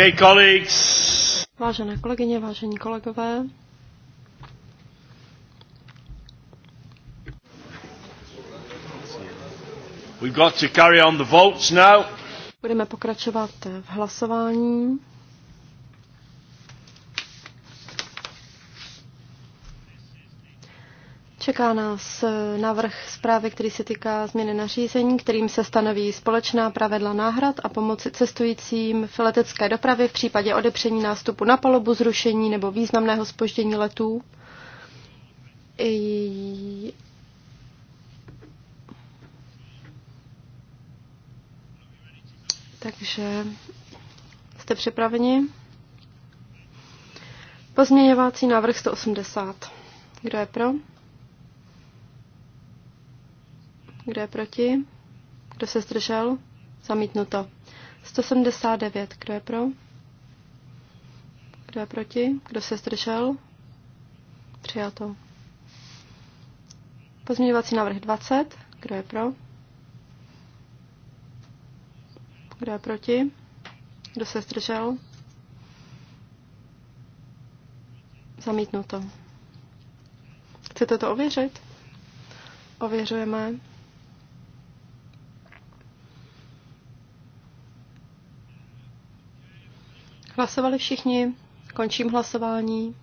Okay, colleagues. Vážené kolegyně, vážení kolegové. We've got to carry on the votes now. Budeme pokračovat v hlasování. Čeká nás eh, návrh zprávy, který se týká změny nařízení, kterým se stanoví společná pravidla náhrad a pomoci cestujícím v letecké dopravě v případě odepření nástupu na palubu, zrušení nebo významného spoždění letů. I... Takže jste připraveni? Pozměňovací návrh 180. Kdo je pro? Kdo je proti? Kdo se zdržel? Zamítnuto. 179. Kdo je pro? Kdo je proti? Kdo se zdržel? Přijato. Pozměňovací návrh 20. Kdo je pro? Kdo je proti? Kdo se zdržel? Zamítnuto. Chcete to ověřit? Ověřujeme. Hlasovali všichni? Končím hlasování.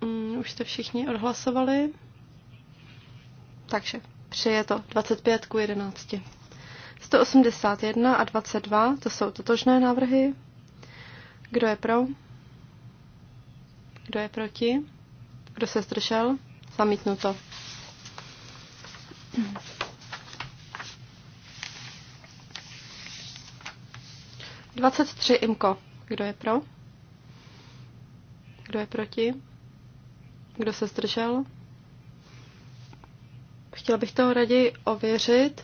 Mm, už jste všichni odhlasovali. Takže to 25 ku 11. 181 a 22, to jsou totožné návrhy. Kdo je pro? Kdo je proti? Kdo se zdržel? Zamítnuto. 23 imko. Kdo je pro? Kdo je proti? Kdo se zdržel? Chtěla bych to raději ověřit.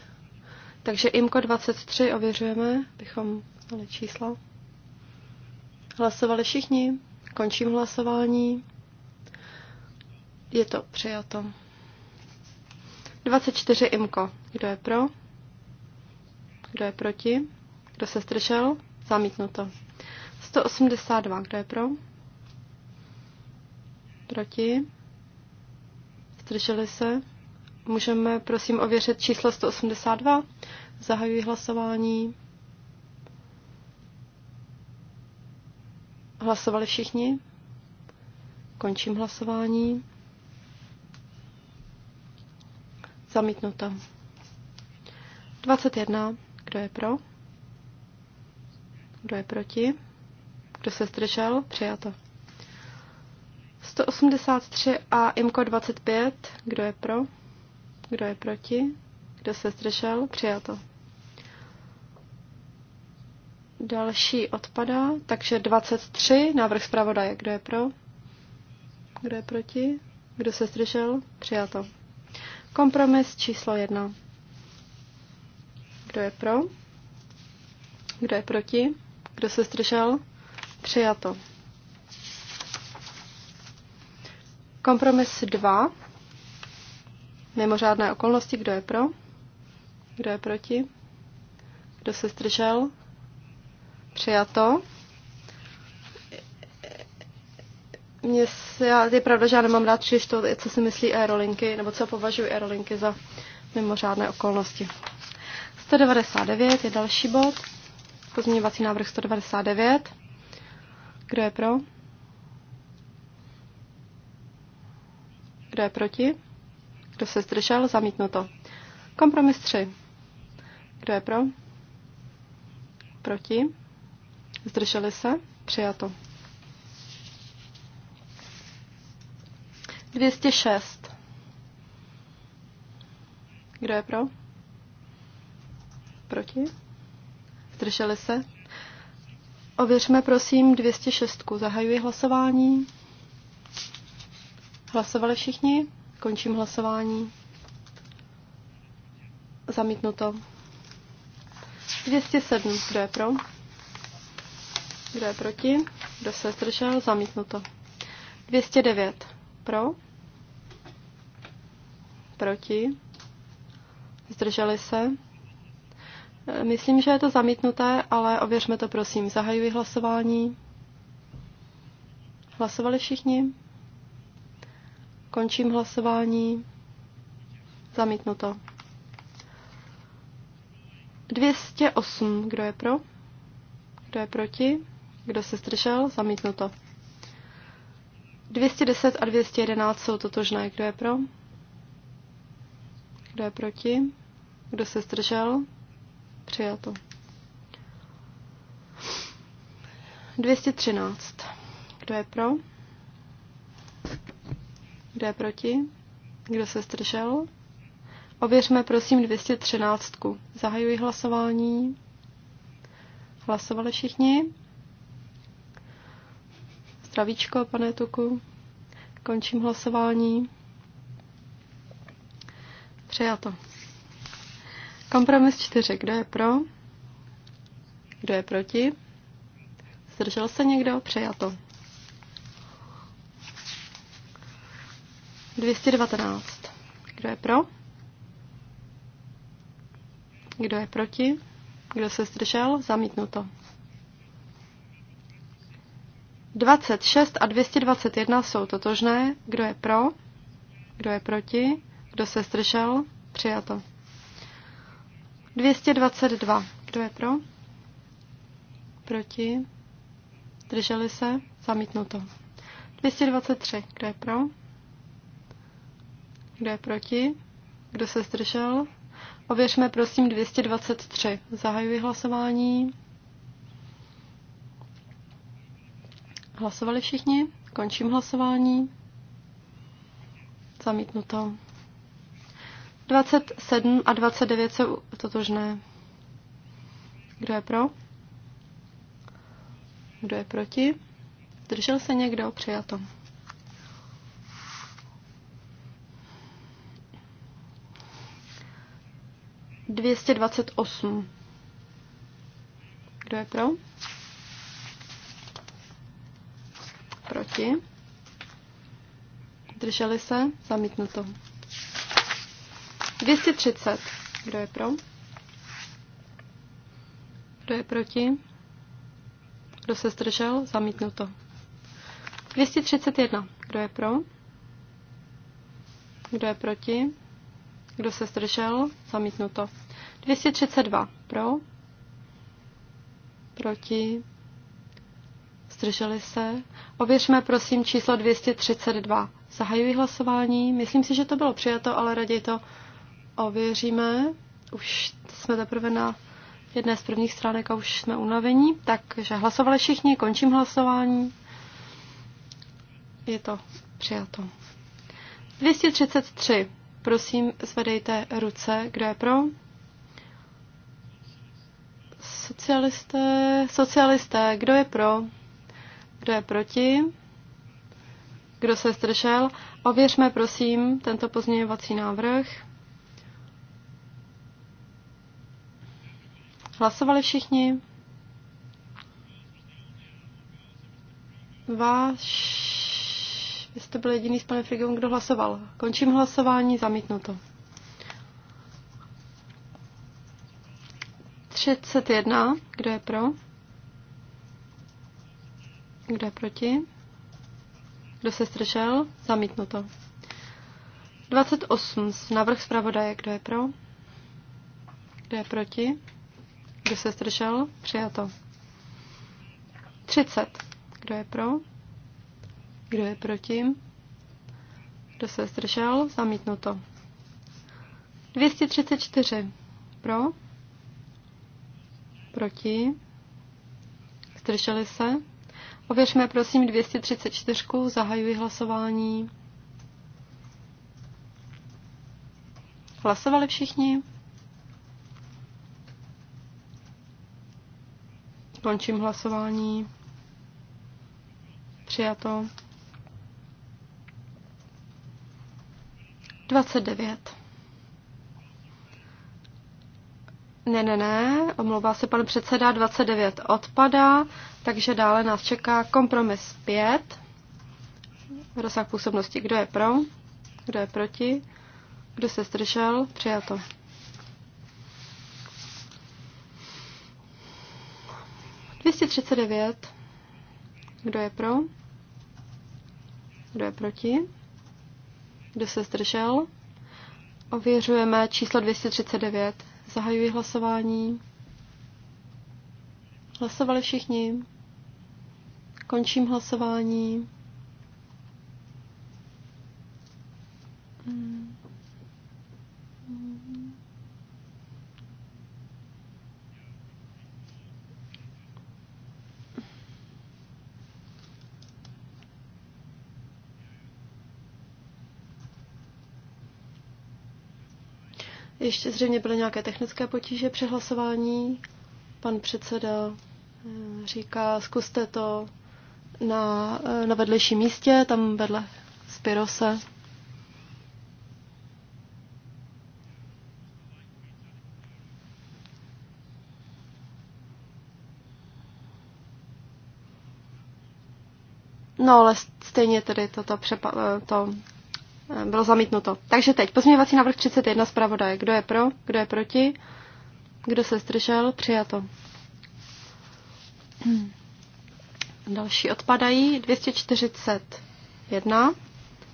Takže IMKO 23 ověřujeme, bychom znali čísla. Hlasovali všichni, končím hlasování. Je to přijato. 24 IMKO. Kdo je pro? Kdo je proti? Kdo se zdržel? Zamítnuto. 182, kdo je pro? Proti? Zdrželi se? Můžeme prosím ověřit číslo 182. Zahajuji hlasování. Hlasovali všichni? Končím hlasování. Zamítnuto. 21. Kdo je pro? Kdo je proti? Kdo se zdržel? Přijato. 183 a IMKO 25. Kdo je pro? Kdo je proti? Kdo se zdržel? Přijato. Další odpadá, takže 23, návrh zpravodaje. Kdo je pro? Kdo je proti? Kdo se zdržel? Přijato. Kompromis číslo 1. Kdo je pro? Kdo je proti? Kdo se zdržel? Přijato. Kompromis 2. Mimořádné okolnosti. Kdo je pro? Kdo je proti? Kdo se zdržel? Přijato. Mě se, já, je pravda, že já nemám rád příliš to, co si myslí aerolinky, nebo co považují aerolinky za mimořádné okolnosti. 199 je další bod. Pozměňovací návrh 199. Kdo je pro? Kdo je proti? Kdo se zdržel? Zamítnuto. Kompromis 3. Kdo je pro? Proti? Zdrželi se? Přijato. 206. Kdo je pro? Proti? zdrželi se. Ověřme prosím 206. Zahajuji hlasování. Hlasovali všichni? Končím hlasování. Zamítnuto. 207. Kdo je pro? Kdo je proti? Kdo se zdržel? Zamítnuto. 209. Pro? Proti? Zdrželi se? Myslím, že je to zamítnuté, ale ověřme to prosím. Zahajuji hlasování. Hlasovali všichni? Končím hlasování. Zamítnuto. 208. Kdo je pro? Kdo je proti? Kdo se zdržel? Zamítnuto. 210 a 211 jsou totožné. Kdo je pro? Kdo je proti? Kdo se zdržel? Přijato. 213. Kdo je pro? Kdo je proti? Kdo se stržel? Ověřme prosím 213. Zahajuji hlasování. Hlasovali všichni? Zdravíčko, pane Tuku. Končím hlasování. Přijato. Kompromis čtyři. Kdo je pro? Kdo je proti? Zdržel se někdo? Přijato. 219. Kdo je pro? Kdo je proti? Kdo se zdržel? Zamítnuto. 26 a 221 jsou totožné. Kdo je pro? Kdo je proti? Kdo se zdržel? Přijato. 222. Kdo je pro? Proti? Drželi se? Zamítnuto. 223. Kdo je pro? Kdo je proti? Kdo se zdržel? Ověřme prosím 223. Zahajuji hlasování. Hlasovali všichni? Končím hlasování. Zamítnuto. 27 a 29 jsou totožné. Kdo je pro? Kdo je proti? Držel se někdo? Přijato. Dvěstě dvacet osm. Kdo je pro? Proti? Drželi se? Zamítnuto. to. 230. Kdo je pro? Kdo je proti? Kdo se zdržel? Zamítnuto. 231. Kdo je pro? Kdo je proti? Kdo se zdržel? Zamítnuto. 232. Pro? Proti? Zdrželi se? Ověřme prosím číslo 232. Zahajuji hlasování. Myslím si, že to bylo přijato, ale raději to ověříme. Už jsme teprve na jedné z prvních stránek a už jsme unavení. Takže hlasovali všichni, končím hlasování. Je to přijato. 233. Prosím, zvedejte ruce. Kdo je pro? Socialisté, socialisté, kdo je pro? Kdo je proti? Kdo se zdržel? Ověřme, prosím, tento pozměňovací návrh. Hlasovali všichni? Váš... Vy jste byl jediný s panem Frigem, kdo hlasoval. Končím hlasování, zamítnuto. 31. Kdo je pro? Kdo je proti? Kdo se Zamítnu Zamítnuto. 28. Navrh zpravodaje. Kdo je pro? Kdo je proti? Kdo se zdržel? Přijato. 30. Kdo je pro? Kdo je proti? Kdo se zdržel? Zamítnuto. 234. Pro? Proti? Zdrželi se? Ověřme prosím 234. Zahajuji hlasování. Hlasovali všichni? Končím hlasování. Přijato. 29. Ne, ne, ne, omlouvá se pan předseda, 29 odpadá, takže dále nás čeká kompromis 5. Rozsah působnosti, kdo je pro, kdo je proti, kdo se zdržel, přijato. 239. Kdo je pro? Kdo je proti? Kdo se zdržel? Ověřujeme číslo 239. Zahajuji hlasování. Hlasovali všichni. Končím hlasování. Hmm. Ještě zřejmě byly nějaké technické potíže při hlasování. Pan předseda eh, říká, zkuste to na, eh, na vedlejším místě, tam vedle Spirose. No ale stejně tedy eh, to to, to bylo zamítnuto. Takže teď pozměňovací návrh 31 zpravodaje. Kdo je pro, kdo je proti, kdo se zdržel, přijato. Další odpadají. 241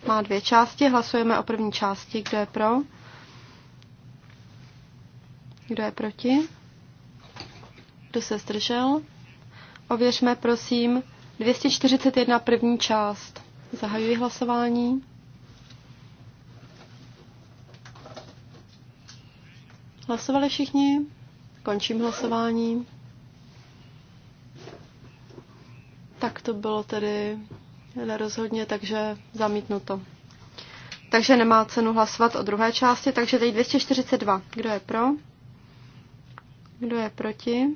má dvě části. Hlasujeme o první části. Kdo je pro? Kdo je proti? Kdo se zdržel? Ověřme, prosím, 241 první část. Zahajuji hlasování. Hlasovali všichni? Končím hlasování. Tak to bylo tedy nerozhodně, takže zamítnuto. Takže nemá cenu hlasovat o druhé části, takže teď 242. Kdo je pro? Kdo je proti?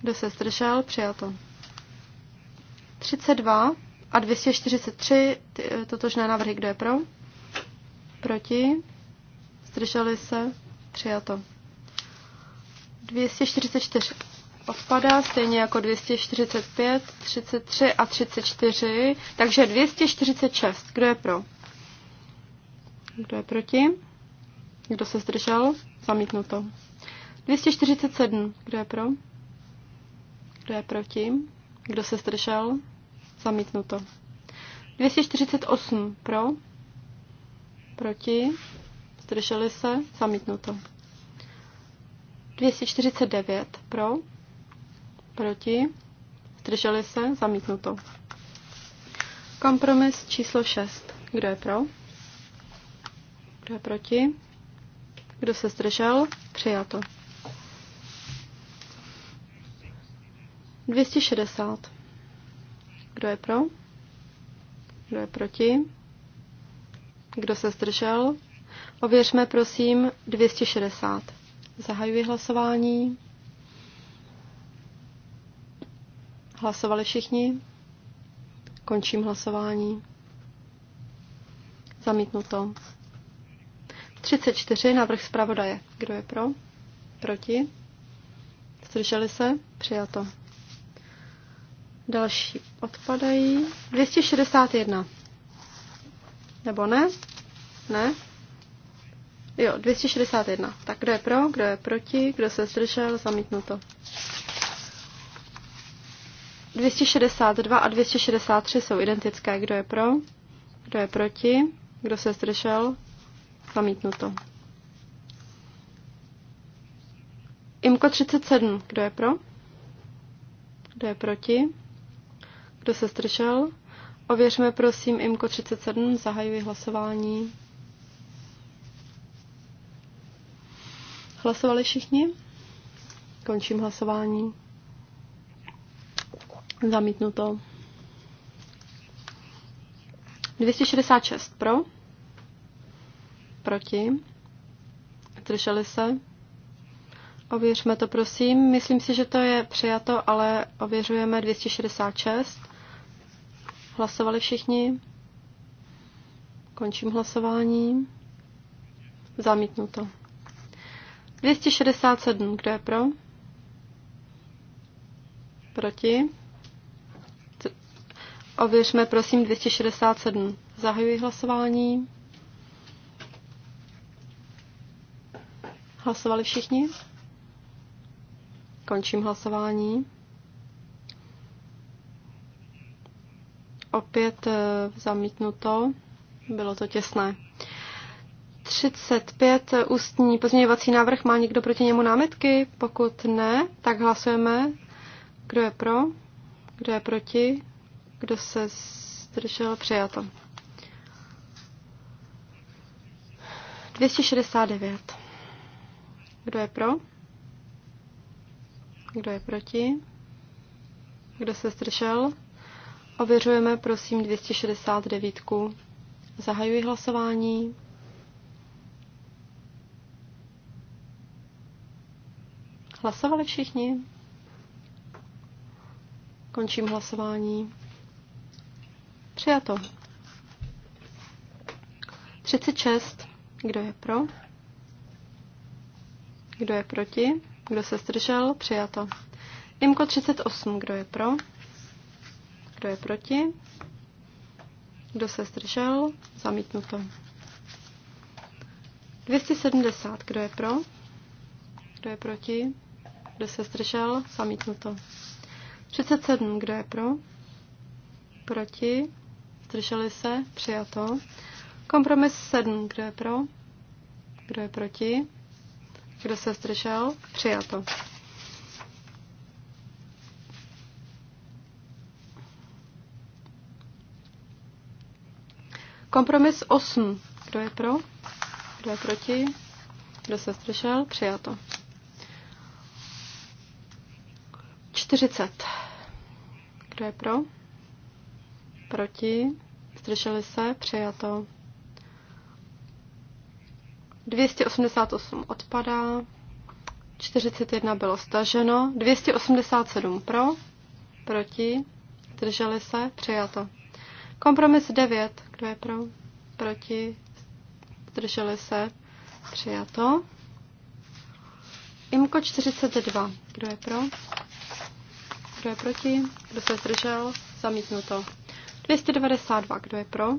Kdo se zdržel? Přijato. 32 a 243, eh, totožné návrhy, kdo je pro? Proti? Zdrželi se? Přijato. 244 odpadá, stejně jako 245, 33 a 34, takže 246. Kdo je pro? Kdo je proti? Kdo se zdržel? Zamítnuto. 247. Kdo je pro? Kdo je proti? Kdo se zdržel? Zamítnuto. 248 pro, proti, zdrželi se, zamítnuto. 249 pro, proti, zdrželi se, zamítnuto. Kompromis číslo 6. Kdo je pro? Kdo je proti? Kdo se zdržel? Přijato. 260. Kdo je pro? Kdo je proti? Kdo se zdržel? Ověřme prosím 260. Zahajuji hlasování. Hlasovali všichni? Končím hlasování. Zamítnuto. 34. Návrh zpravodaje. Kdo je pro? Proti? Zdrželi se? Přijato. Další odpadají. 261. Nebo ne? Ne? Jo, 261. Tak kdo je pro, kdo je proti, kdo se zdržel, zamítnuto. 262 a 263 jsou identické. Kdo je pro, kdo je proti, kdo se zdržel, zamítnuto. Imko 37. Kdo je pro? Kdo je proti? Kdo se zdržel? Ověřme prosím Imko 37. Zahajuji hlasování. Hlasovali všichni? Končím hlasování. Zamítnuto. 266 pro. Proti. Drželi se. Ověřme to, prosím. Myslím si, že to je přijato, ale ověřujeme 266. Hlasovali všichni. Končím hlasování. Zamítnuto. 267, kdo je pro? Proti? Ověřme prosím 267. Zahajuji hlasování. Hlasovali všichni? Končím hlasování. Opět eh, zamítnuto. Bylo to těsné. 35 ústní pozměňovací návrh. Má někdo proti němu námitky? Pokud ne, tak hlasujeme. Kdo je pro? Kdo je proti? Kdo se zdržel? Přijato. 269. Kdo je pro? Kdo je proti? Kdo se zdržel? Ověřujeme prosím 269. Zahajuji hlasování. Hlasovali všichni? Končím hlasování. Přijato. 36. Kdo je pro? Kdo je proti? Kdo se zdržel? Přijato. Imko 38. Kdo je pro? Kdo je proti? Kdo se zdržel? Zamítnuto. 270. Kdo je pro? Kdo je proti? Kdo se zdržel? Zamítnuto. 37. Kdo je pro? Proti? Zdrželi se? Přijato. Kompromis 7. Kdo je pro? Kdo je proti? Kdo se zdržel? Přijato. Kompromis 8. Kdo je pro? Kdo je proti? Kdo se zdržel? Přijato. 40. Kdo je pro? Proti? Zdrželi se? Přijato. 288 odpadá. 41 bylo staženo. 287 pro? Proti? Zdrželi se? Přijato. Kompromis 9. Kdo je pro? Proti? Zdrželi se? Přijato. Imko 42. Kdo je pro? Kdo je proti? Kdo se zdržel? Zamítnuto. 292. Kdo je pro?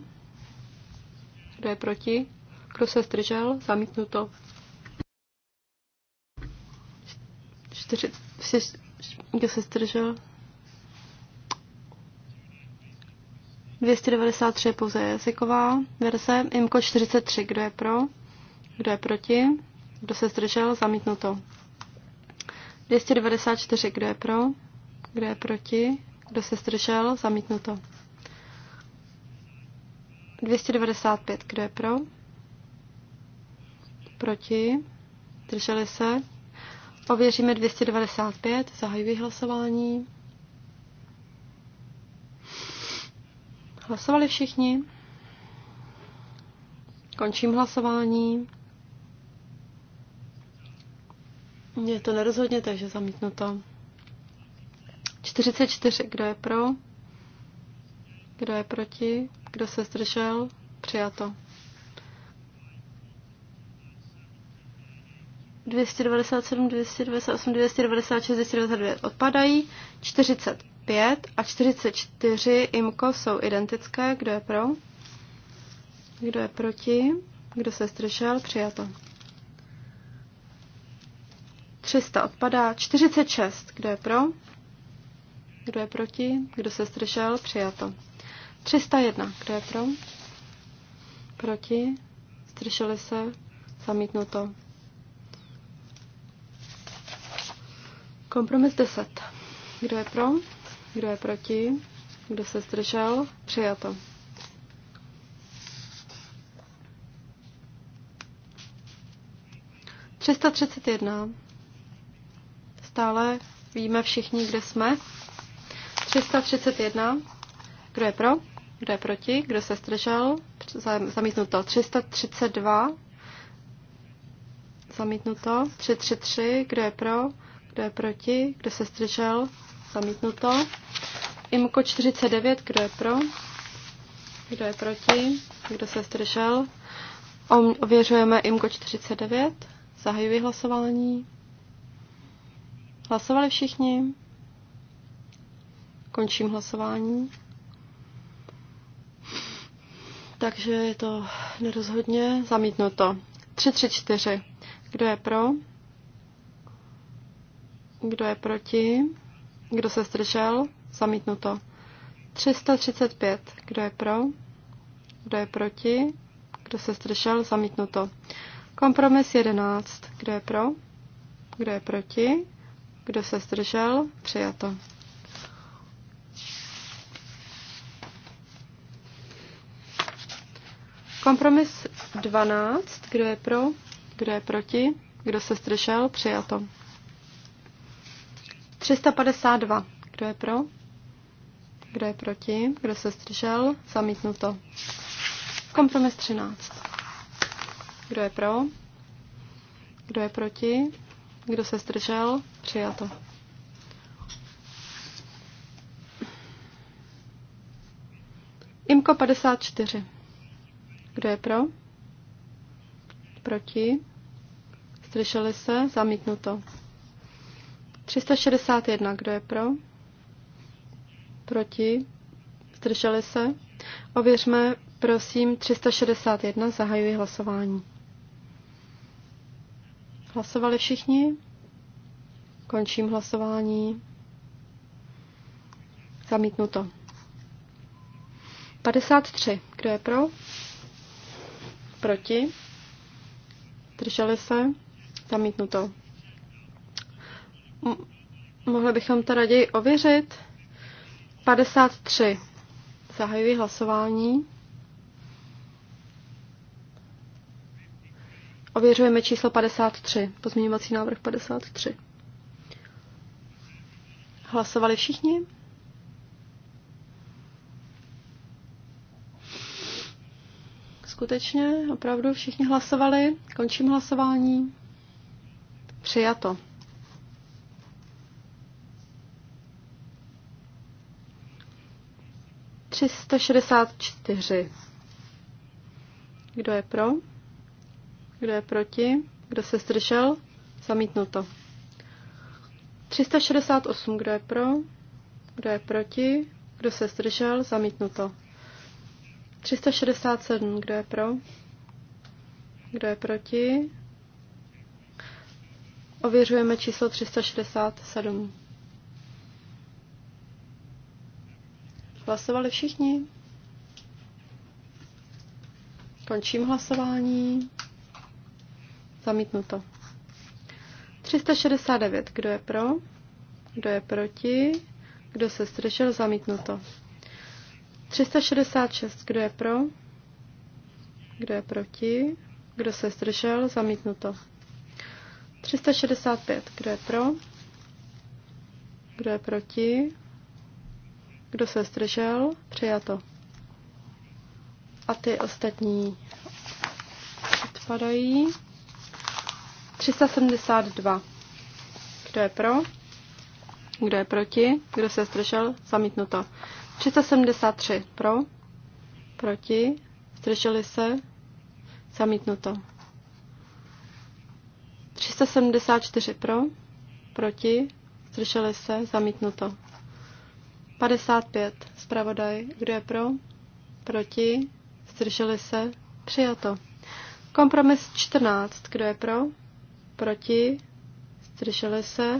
Kdo je proti? Kdo se zdržel? Zamítnuto. 4, kdo se zdržel? 293 je pouze jazyková verze. IMKO 43. Kdo je pro? Kdo je proti? Kdo se zdržel? Zamítnuto. 294. Kdo je pro? Kdo je proti? Kdo se zdržel? Zamítnuto. 295. Kdo je pro? Proti? Drželi se? Ověříme 295. Zahajuji hlasování. Hlasovali všichni? Končím hlasování. Je to nerozhodně, takže zamítnuto. 44. Kdo je pro? Kdo je proti? Kdo se zdržel? Přijato. 297, 298, 296, 299 odpadají. 45 a 44 IMKO jsou identické. Kdo je pro? Kdo je proti? Kdo se zdržel? Přijato. 300 odpadá. 46. Kdo je pro? Kdo je proti? Kdo se zdržel? Přijato. 301. Kdo je pro? Proti? Zdrželi se? Zamítnuto. Kompromis 10. Kdo je pro? Kdo je proti? Kdo se zdržel? Přijato. Třista třicet jedna. Stále víme všichni, kde jsme. 331. Kdo je pro? Kdo je proti? Kdo se zdržel? Zamítnuto. 332. Zamítnuto. 333. Kdo je pro? Kdo je proti? Kdo se zdržel? Zamítnuto. IMKO 49. Kdo je pro? Kdo je proti? Kdo se zdržel? Ověřujeme IMKO 49. Zahajuji hlasování. Hlasovali všichni? Končím hlasování. Takže je to nerozhodně zamítnuto. 3, 3, 4. Kdo je pro? Kdo je proti? Kdo se zdržel? Zamítnuto. 335. Kdo je pro? Kdo je proti? Kdo se zdržel? Zamítnuto. Kompromis 11. Kdo je pro? Kdo je proti? Kdo se zdržel? Přijato. Kompromis 12. Kdo je pro? Kdo je proti? Kdo se zdržel? Přijato. 352. Kdo je pro? Kdo je proti? Kdo se zdržel? Zamítnuto. Kompromis 13. Kdo je pro? Kdo je proti? Kdo se zdržel? Přijato. Imko 54. Kdo je pro? Proti? Zdrželi se? Zamítnuto. 361. Kdo je pro? Proti? Zdrželi se? Ověřme, prosím, 361. Zahajuji hlasování. Hlasovali všichni? Končím hlasování. Zamítnuto. 53. Kdo je pro? Proti? Drželi se? Zamítnuto. M- mohli bychom to raději ověřit. 53. Zahajuji hlasování. Ověřujeme číslo 53, pozměňovací návrh 53. Hlasovali všichni? skutečně opravdu všichni hlasovali. Končím hlasování. Přijato. čtyři. Kdo je pro? Kdo je proti? Kdo se zdržel? Zamítnuto. 368. Kdo je pro? Kdo je proti? Kdo se zdržel? Zamítnuto. 367, kdo je pro? Kdo je proti? Ověřujeme číslo 367. Hlasovali všichni? Končím hlasování. Zamítnuto. 369. Kdo je pro? Kdo je proti? Kdo se zdržel? Zamítnuto. 366. Kdo je pro? Kdo je proti? Kdo se zdržel? Zamítnuto. 365. Kdo je pro? Kdo je proti? Kdo se zdržel? Přijato. A ty ostatní odpadají. 372. Kdo je pro? Kdo je proti? Kdo se zdržel? Zamítnuto. 373 pro, proti, zdrželi se, zamítnuto. 374 pro, proti, zdrželi se, zamítnuto. 55 zpravodaj, kdo je pro, proti, zdrželi se, přijato. Kompromis 14, kdo je pro, proti, zdrželi se,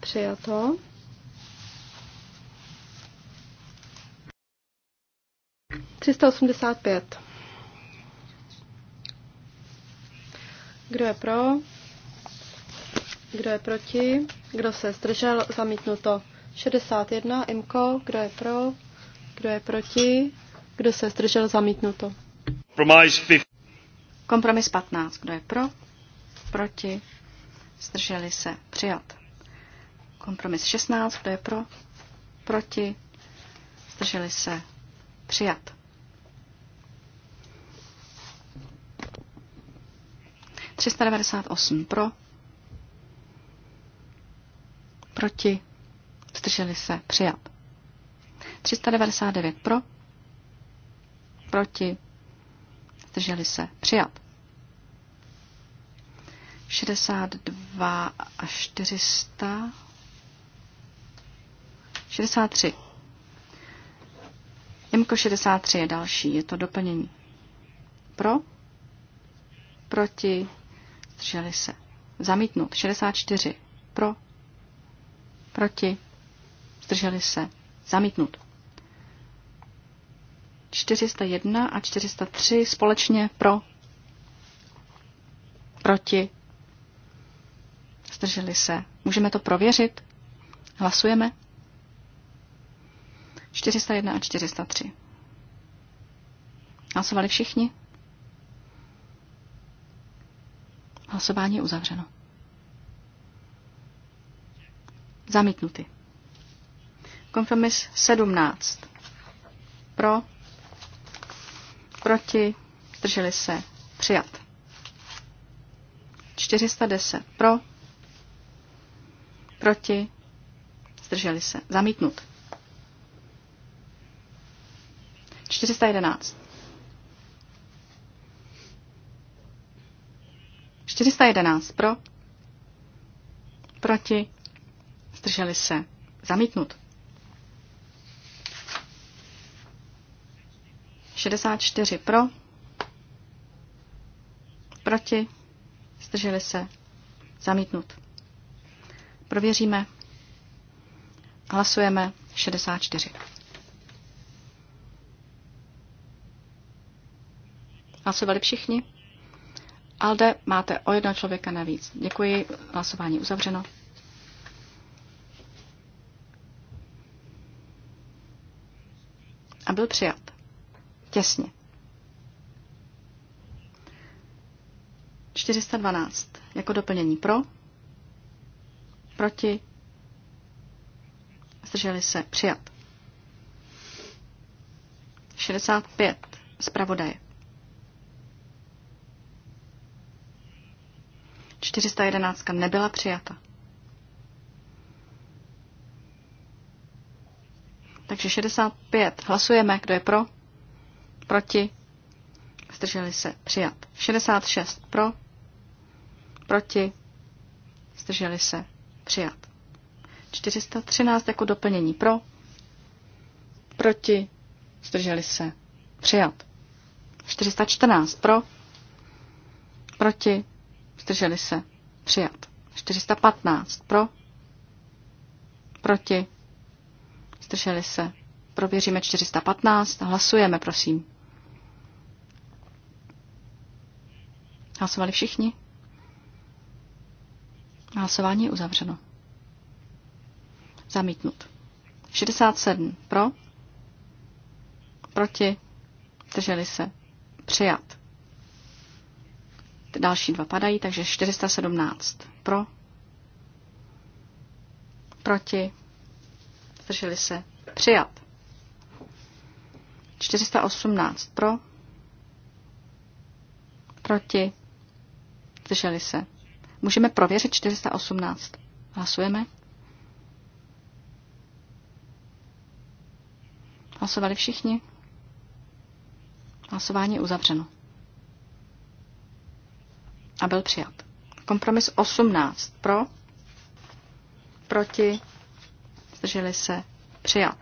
přijato. 385. Kdo je pro? Kdo je proti? Kdo se zdržel? Zamítnuto. 61. Imko. Kdo je pro? Kdo je proti? Kdo se zdržel? Zamítnuto. Kompromis 15. Kdo je pro? Proti? Zdrželi se. Přijat. Kompromis 16. Kdo je pro? Proti? Zdrželi se. Přijat. 398 pro, proti, zdrželi se, přijat. 399 pro, proti, zdrželi se, přijat. 62 a 400, 63. Jemko 63 je další, je to doplnění. Pro, proti, zdrželi se. Zamítnut 64 pro, proti, zdrželi se. Zamítnut. 401 a 403 společně pro, proti, zdrželi se. Můžeme to prověřit? Hlasujeme? 401 a 403. Hlasovali všichni? Hlasování je uzavřeno. Zamítnuty. Konfirmis 17. Pro, proti, Drželi se, přijat. 410. Pro, proti, zdrželi se, zamítnut. 411. 411 pro, proti, zdrželi se, zamítnut. 64 pro, proti, zdrželi se, zamítnut. Prověříme. Hlasujeme 64. Hlasovali všichni? Alde, máte o jednoho člověka navíc. Děkuji, hlasování uzavřeno. A byl přijat. Těsně. 412. Jako doplnění pro, proti, zdrželi se, přijat. 65. Zpravodaje. 411 nebyla přijata. Takže 65. Hlasujeme, kdo je pro, proti, zdrželi se, přijat. 66. Pro, proti, zdrželi se, přijat. 413 jako doplnění pro, proti, zdrželi se, přijat. 414 pro, proti, Zdrželi se. Přijat. 415. Pro. Proti. Zdrželi se. Prověříme 415. Hlasujeme, prosím. Hlasovali všichni? Hlasování je uzavřeno. Zamítnut. 67 pro, proti, drželi se, přijat další dva padají, takže 417 pro, proti, zdrželi se, přijat. 418 pro, proti, zdrželi se. Můžeme prověřit 418. Hlasujeme. Hlasovali všichni? Hlasování je uzavřeno a byl přijat. Kompromis 18 pro, proti, zdrželi se, přijat.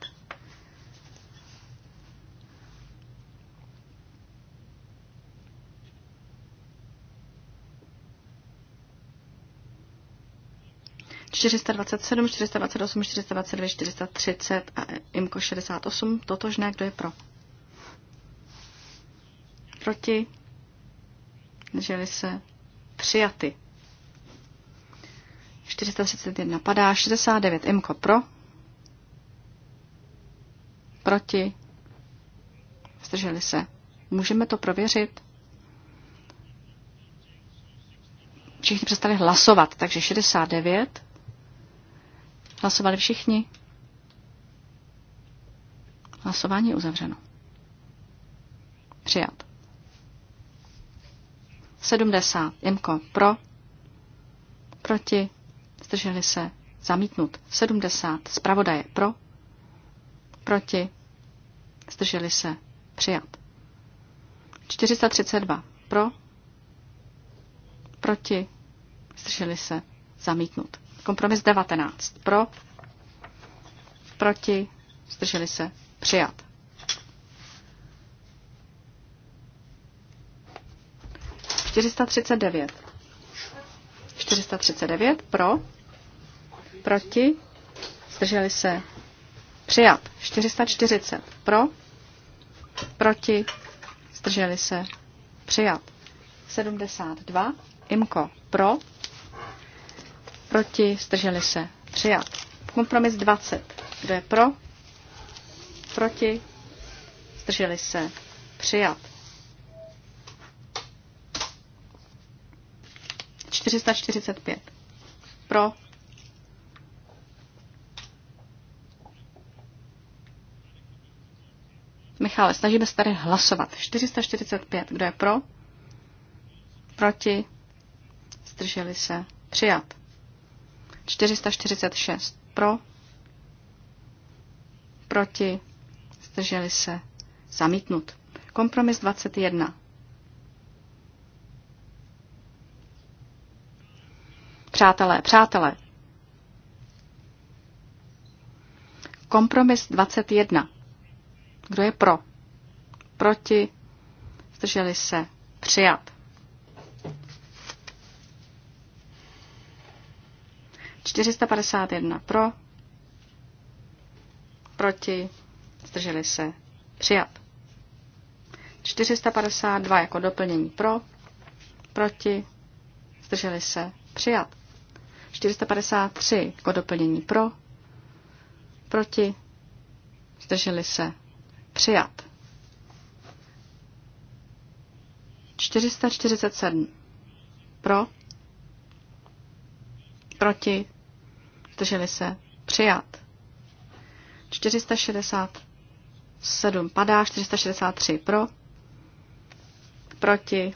Čtyřista dvacet sedm, čtyřista dvacet osm, čtyřista dvacet dvě, čtyřista třicet a IMKO šedesát osm, totožné, kdo je pro? Proti? Drželi se přijaty. 431 padá, 69 imko pro, proti, zdrželi se. Můžeme to prověřit? Všichni přestali hlasovat, takže 69. Hlasovali všichni. Hlasování je uzavřeno. Přijat. 70. Imko pro, proti, zdrželi se, zamítnut. 70. Zpravodaje pro, proti, zdrželi se, přijat. 432 pro, proti, zdrželi se, zamítnut. Kompromis 19 pro, proti, zdrželi se, přijat. 439. 439 pro, proti, zdrželi se, přijat. 440 pro, proti, zdrželi se, přijat. 72 imko pro, proti, zdrželi se, přijat. Kompromis 20. Kdo je pro? Proti? Zdrželi se? Přijat. 445. Pro. Michale, snažíme se tady hlasovat. 445. Kdo je pro? Proti? Zdrželi se. Přijat. 446. Pro? Proti? Zdrželi se. Zamítnut. Kompromis 21. Přátelé, přátelé. Kompromis 21. Kdo je pro? Proti? Zdrželi se? Přijat. Čtyřista padesát jedna pro, proti, zdrželi se, přijat. 452 jako doplnění pro, proti, zdrželi se, přijat. 453 jako doplnění pro, proti, zdrželi se, přijat. 447 pro, proti, zdrželi se, přijat. 467 padá, 463 pro, proti,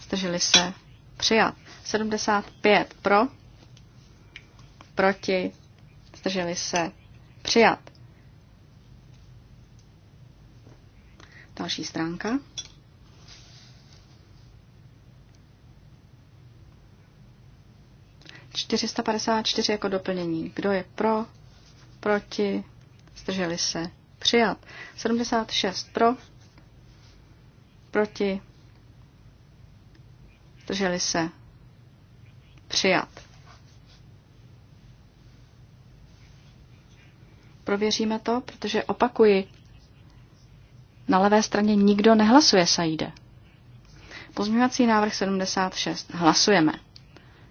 zdrželi se, přijat. 75 pro, proti, zdrželi se, přijat. Další stránka. čtyři jako doplnění. Kdo je pro, proti, zdrželi se, přijat. 76 pro, proti, zdrželi se, přijat. Prověříme to, protože opakuji, na levé straně nikdo nehlasuje, Saide. Pozměňovací návrh 76. Hlasujeme.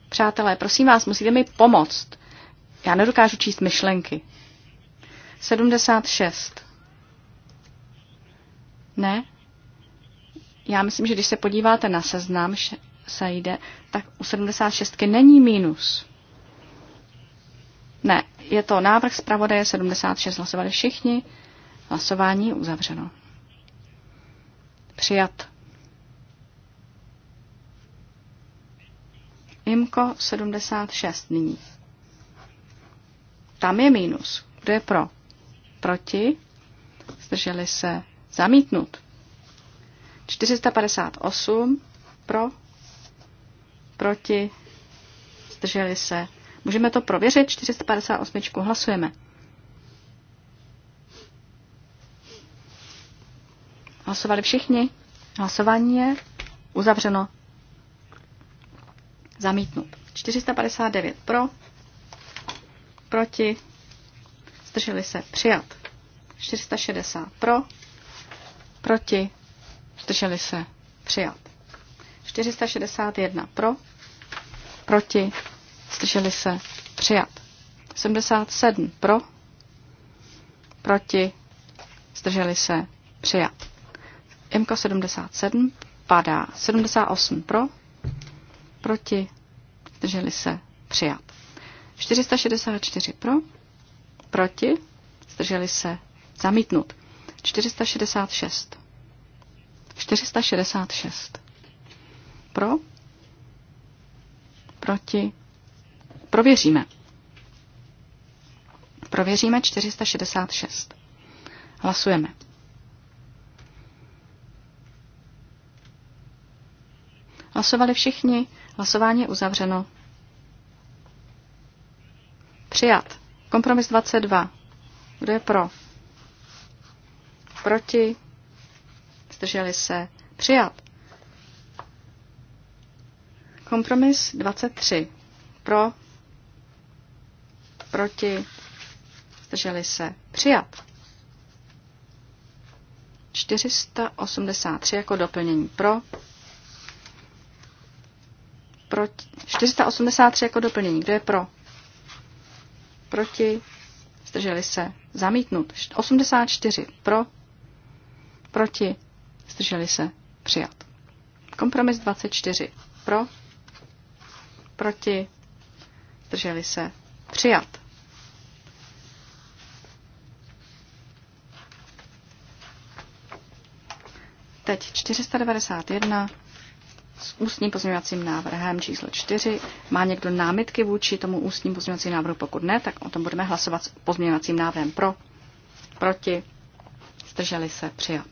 Přátelé, prosím vás, musíte mi pomoct. Já nedokážu číst myšlenky. 76. Ne? Já myslím, že když se podíváte na seznam, se jde, tak u 76 není mínus. Ne, je to návrh zpravodaje 76, hlasovali všichni. Hlasování uzavřeno. Přijat. IMKO 76 nyní. Tam je mínus. Kdo je pro? Proti? Zdrželi se. Zamítnut. 458 pro, proti, zdrželi se, Můžeme to prověřit. 458. Hlasujeme. Hlasovali všichni. Hlasování je uzavřeno. Zamítnut. 459 pro, proti, zdrželi se, přijat. 460 pro, proti, zdrželi se, přijat. 461 pro, proti, Zdrželi se. Přijat. 77 pro. Proti. Zdrželi se. Přijat. Imko 77 padá. 78 pro. Proti. Zdrželi se. Přijat. 464 pro. Proti. Zdrželi se. Zamítnut. 466. 466. Pro. Proti Prověříme. Prověříme 466. Hlasujeme. Hlasovali všichni. Hlasování je uzavřeno. Přijat. Kompromis 22. Kdo je pro? Proti? Zdrželi se? Přijat. Kompromis 23. Pro? proti, zdrželi se, přijat. 483 jako doplnění pro, proti, 483 jako doplnění, kdo je pro, proti, zdrželi se, zamítnut, 84 pro, proti, zdrželi se, přijat. Kompromis 24 pro, proti, zdrželi se, přijat. Teď 491 s ústním pozměňovacím návrhem číslo 4. Má někdo námitky vůči tomu ústním pozměňovacím návrhu? Pokud ne, tak o tom budeme hlasovat s pozměňovacím návrhem pro, proti, zdrželi se, přijat.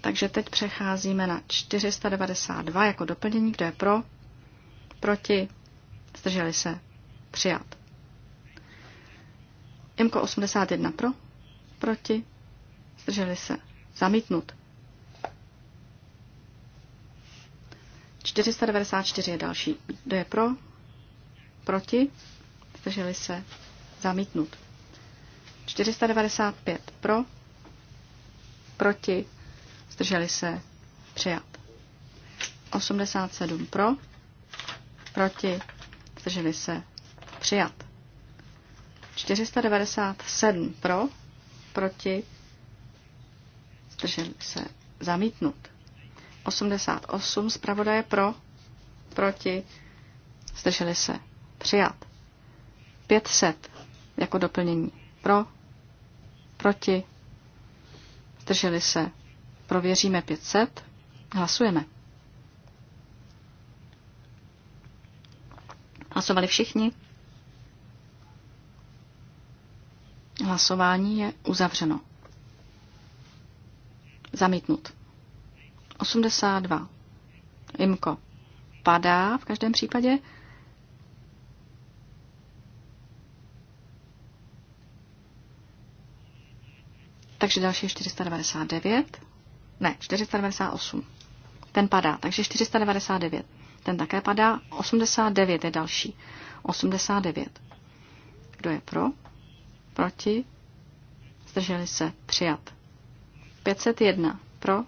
Takže teď přecházíme na 492 jako doplnění, kde je pro, proti, zdrželi se, přijat. Jemko 81 pro, proti, Zdrželi se. Zamítnut. 494 je další. Kdo je pro? Proti? Zdrželi se. Zamítnut. 495 pro? Proti? Zdrželi se. Přijat. 87 pro? Proti? Zdrželi se. Přijat. 497 pro? Proti? zdrželi se, zamítnut. 88 zpravodaje pro, proti, zdrželi se, přijat. 500 jako doplnění pro, proti, zdrželi se, prověříme 500, hlasujeme. Hlasovali všichni? Hlasování je uzavřeno. Zamítnut. 82. Imko. Padá v každém případě. Takže další je 499. Ne, 498. Ten padá. Takže 499. Ten také padá. 89 je další. 89. Kdo je pro? Proti? Zdrželi se. Přijat. 501 pro,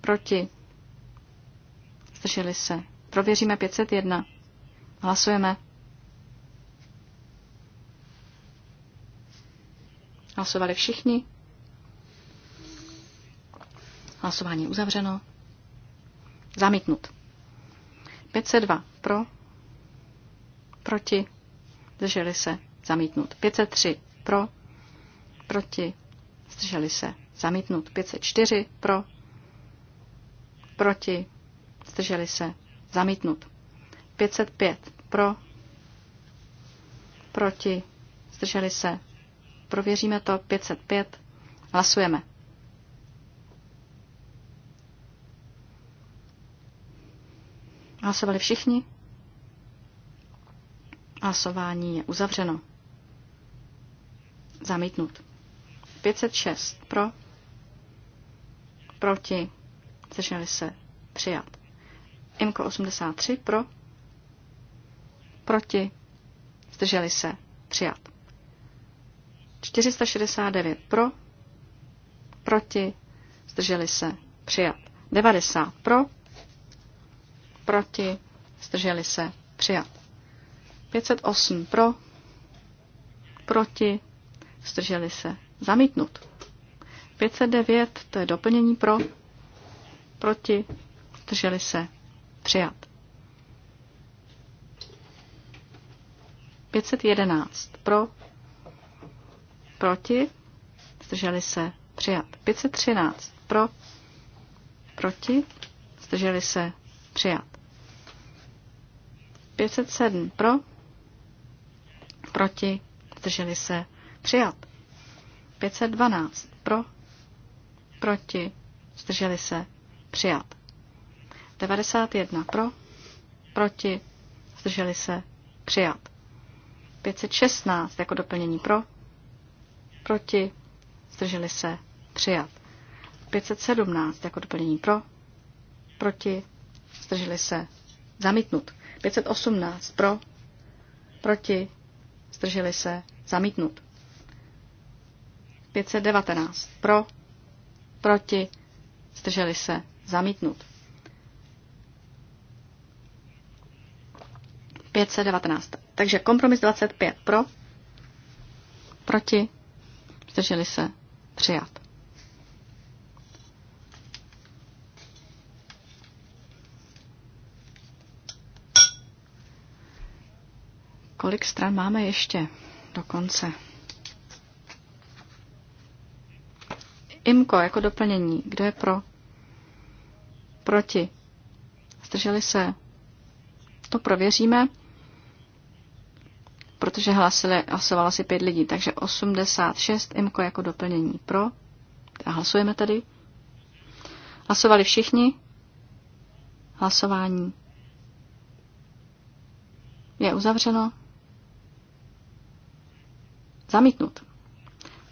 proti, zdrželi se. Prověříme 501. Hlasujeme. Hlasovali všichni. Hlasování uzavřeno. Zamítnut. 502 pro, proti, zdrželi se, zamítnut. 503 pro, proti, zdrželi se, zamítnut. 504 pro, proti, zdrželi se, zamítnut. 505 pro, proti, zdrželi se, prověříme to, 505, hlasujeme. Hlasovali všichni? Hlasování je uzavřeno. Zamítnut. 506 pro, proti, zdrželi se, přijat. Imko 83 pro, proti, zdrželi se, přijat. 469 pro, proti, zdrželi se, přijat. 90 pro, proti, zdrželi se, přijat. 508 pro, proti, zdrželi se, Zamítnut. 509, to je doplnění pro, proti, drželi se, přijat. 511 pro, proti, zdrželi se, přijat. 513 pro, proti, zdrželi se, přijat. 507 pro, proti, zdrželi se, přijat. 512 pro, proti, zdrželi se, přijat. 91 pro, proti, zdrželi se, přijat. 516 jako doplnění pro, proti, zdrželi se, přijat. 517 jako doplnění pro, proti, zdrželi se, zamítnut. 518 pro, proti, zdrželi se, zamítnut. 519 pro, proti, zdrželi se, zamítnut. 519. Takže kompromis 25 pro, proti, zdrželi se, přijat. Kolik stran máme ještě do konce? IMKO jako doplnění. Kdo je pro? Proti. Zdrželi se. To prověříme, protože hlasili, hlasovalo asi pět lidí. Takže 86 IMKO jako doplnění pro. A hlasujeme tady. Hlasovali všichni. Hlasování je uzavřeno. Zamítnut.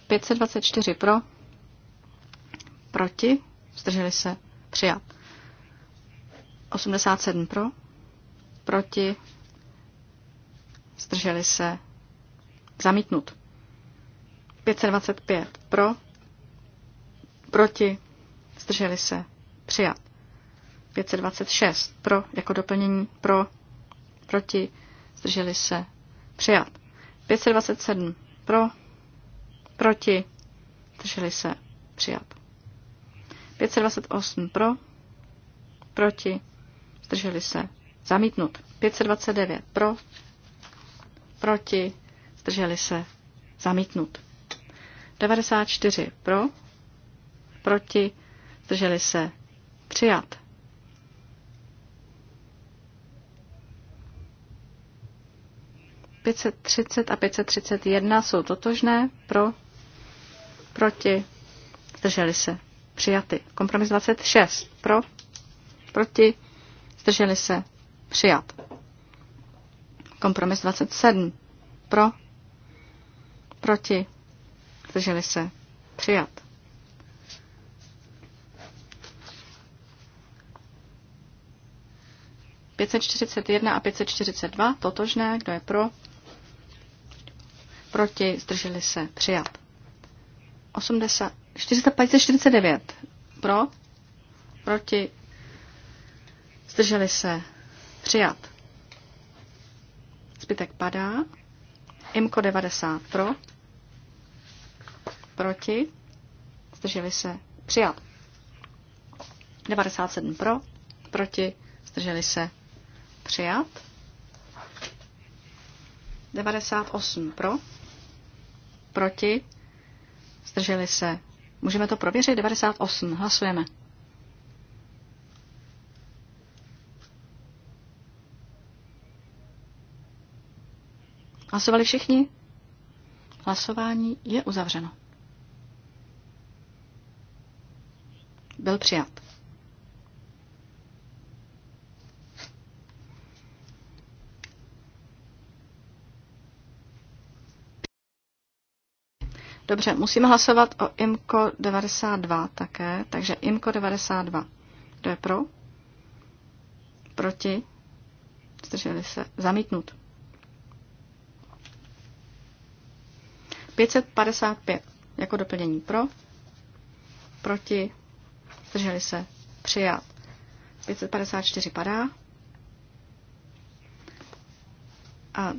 524 pro. Proti? Zdrželi se? Přijat. 87 pro? Proti? Zdrželi se? Zamítnut. 525 pro? Proti? Zdrželi se? Přijat. 526 pro jako doplnění pro, proti, zdrželi se, přijat. 527 pro, proti, zdrželi se, přijat. 528 pro, proti, zdrželi se, zamítnut. 529 pro, proti, zdrželi se, zamítnut. 94 pro, proti, zdrželi se, přijat. třicet a 531 jsou totožné pro, proti, zdrželi se, Přijaty. Kompromis 26. Pro? Proti? Zdrželi se? Přijat. Kompromis 27. Pro? Proti? Zdrželi se? Přijat. jedna a 542, totožné, kdo je pro, proti, zdrželi se, přijat. 80, 449 pro, proti, zdrželi se, přijat. Zbytek padá. Imko 90 pro, proti, zdrželi se, přijat. 97 pro, proti, zdrželi se, přijat. 98 pro, proti, zdrželi se, Můžeme to prověřit? 98. Hlasujeme. Hlasovali všichni? Hlasování je uzavřeno. Byl přijat. Dobře, musíme hlasovat o IMCO 92 také, takže IMCO 92. Kdo je pro? Proti? Zdrželi se. Zamítnut. 555 jako doplnění pro, proti, zdrželi se, přijat. 554 padá. A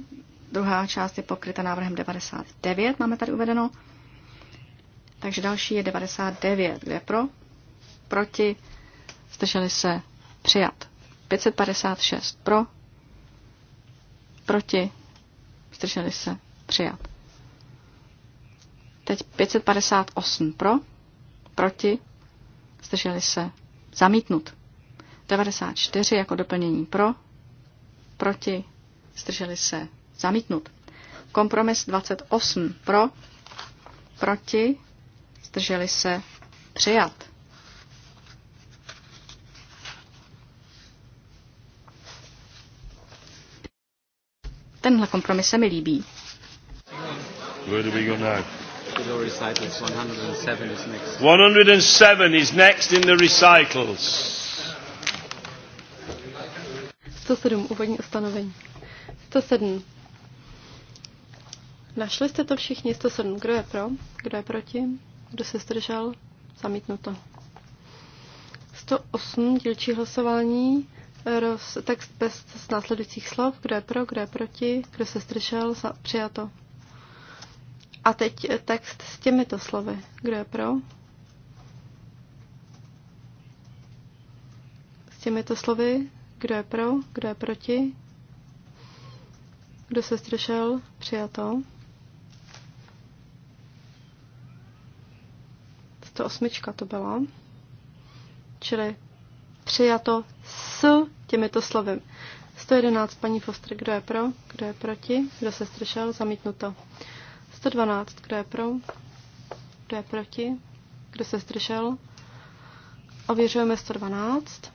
druhá část je pokryta návrhem 99, máme tady uvedeno. Takže další je 99. Kde pro? Proti? Zdrželi se? Přijat. 556 pro? Proti? Zdrželi se? Přijat. Teď 558 pro? Proti? Zdrželi se? Zamítnut. 94 jako doplnění pro? Proti? Zdrželi se? Zamítnut. Kompromis 28 pro? Proti? Zdrželi se? Přijat. Tenhle kompromis se mi líbí. Where do we go now? 107 is next. 107 is next in the recitals. 107, úvodní ustanovení. 107. Našli jste to všichni, 107. Kdo je pro? Kdo je proti? Kdo se zdržel? Zamítnuto. 108 dílčí hlasování. Roz, text bez následujících slov. Kdo je pro, kdo je proti, kdo se zdržel, za, přijato. A teď eh, text s těmito slovy. Kdo je pro? S těmito slovy. Kdo je pro, kdo je proti, kdo se zdržel, přijato. to osmička to byla. Čili přijato s těmito slovy. 111 paní Foster, kdo je pro, kdo je proti, kdo se střešel, zamítnuto. 112, kdo je pro, kdo je proti, kdo se zdržel. Ověřujeme 112.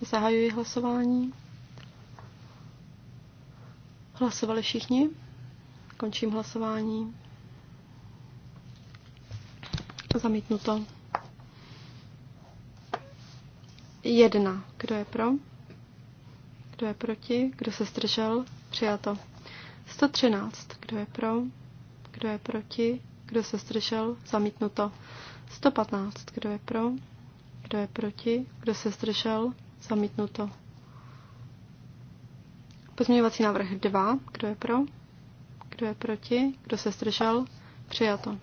Zahajuji hlasování. Hlasovali všichni. Končím hlasování. Zamítnuto. Jedna. Kdo je pro? Kdo je proti? Kdo se zdržel? Přijato. 113. Kdo je pro? Kdo je proti? Kdo se zdržel? Zamítnuto. 115. Kdo je pro? Kdo je proti? Kdo se zdržel? Zamítnuto. Pozměňovací návrh 2. Kdo je pro? Kdo je proti? Kdo se zdržel? Přijato.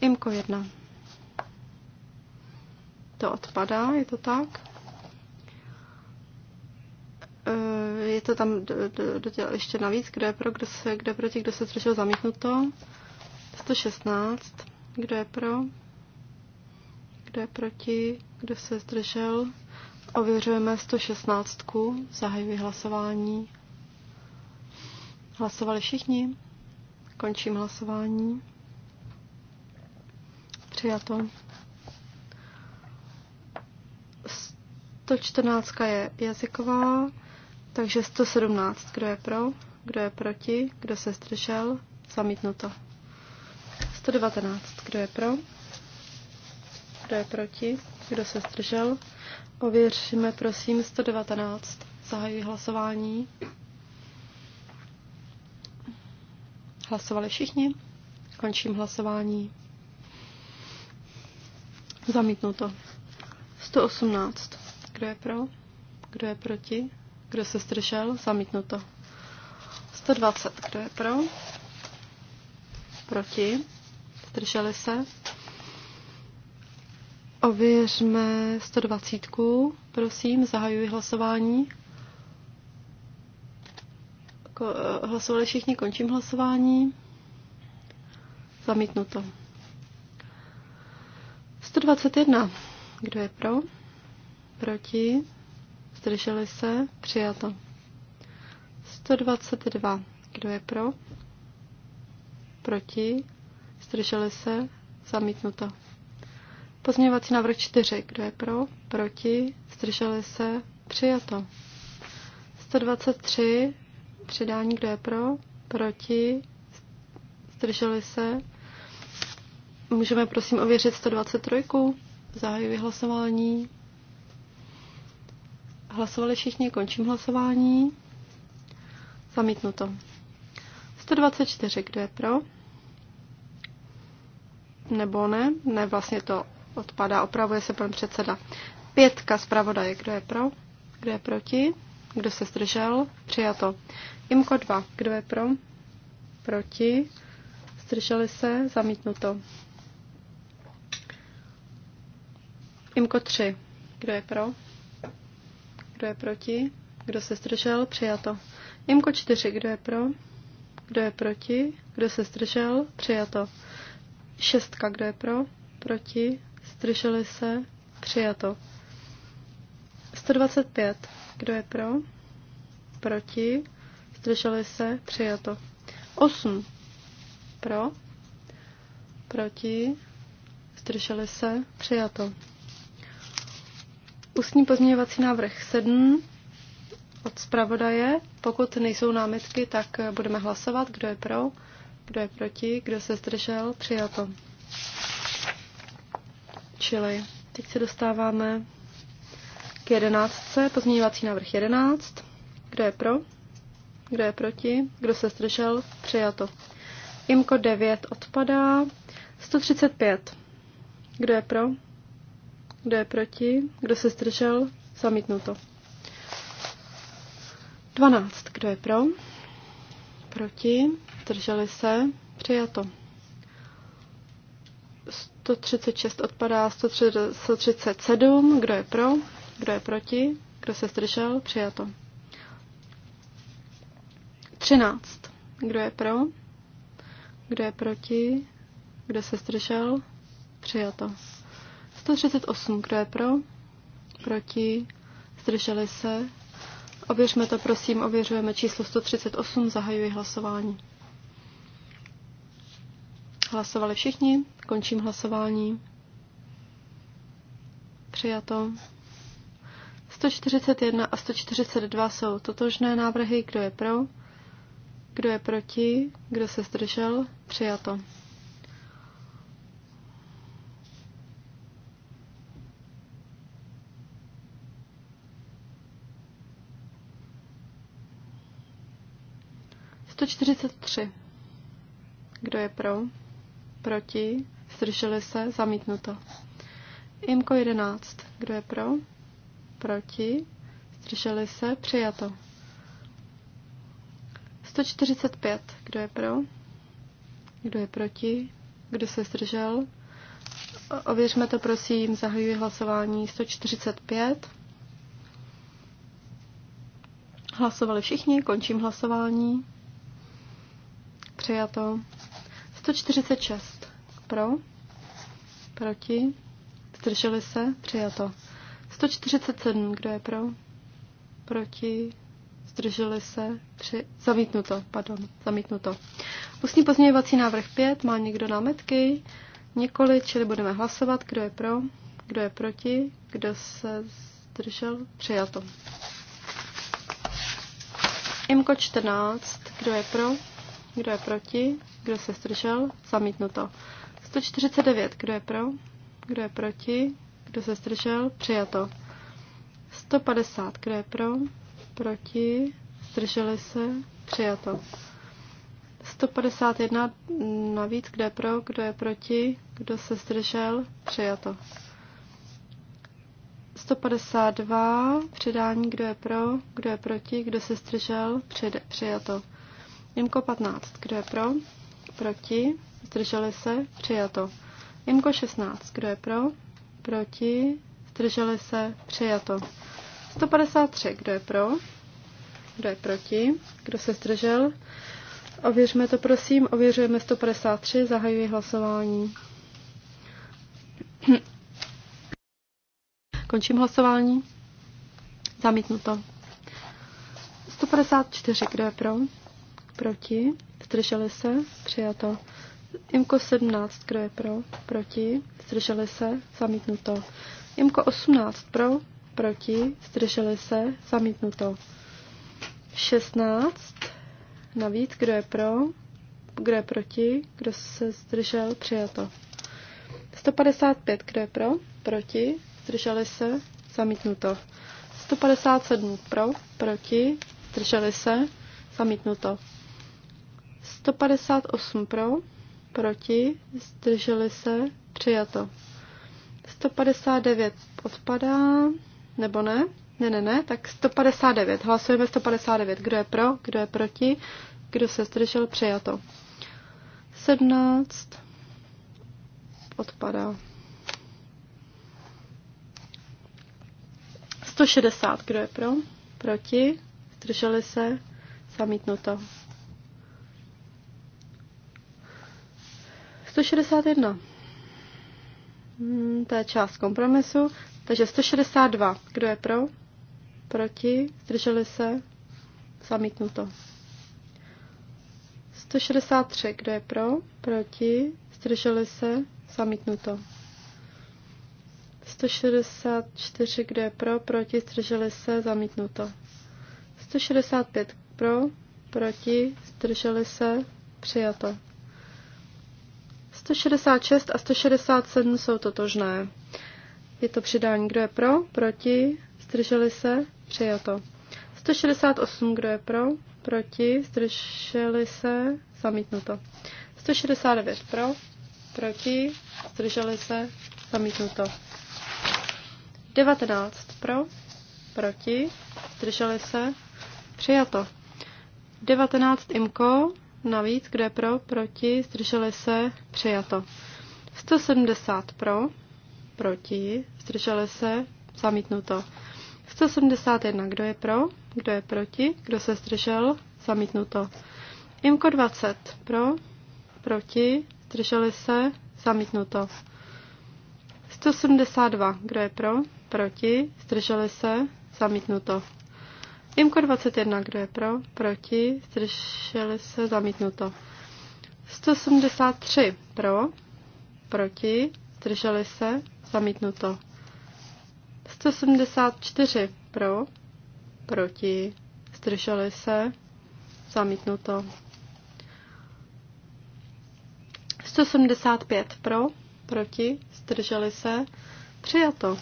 Imko 1. To odpadá, je to tak? E, je to tam dodělal ještě navíc, kde je pro, kdo se, kde proti, kdo se zdržel zamítnuto. 116. Kdo je pro? Kdo je proti? Kdo se zdržel? Ověřujeme 116. Zahajuji hlasování. Hlasovali všichni? Končím hlasování. Přijato. 114 je jazyková, takže 117. Kdo je pro? Kdo je proti? Kdo se zdržel? Zamítnuto. 119. Kdo je pro? Kdo je proti? Kdo se zdržel? Ověříme prosím 119. Zahajuji hlasování. Hlasovali všichni? Končím hlasování. Zamítnuto. 118. Kdo je pro? Kdo je proti? Kdo se zdržel? Zamítnuto. 120. Kdo je pro? Proti? Zdrželi se? Ověřme 120. Prosím, zahajuji hlasování. Eh, hlasovali všichni, končím hlasování. Zamítnuto. 121. Kdo je pro? Proti? Zdrželi se? Přijato. 122. Kdo je pro? Proti? Zdrželi se? Zamítnuto. Pozměňovací návrh 4. Kdo je pro? Proti? Zdrželi se? Přijato. 123. Přidání. Kdo je pro? Proti? Zdrželi se? Můžeme prosím ověřit 123. Zahajuji hlasování. Hlasovali všichni, končím hlasování. Zamítnuto. 124, kdo je pro? Nebo ne? Ne, vlastně to odpadá, opravuje se pan předseda. Pětka zpravodaje, kdo je pro? Kdo je proti? Kdo se zdržel? Přijato. Imko 2, kdo je pro? Proti? Zdrželi se? Zamítnuto. Imko 3. Kdo je pro? Kdo je proti? Kdo se zdržel? Přijato. Imko 4. Kdo je pro? Kdo je proti? Kdo se zdržel? Přijato. Šestka. Kdo je pro? Proti? Zdrželi se? Přijato. 125. Kdo je pro? Proti? Zdrželi se? Přijato. 8. Pro? Proti? Zdrželi se? Přijato. Ústní pozměňovací návrh 7 od zpravodaje. Pokud nejsou námitky, tak budeme hlasovat, kdo je pro, kdo je proti, kdo se zdržel, přijato. Čili teď se dostáváme k jedenáctce, pozměňovací návrh 11. Kdo je pro? Kdo je proti? Kdo se zdržel? Přijato. IMKO 9 odpadá. 135. Kdo je pro? Kdo je proti? Kdo se zdržel? Zamítnuto. 12. Kdo je pro? Proti? Zdrželi se? Přijato. 136 odpadá, 137. Kdo je pro? Kdo je proti? Kdo se zdržel? Přijato. 13. Kdo je pro? Kdo je proti? Kdo se zdržel? Přijato. 138, kdo je pro? Proti? Zdrželi se? Ověřme to, prosím, ověřujeme číslo 138, zahajuji hlasování. Hlasovali všichni, končím hlasování. Přijato. 141 a 142 jsou totožné návrhy, kdo je pro, kdo je proti, kdo se zdržel, přijato. 143. Kdo je pro? Proti? Zdrželi se? Zamítnuto. Imko 11. Kdo je pro? Proti? Zdrželi se? Přijato. 145. Kdo je pro? Kdo je proti? Kdo se zdržel? Ověřme to, prosím. Zahajuji hlasování 145. Hlasovali všichni, končím hlasování. Přijato. 146. Pro? Proti? Zdrželi se? Přijato. 147. Kdo je pro? Proti? Zdrželi se? Při... Zamítnuto. Pardon. Zamítnuto. Ústní pozměňovací návrh 5. Má někdo námetky? Nikoli, čili budeme hlasovat. Kdo je pro? Kdo je proti? Kdo se zdržel? Přijato. Imko 14. Kdo je pro? Kdo je proti? Kdo se zdržel? Zamítnuto. 149. Kdo je pro? Kdo je proti? Kdo se zdržel? Přijato. 150. Kdo je pro? Proti? Zdrželi se? Přijato. 151 navíc, kdo je pro, kdo je proti, kdo se zdržel, přijato. 152 přidání, kdo je pro, kdo je proti, kdo se zdržel, přijato. Imko 15. Kdo je pro? Proti? Zdrželi se? Přijato. Imko 16. Kdo je pro? Proti? Zdrželi se? Přijato. 153. Kdo je pro? Kdo je proti? Kdo se zdržel? Ověřme to, prosím. Ověřujeme 153. Zahajuji hlasování. Končím hlasování. Zamítnuto. 154. Kdo je pro? proti, zdrželi se, přijato. Imko 17, kdo je pro, proti, zdrželi se, zamítnuto. Imko 18 pro, proti, zdrželi se, zamítnuto. 16 navíc, kdo je pro, kdo je proti, kdo se zdržel, přijato. 155, kdo je pro, proti, zdrželi se, zamítnuto. 157 pro, proti, zdrželi se, zamítnuto. 158 pro, proti, zdrželi se, přijato. 159 odpadá, nebo ne? Ne, ne, ne, tak 159. Hlasujeme 159. Kdo je pro, kdo je proti, kdo se zdržel, přijato. 17 odpadá. 160. Kdo je pro, proti, zdrželi se, zamítnuto. 161. Hmm, to je část kompromisu. Takže 162. Kdo je pro? Proti? Zdrželi se? Zamítnuto. 163. Kdo je pro? Proti? Zdrželi se? Zamítnuto. 164. Kdo je pro? Proti? Zdrželi se? Zamítnuto. 165. Pro? Proti? Zdrželi se? Přijato. 166 a 167 jsou totožné. Je to přidání, kdo je pro, proti, zdrželi se, přijato. 168, kdo je pro, proti, zdrželi se, zamítnuto. 169 pro, proti, zdrželi se, zamítnuto. 19 pro, proti, zdrželi se, přijato. 19 imko, navíc, kdo je pro, proti, zdrželi se, přijato. 170 pro, proti, zdrželi se, zamítnuto. 171, kdo je pro, kdo je proti, kdo se zdržel, zamítnuto. Imko 20, pro, proti, zdrželi se, zamítnuto. 172, kdo je pro, proti, zdrželi se, zamítnuto. Imko 21, kdo je pro? Proti? Zdrželi se? Zamítnuto. 173 pro? Proti? Zdrželi se? Zamítnuto. 174 pro? Proti? Zdrželi se? Zamítnuto. 175 pro? Proti? Zdrželi se? Přijato.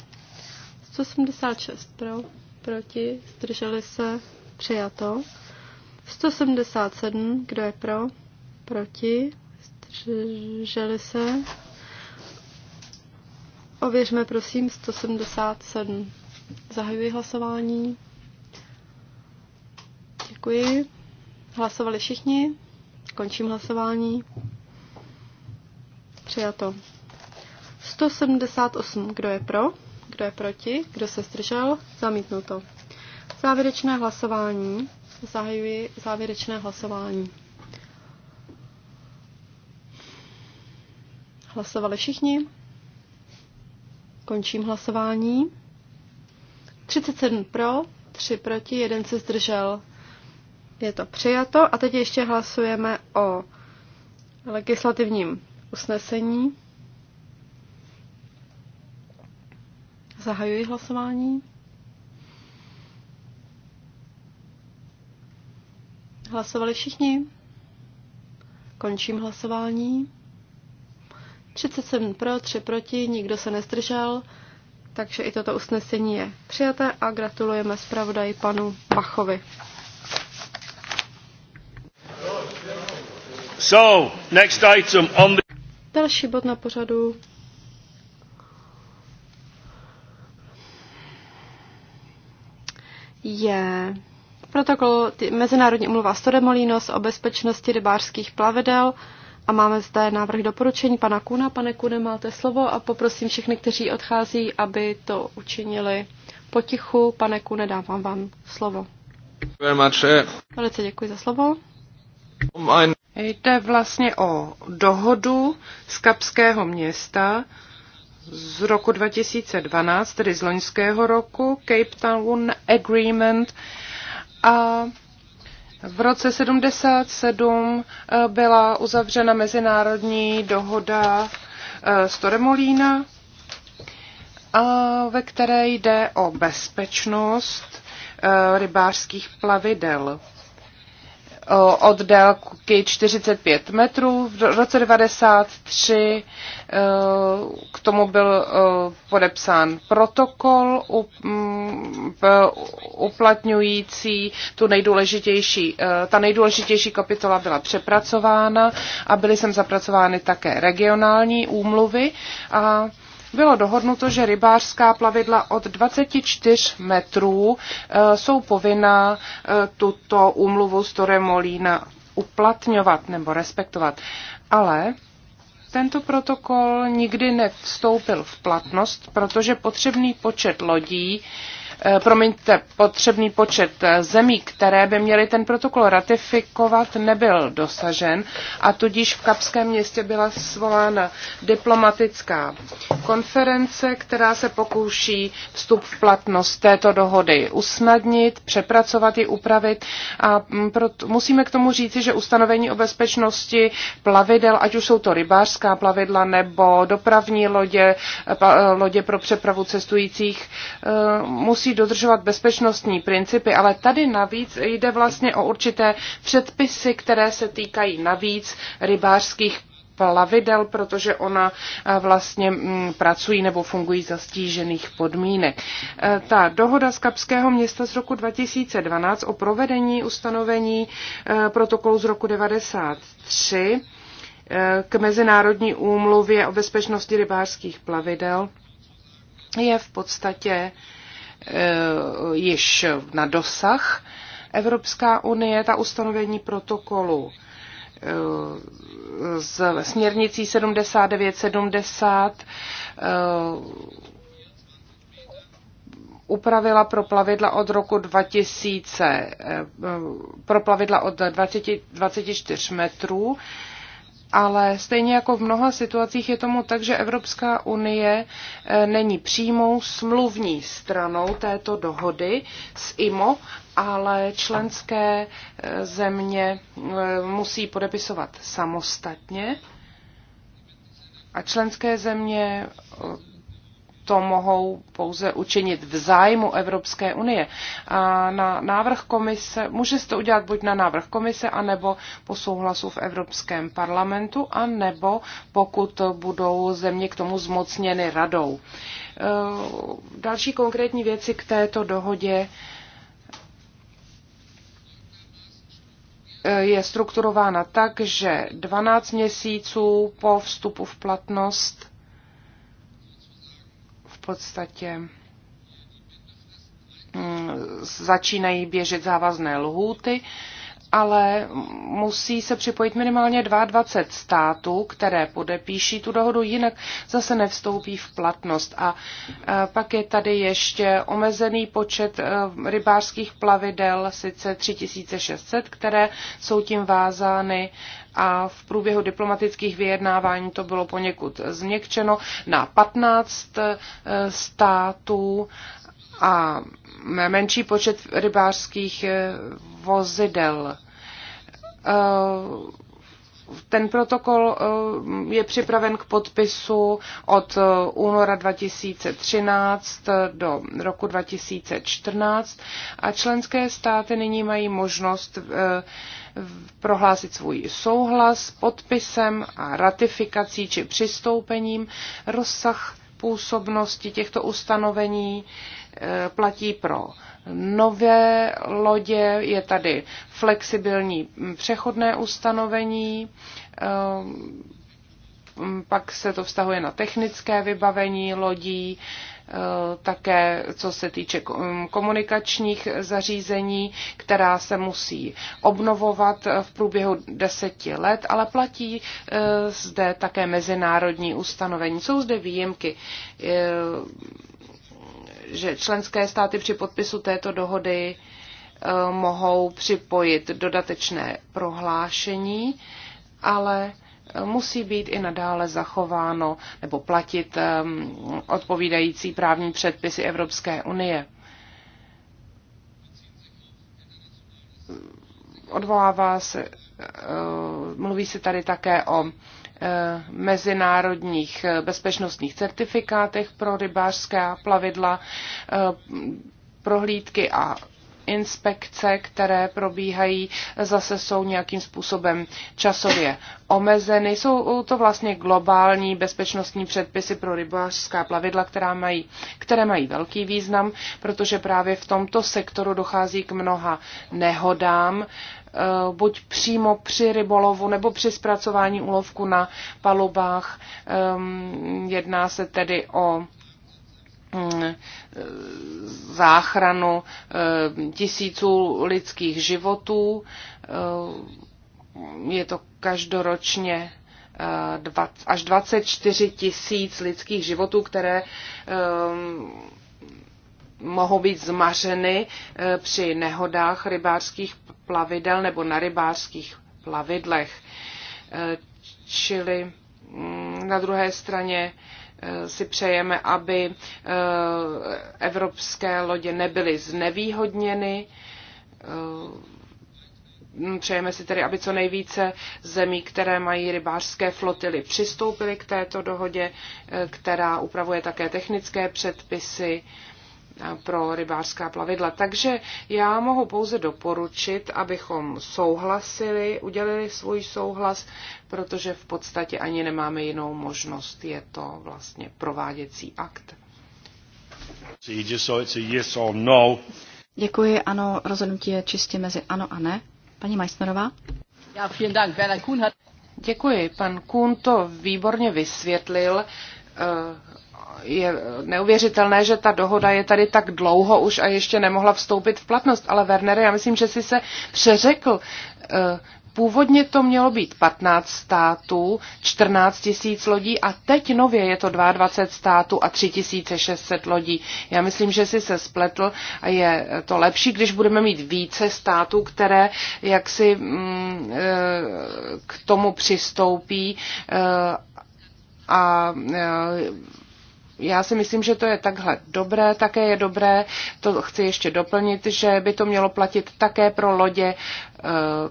186 pro? proti, zdrželi se, přijato. 177, kdo je pro, proti, zdrželi se. Ověřme prosím 177. Zahajuji hlasování. Děkuji. Hlasovali všichni. Končím hlasování. Přijato. 178. Kdo je pro? Kdo je proti? Kdo se zdržel? Zamítnuto. Závěrečné hlasování. Zahajuji závěrečné hlasování. Hlasovali všichni. Končím hlasování. 37 pro, 3 proti, 1 se zdržel. Je to přijato. A teď ještě hlasujeme o legislativním usnesení. Zahajuji hlasování. Hlasovali všichni? Končím hlasování. 37 pro, 3 proti, nikdo se nezdržel, takže i toto usnesení je přijaté a gratulujeme zpravodaji panu Bachovi. So, next item on the... Další bod na pořadu je protokol Mezinárodní umluva Stodemolínos o bezpečnosti rybářských plavidel a máme zde návrh doporučení pana Kuna. Pane Kune, máte slovo a poprosím všechny, kteří odchází, aby to učinili potichu. Pane Kune, dávám vám slovo. Eh. Velice děkuji za slovo. Jde vlastně o dohodu z Kapského města, z roku 2012, tedy z loňského roku, Cape Town Agreement a v roce 77 eh, byla uzavřena mezinárodní dohoda eh, z Toremolína, ve které jde o bezpečnost eh, rybářských plavidel od délky 45 metrů. V roce 1993 e, k tomu byl e, podepsán protokol uplatňující tu nejdůležitější, e, ta nejdůležitější kapitola byla přepracována a byly sem zapracovány také regionální úmluvy a bylo dohodnuto, že rybářská plavidla od 24 metrů e, jsou povinná e, tuto úmluvu z Toremolína uplatňovat nebo respektovat. Ale tento protokol nikdy nevstoupil v platnost, protože potřebný počet lodí Eh, promiňte, potřebný počet eh, zemí, které by měly ten protokol ratifikovat, nebyl dosažen a tudíž v Kapském městě byla svolána diplomatická konference, která se pokouší vstup v platnost této dohody usnadnit, přepracovat i upravit a mm, proto, musíme k tomu říci, že ustanovení o bezpečnosti plavidel, ať už jsou to rybářská plavidla nebo dopravní lodě, eh, lodě pro přepravu cestujících, musí musí dodržovat bezpečnostní principy, ale tady navíc jde vlastně o určité předpisy, které se týkají navíc rybářských plavidel, protože ona eh, vlastně mm, pracují nebo fungují za stížených podmínek. Eh, ta dohoda z Kapského města z roku 2012 o provedení ustanovení eh, protokolu z roku 1993 k Mezinárodní úmluvě o bezpečnosti rybářských plavidel je v podstatě Eh, již na dosah. Evropská unie ta ustanovení protokolu eh, z směrnicí 7970 eh, upravila pro plavidla od roku 2000, pro plavidla od 20, 24 metrů ale stejně jako v mnoha situacích je tomu tak, že Evropská unie eh, není přímou smluvní stranou této dohody s IMO, ale členské eh, země eh, musí podepisovat samostatně a členské země to mohou pouze učinit v zájmu Evropské unie. A na návrh komise, může se to udělat buď na návrh komise, anebo po souhlasu v Evropském parlamentu, anebo pokud budou země k tomu zmocněny radou. E, další konkrétní věci k této dohodě e, je strukturována tak, že 12 měsíců po vstupu v platnost podstatě mm, začínají běžet závazné lhůty ale musí se připojit minimálně 22 států, které podepíší tu dohodu, jinak zase nevstoupí v platnost. A e, pak je tady ještě omezený počet e, rybářských plavidel, sice 3600, které jsou tím vázány a v průběhu diplomatických vyjednávání to bylo poněkud změkčeno na 15 e, států a menší počet rybářských vozidel. Eh, ten protokol eh, je připraven k podpisu od eh, února 2013 do roku 2014 a členské státy nyní mají možnost prohlásit svůj souhlas podpisem a ratifikací či přistoupením. Rozsah působnosti těchto ustanovení e, platí pro nové lodě, je tady flexibilní přechodné ustanovení, e, pak se to vztahuje na technické vybavení lodí, Eh, také co se týče mm, komunikačních zařízení, která se musí obnovovat eh, v průběhu deseti let, ale platí eh, zde také mezinárodní ustanovení. Jsou zde výjimky že členské státy při podpisu této dohody mohou připojit dodatečné prohlášení, ale musí být i nadále zachováno nebo platit odpovídající právní předpisy Evropské unie. Odvolává se, eh, mluví se tady také o eh, mezinárodních eh, bezpečnostních certifikátech pro rybářská plavidla, prohlídky a inspekce, které probíhají, zase jsou nějakým způsobem časově omezeny. Jsou to vlastně globální bezpečnostní předpisy pro rybářská plavidla, která mají, které mají velký význam, protože právě v tomto sektoru dochází k mnoha nehodám, eh, buď přímo při rybolovu nebo při zpracování úlovku na palubách. Ehm, jedná se tedy o Mm, záchranu eh, tisíců lidských životů. Eh, je to každoročně eh, až 24 tisíc lidských životů, které mohou být zmařeny při nehodách rybářských plavidel nebo na rybářských plavidlech. Čili mm, na druhé straně Eh, si přejeme, aby eh, evropské lodě nebyly znevýhodněny. Eh, přejeme si tedy, aby co nejvíce zemí, které mají rybářské flotily, přistoupily k této dohodě, která upravuje také technické předpisy pro rybářská plavidla. Takže já mohu pouze doporučit, abychom souhlasili, udělili svůj souhlas protože v podstatě ani nemáme jinou možnost. Je to vlastně prováděcí akt. No. Děkuji, ano, rozhodnutí je čistě mezi ano a ne. Paní Majsnerová? Ja, vielen Dank. Werner Kuhn Děkuji. Pan Kuhn to výborně vysvětlil eh, je neuvěřitelné, že ta dohoda je tady tak dlouho už a ještě nemohla vstoupit v platnost. Ale Werner, já myslím, že si se přeřekl. Eh, Původně to mělo být 15 států, 14 tisíc lodí a teď nově je to 22 států a 3600 lodí. Já myslím, že si se spletl a je to lepší, když budeme mít více států, které jaksi mm, e, k tomu přistoupí e, a e, já si myslím, že to je takhle dobré. Také je dobré, to chci ještě doplnit, že by to mělo platit také pro lodě, eh,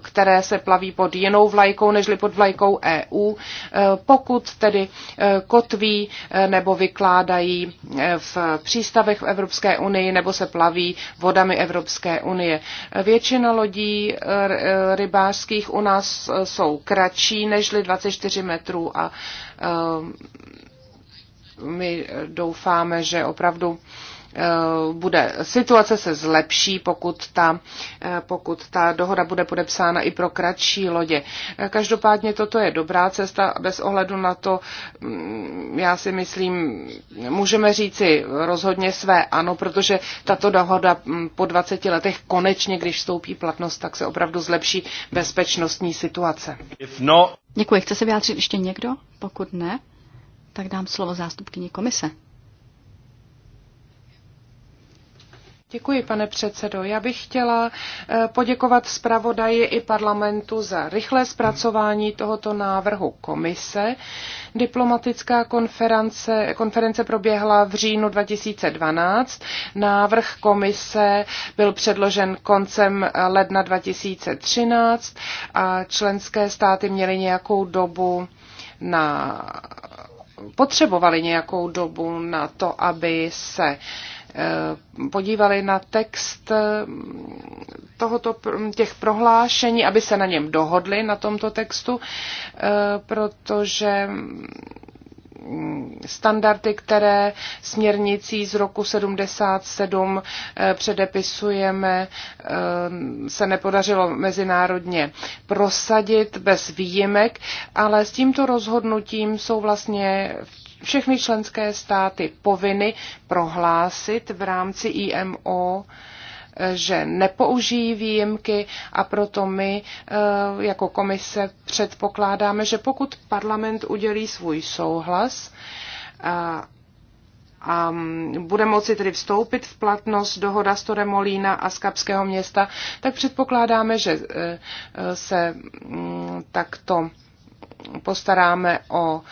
které se plaví pod jinou vlajkou nežli pod vlajkou EU, eh, pokud tedy eh, kotví nebo vykládají v přístavech v Evropské unii nebo se plaví vodami Evropské unie. Většina lodí rybářských u nás jsou kratší nežli 24 metrů a my doufáme, že opravdu eh, bude, situace se zlepší, pokud ta, eh, pokud ta dohoda bude podepsána i pro kratší lodě. Eh, každopádně toto je dobrá cesta, bez ohledu na to, mm, já si myslím, můžeme říci rozhodně své ano, protože tato dohoda mm, po 20 letech konečně, když vstoupí platnost, tak se opravdu zlepší bezpečnostní situace. not... Děkuji. Chce se vyjádřit ještě někdo? Pokud ne, tak dám slovo zástupkyni komise. Děkuji, pane předsedo. Já bych chtěla eh, poděkovat zpravodaji i parlamentu za rychlé zpracování tohoto návrhu komise. Diplomatická konference, konference proběhla v říjnu 2012. Návrh komise byl předložen koncem eh, ledna 2013 a členské státy měly nějakou dobu na potřebovali nějakou dobu na to, aby se eh, podívali na text eh, tohoto, těch prohlášení, aby se na něm dohodli, na tomto textu, eh, protože standardy, které směrnicí z roku 77 eh, předepisujeme, eh, se nepodařilo mezinárodně prosadit bez výjimek, ale s tímto rozhodnutím jsou vlastně všechny členské státy povinny prohlásit v rámci IMO, že nepoužijí výjimky a proto my eh, jako komise předpokládáme, že pokud parlament udělí svůj souhlas, a mm, bude moci tedy vstoupit v platnost dohoda z Toremolína a z Kapského města, tak předpokládáme, že eh, eh, se mm, takto postaráme o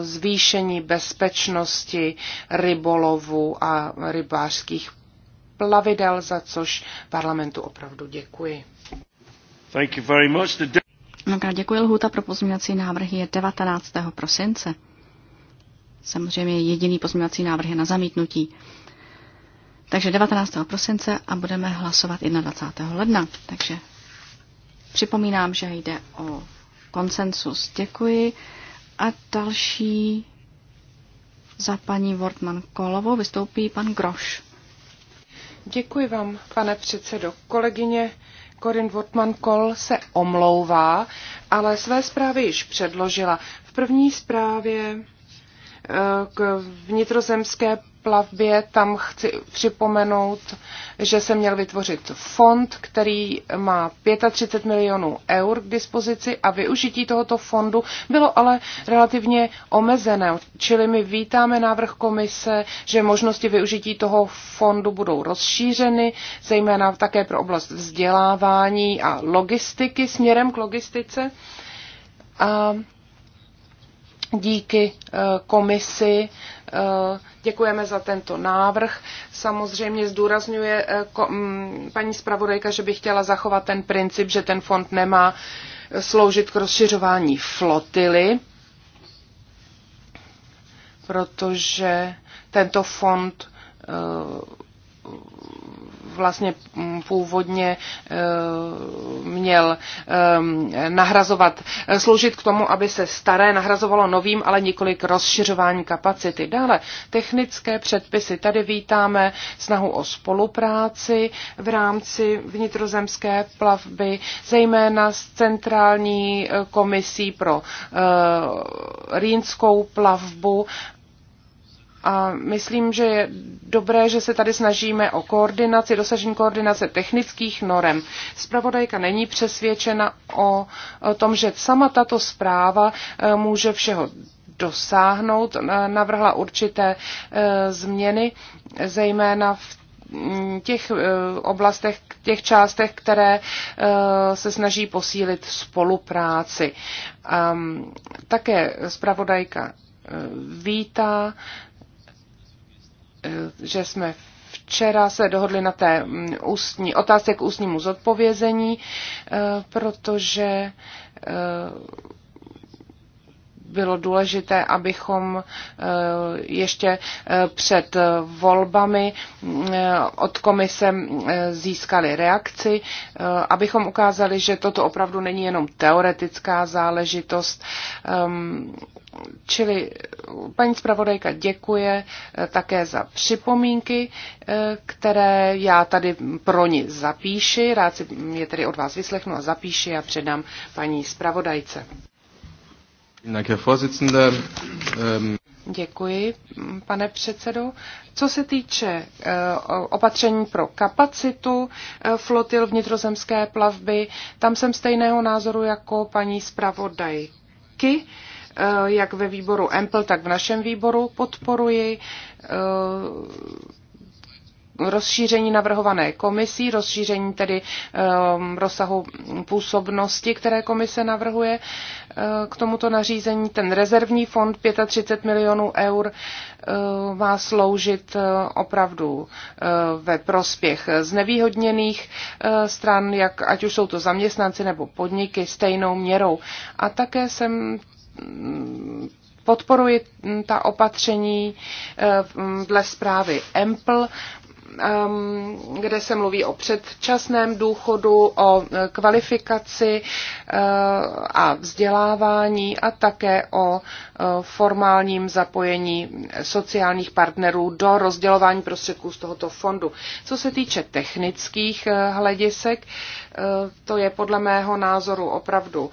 zvýšení bezpečnosti rybolovu a rybářských plavidel, za což parlamentu opravdu děkuji. Thank you very much. The... Mnohokrát děkuji. Lhůta pro pozměňovací návrhy je 19. prosince. Samozřejmě jediný pozměňovací návrh je na zamítnutí. Takže 19. prosince a budeme hlasovat 21. ledna. Takže připomínám, že jde o konsensus. Děkuji. A další za paní Wortman Kolovou vystoupí pan Groš. Děkuji vám, pane předsedo. Kolegyně Corin wortmann kol se omlouvá, ale své zprávy již předložila. V první zprávě eh, k vnitrozemské plavbě, tam chci připomenout, že se měl vytvořit fond, který má 35 milionů eur k dispozici a využití tohoto fondu bylo ale relativně omezené. Čili my vítáme návrh komise, že možnosti využití toho fondu budou rozšířeny, zejména také pro oblast vzdělávání a logistiky, směrem k logistice. A díky eh, komisi. Eh, děkujeme za tento návrh. Samozřejmě zdůrazňuje eh, mm, paní zpravodajka, že by chtěla zachovat ten princip, že ten fond nemá sloužit k rozšiřování flotily, protože tento fond vlastně původně eh, měl eh, nahrazovat, eh, sloužit k tomu, aby se staré nahrazovalo novým, ale nikoli k rozšiřování kapacity. Dále technické předpisy. Tady vítáme snahu o spolupráci v rámci vnitrozemské plavby, zejména s centrální komisí pro rýnskou plavbu a myslím, že je dobré, že se tady snažíme o koordinaci, dosažení koordinace technických norem. Spravodajka není přesvědčena o, tom, že sama tato zpráva e, může všeho dosáhnout. E, navrhla určité e, změny, zejména v těch oblastech, těch částech, které se snaží posílit spolupráci. Také spravodajka vítá Eh, že jsme včera se dohodli na té mm, ústní, otázce k ústnímu zodpovězení, eh, protože eh, bylo důležité, abychom eh, ještě eh, před volbami eh, od komise získali reakci, abychom ukázali, že toto opravdu není jenom teoretická záležitost. Ehm, čili paní zpravodajka děkuje také za připomínky, které já tady pro ní zapíši. Rád si je tedy od vás vyslechnu a zapíši a předám paní zpravodajce. Ähm, Děkuji, pane předsedo. Co se týče eh, opatření pro kapacitu eh, flotil vnitrozemské plavby, tam jsem stejného názoru jako paní zpravodajky eh, jak ve výboru EMPL, tak v našem výboru podporuji rozšíření navrhované komisí, rozšíření tedy um, rozsahu působnosti, které komise navrhuje uh, k tomuto nařízení. Ten rezervní fond 35 milionů eur uh, má sloužit uh, opravdu uh, ve prospěch znevýhodněných uh, stran, jak, ať už jsou to zaměstnanci nebo podniky, stejnou měrou. A také jsem podporuji mm, ta opatření dle zprávy EMPL Um, kde se mluví o předčasném důchodu, o e, kvalifikaci e, a vzdělávání a také o e, formálním zapojení sociálních partnerů do rozdělování prostředků z tohoto fondu. Co se týče technických hledisek, to je podle mého názoru opravdu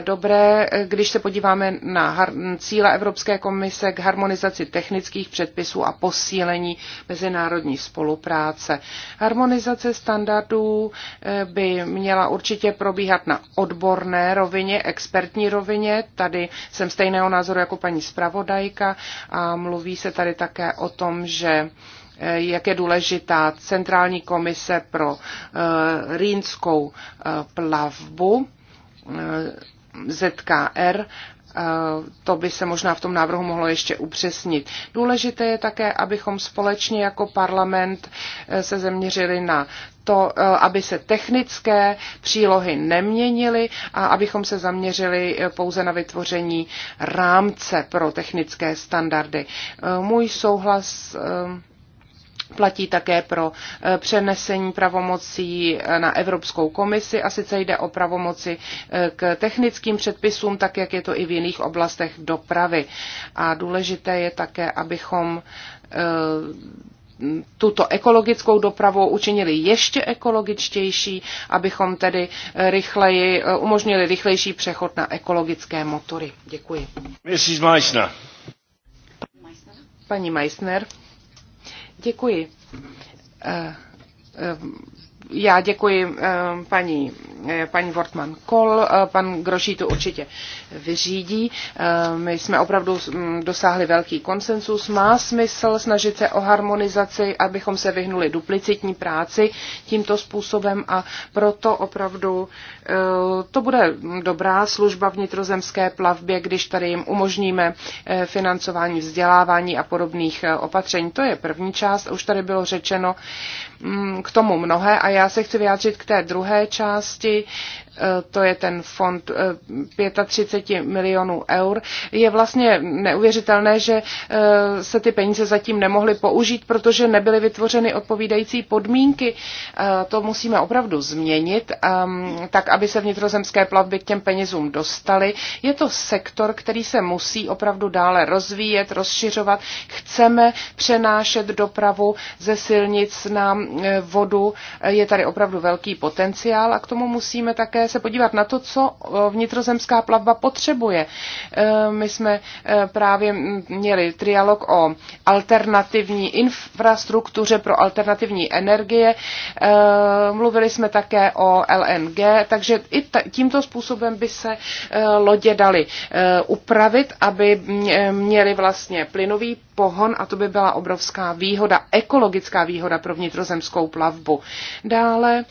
dobré, když se podíváme na cíle Evropské komise k harmonizaci technických předpisů a posílení mezinárodní spolupráce práce. Harmonizace standardů eh, by měla určitě probíhat na odborné rovině, expertní rovině. Tady jsem stejného názoru jako paní zpravodajka a mluví se tady také o tom, že eh, jak je důležitá Centrální komise pro eh, rýnskou plavbu ZKR Eh, to by se možná v tom návrhu mohlo ještě upřesnit. Důležité je také, abychom společně jako parlament eh, se zaměřili na to, eh, aby se technické přílohy neměnily a abychom se zaměřili pouze na vytvoření rámce pro technické standardy. Můj souhlas platí také pro eh, přenesení pravomocí eh, na Evropskou komisi a sice jde o pravomoci eh, k technickým předpisům, tak jak je to i v jiných oblastech dopravy. A důležité je také, abychom tuto ekologickou dopravu učinili ještě ekologičtější, abychom tedy rychleji, umožnili rychlejší přechod na ekologické motory. Děkuji. Mrs. Meissner. Paní Meissner. Děkuji. Eh, eh, já děkuji eh, paní, eh, paní Wortmann Kol, eh, pan Groší to určitě vyřídí. My jsme opravdu mm, dosáhli velký konsensus. Má smysl snažit se o harmonizaci, abychom se vyhnuli duplicitní práci tímto způsobem a proto opravdu to bude dobrá služba vnitrozemské plavbě, když tady jim umožníme financování vzdělávání a podobných opatření. To je první část, už tady bylo řečeno mm, k tomu mnohé a a já se chci vyjádřit k té druhé části, e, to je ten fond 35 e, milionů eur. Je vlastně neuvěřitelné, že e, se ty peníze zatím nemohly použít, protože nebyly vytvořeny odpovídající podmínky. To musíme opravdu změnit, tak aby se vnitrozemské plavby k těm penězům dostaly. Je to sektor, který se musí opravdu dále rozvíjet, rozšiřovat. Chceme přenášet dopravu ze silnic na vodu. Je tady opravdu velký potenciál a k tomu musíme také se podívat na to, co e, vnitrozemská plavba potřebuje. E, my jsme e, právě měli trialog o alternativní infrastruktuře pro alternativní energie. Mluvili jsme také o LNG, takže i tímto způsobem by se lodě daly upravit, aby měly vlastně plynový pohon a to by byla obrovská výhoda, ekologická výhoda pro vnitrozemskou plavbu. Dále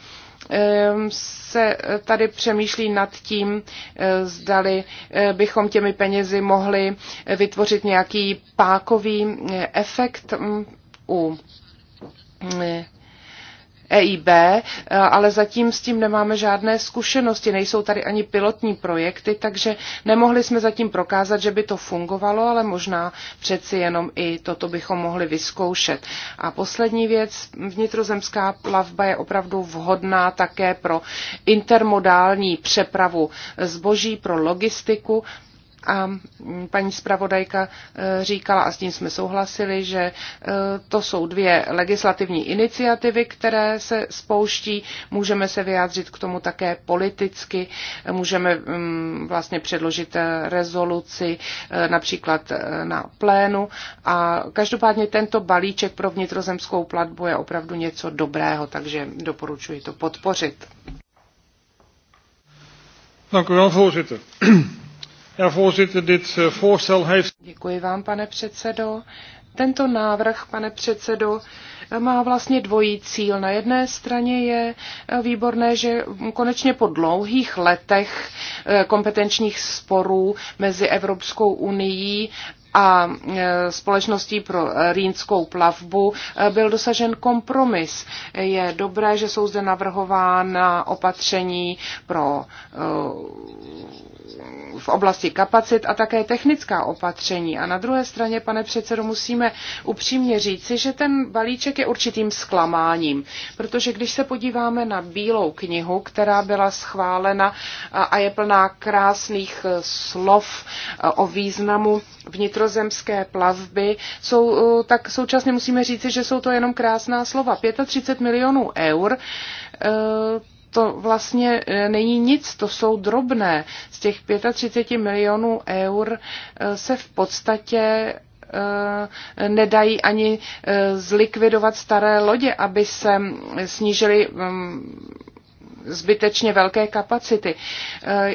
se tady přemýšlí nad tím, eh, zdali eh, bychom těmi penězi mohli vytvořit nějaký pákový eh, efekt mm, u EIB, eh, ale zatím s tím nemáme žádné zkušenosti, nejsou tady ani pilotní projekty, takže nemohli jsme zatím prokázat, že by to fungovalo, ale možná přeci jenom i toto bychom mohli vyzkoušet. A poslední věc, vnitrozemská plavba je opravdu vhodná také pro intermodální přepravu zboží, pro logistiku, a paní zpravodajka e, říkala, a s tím jsme souhlasili, že e, to jsou dvě legislativní iniciativy, které se spouští. Můžeme se vyjádřit k tomu také politicky, můžeme mm, vlastně předložit e, rezoluci například na plénu. A každopádně tento balíček pro vnitrozemskou platbu je opravdu něco dobrého, takže doporučuji to podpořit. Dank u wel, voorzitter. Ja, voorzitter, dit eh, voorstel heeft... Děkuji vám, pane předsedo. Tento návrh, pane předsedo, má vlastně dvojí cíl. Na jedné straně je eh, výborné, že konečně po dlouhých letech eh, kompetenčních sporů mezi Evropskou unii a společností pro rýnskou plavbu byl dosažen kompromis. Je dobré, že jsou zde navrhována opatření pro v oblasti kapacit a také technická opatření. A na druhé straně, pane předsedo, musíme upřímně říci, že ten balíček je určitým zklamáním, protože když se podíváme na bílou knihu, která byla schválena a je plná krásných eh, slov eh, o významu vnitrozemské plavby, jsou, eh, tak současně musíme říci, že jsou to jenom krásná slova. 35 milionů eur to vlastně e, není nic, to jsou drobné. Z těch 35 milionů eur e, se v podstatě e, nedají ani zlikvidovat staré lodě, aby se snížily zbytečně velké kapacity.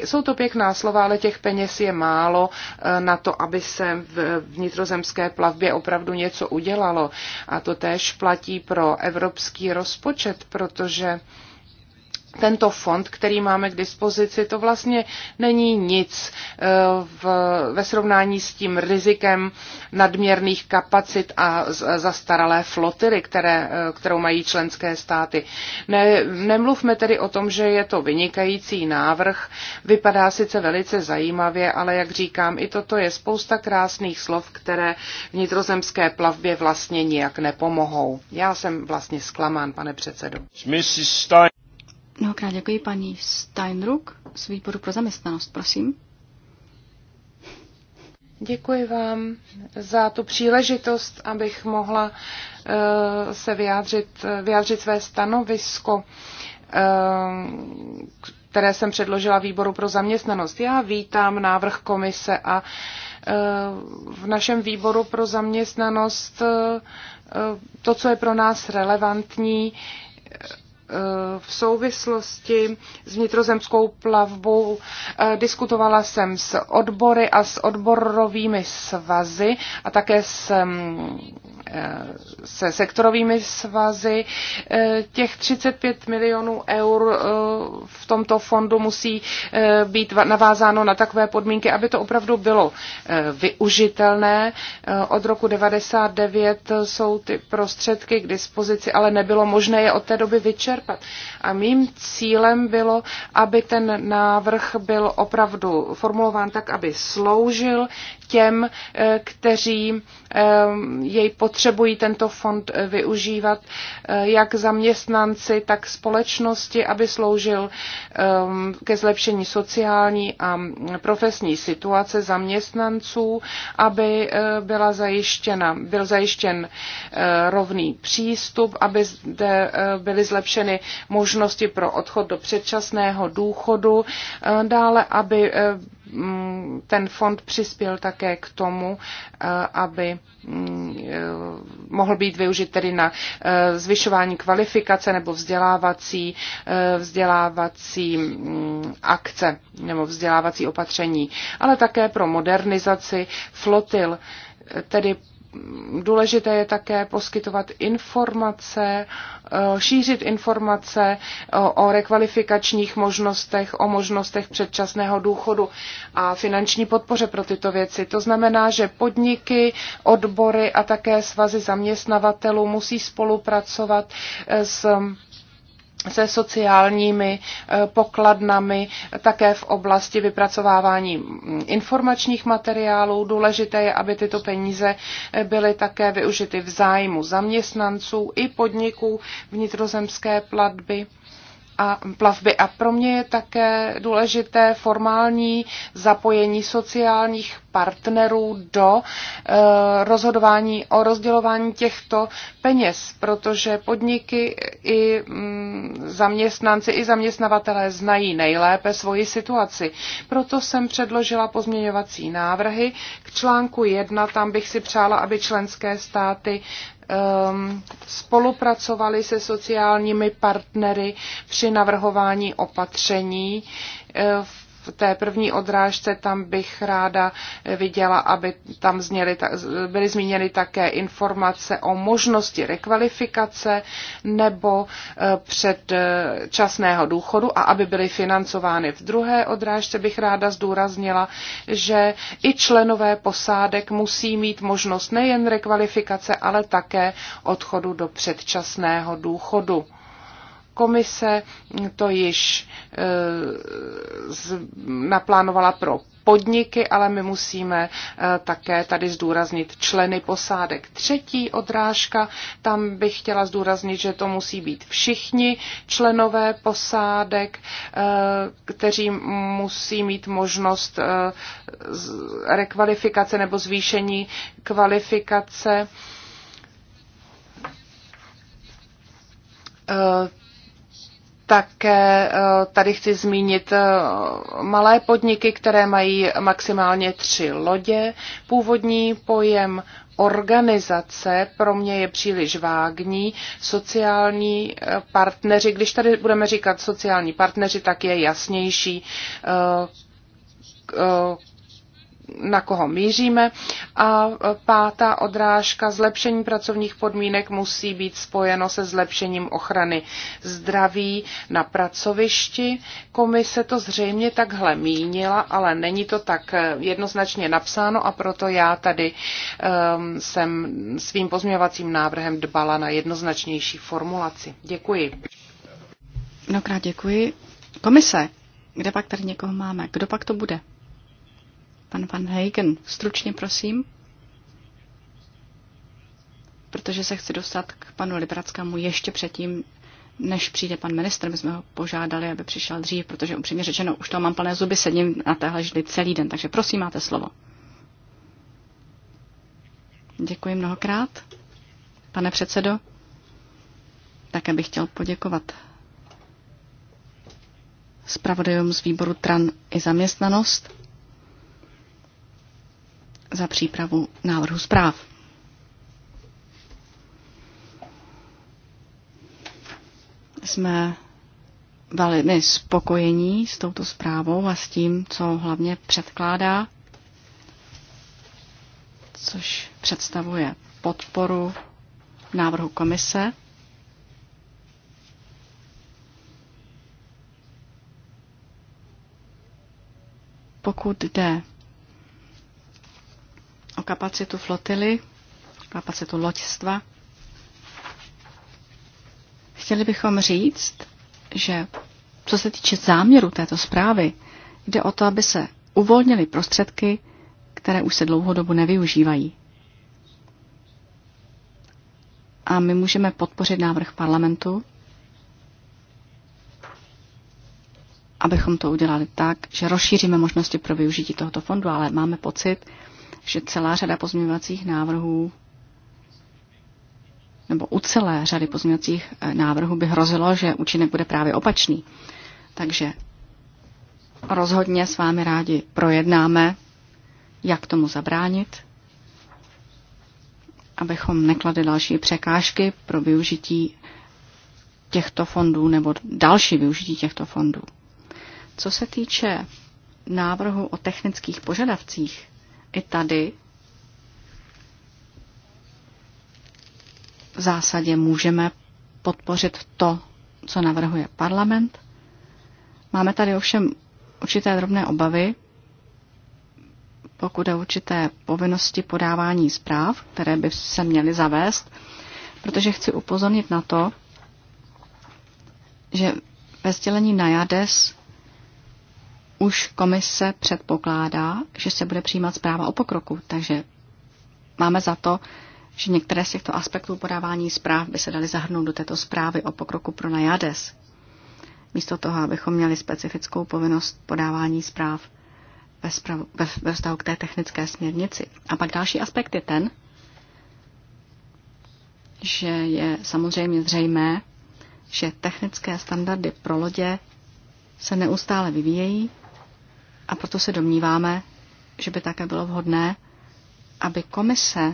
Jsou to pěkná slova, ale těch peněz je málo na to, aby se v vnitrozemské plavbě opravdu něco udělalo. A to též platí pro evropský rozpočet, protože tento fond, který máme k dispozici, to vlastně není nic eh, v, ve srovnání s tím rizikem nadměrných kapacit a zastaralé flotily, které, eh, kterou mají členské státy. Ne, nemluvme tedy o tom, že je to vynikající návrh, vypadá sice velice zajímavě, ale jak říkám, i toto je spousta krásných slov, které vnitrozemské plavbě vlastně nijak nepomohou. Já jsem vlastně zklamán, pane předsedo. Mrs. Stein. Mnohokrát děkuji paní Steinruck z výboru pro zaměstnanost. Prosím. Děkuji vám za tu příležitost, abych mohla uh, se vyjádřit, vyjádřit své stanovisko, uh, které jsem předložila výboru pro zaměstnanost. Já vítám návrh komise a uh, v našem výboru pro zaměstnanost uh, to, co je pro nás relevantní, uh, v souvislosti s vnitrozemskou plavbou eh, diskutovala jsem s odbory a s odborovými svazy a také s mm, se sektorovými svazy. Eh, těch 35 milionů eur eh, v tomto fondu musí eh, být navázáno na takové podmínky, aby to opravdu bylo využitelné. Od roku 99 jsou ty prostředky k dispozici, ale nebylo možné je od té doby vyčerpat. A mým cílem bylo, aby ten návrh byl opravdu formulován tak, aby sloužil těm, eh, kteří eh, jej potřebují tento fond eh, využívat, jak zaměstnanci, tak společnosti, aby sloužil ke zlepšení sociální a profesní situace zaměstnanců, aby byla zajištěna, byl zajištěn rovný přístup, aby zde byly zlepšeny možnosti pro odchod do předčasného důchodu, dále, aby ten fond přispěl také také k tomu, eh, aby mm, eh, mohl být využit tedy na eh, zvyšování kvalifikace nebo vzdělávací, vzdělávací mm, akce nebo vzdělávací opatření, ale také pro modernizaci flotil, tedy Důležité je také poskytovat informace, eh, šířit informace o rekvalifikačních možnostech, o možnostech předčasného důchodu a finanční podpoře pro tyto věci. To znamená, že podniky, odbory a také svazy zaměstnavatelů musí spolupracovat eh, s se sociálními eh, pokladnami, také v oblasti vypracovávání mm, informačních materiálů. Důležité je, aby tyto peníze eh, byly také využity v zájmu zaměstnanců i podniků vnitrozemské platby a plavby. A pro mě je také důležité formální zapojení sociálních partnerů do eh, rozhodování o rozdělování těchto peněz, protože podniky i mm, zaměstnanci, i zaměstnavatelé znají nejlépe svoji situaci. Proto jsem předložila pozměňovací návrhy. K článku 1 tam bych si přála, aby členské státy um, spolupracovali se sociálními partnery při navrhování opatření v eh, v té první odrážce tam bych ráda viděla, aby tam zněly, byly zmíněny také informace o možnosti rekvalifikace nebo e, předčasného důchodu a aby byly financovány. V druhé odrážce bych ráda zdůraznila, že i členové posádek musí mít možnost nejen rekvalifikace, ale také odchodu do předčasného důchodu. Komise to již eh, naplánovala pro podniky, ale my musíme eh, také tady zdůraznit členy posádek. Třetí odrážka, tam bych chtěla zdůraznit, že to musí být všichni členové posádek, eh, kteří musí mít možnost rekvalifikace nebo zvýšení kvalifikace také eh, tady chci zmínit eh, malé podniky, které mají maximálně tři lodě. Původní pojem organizace pro mě je příliš vágní. Sociální eh, partneři, když tady budeme říkat sociální partneři, tak je jasnější, na koho míříme. A pátá odrážka, zlepšení pracovních podmínek musí být spojeno se zlepšením ochrany zdraví na pracovišti. Komise to zřejmě takhle mínila, ale není to tak jednoznačně napsáno a proto já tady um, jsem svým pozměňovacím návrhem dbala na jednoznačnější formulaci. Děkuji. Mnohokrát děkuji. Komise, kde pak tady někoho máme? Kdo pak to bude? Pan Van Hagen, stručně prosím, protože se chci dostat k panu Librackému ještě předtím, než přijde pan ministr. My jsme ho požádali, aby přišel dřív, protože upřímně řečeno, už to mám plné zuby, sedím na téhle židli celý den, takže prosím, máte slovo. Děkuji mnohokrát. Pane předsedo, také bych chtěl poděkovat zpravodajům z výboru TRAN i zaměstnanost za přípravu návrhu zpráv. Jsme velmi spokojení s touto zprávou a s tím, co hlavně předkládá, což představuje podporu návrhu komise. Pokud jde o kapacitu flotily, kapacitu loďstva. Chtěli bychom říct, že co se týče záměru této zprávy, jde o to, aby se uvolnily prostředky, které už se dlouhodobu nevyužívají. A my můžeme podpořit návrh parlamentu, abychom to udělali tak, že rozšíříme možnosti pro využití tohoto fondu, ale máme pocit, že celá řada pozměňovacích návrhů nebo u celé řady pozměňovacích eh, návrhů by hrozilo, že účinek bude právě opačný. Takže rozhodně s vámi rádi projednáme, jak tomu zabránit, abychom nekladli další překážky pro využití těchto fondů nebo další využití těchto fondů. Co se týče návrhu o technických požadavcích, i tady v zásadě můžeme podpořit to, co navrhuje parlament. Máme tady ovšem určité drobné obavy, pokud je určité povinnosti podávání zpráv, které by se měly zavést, protože chci upozornit na to, že ve sdělení na JADES už komise předpokládá, že se bude přijímat zpráva o pokroku, takže máme za to, že některé z těchto aspektů podávání zpráv by se daly zahrnout do této zprávy o pokroku pro Najades. Místo toho, abychom měli specifickou povinnost podávání zpráv ve, zpravu, ve, ve vztahu k té technické směrnici. A pak další aspekt je ten, že je samozřejmě zřejmé, že technické standardy pro lodě se neustále vyvíjejí a proto se domníváme, že by také bylo vhodné, aby komise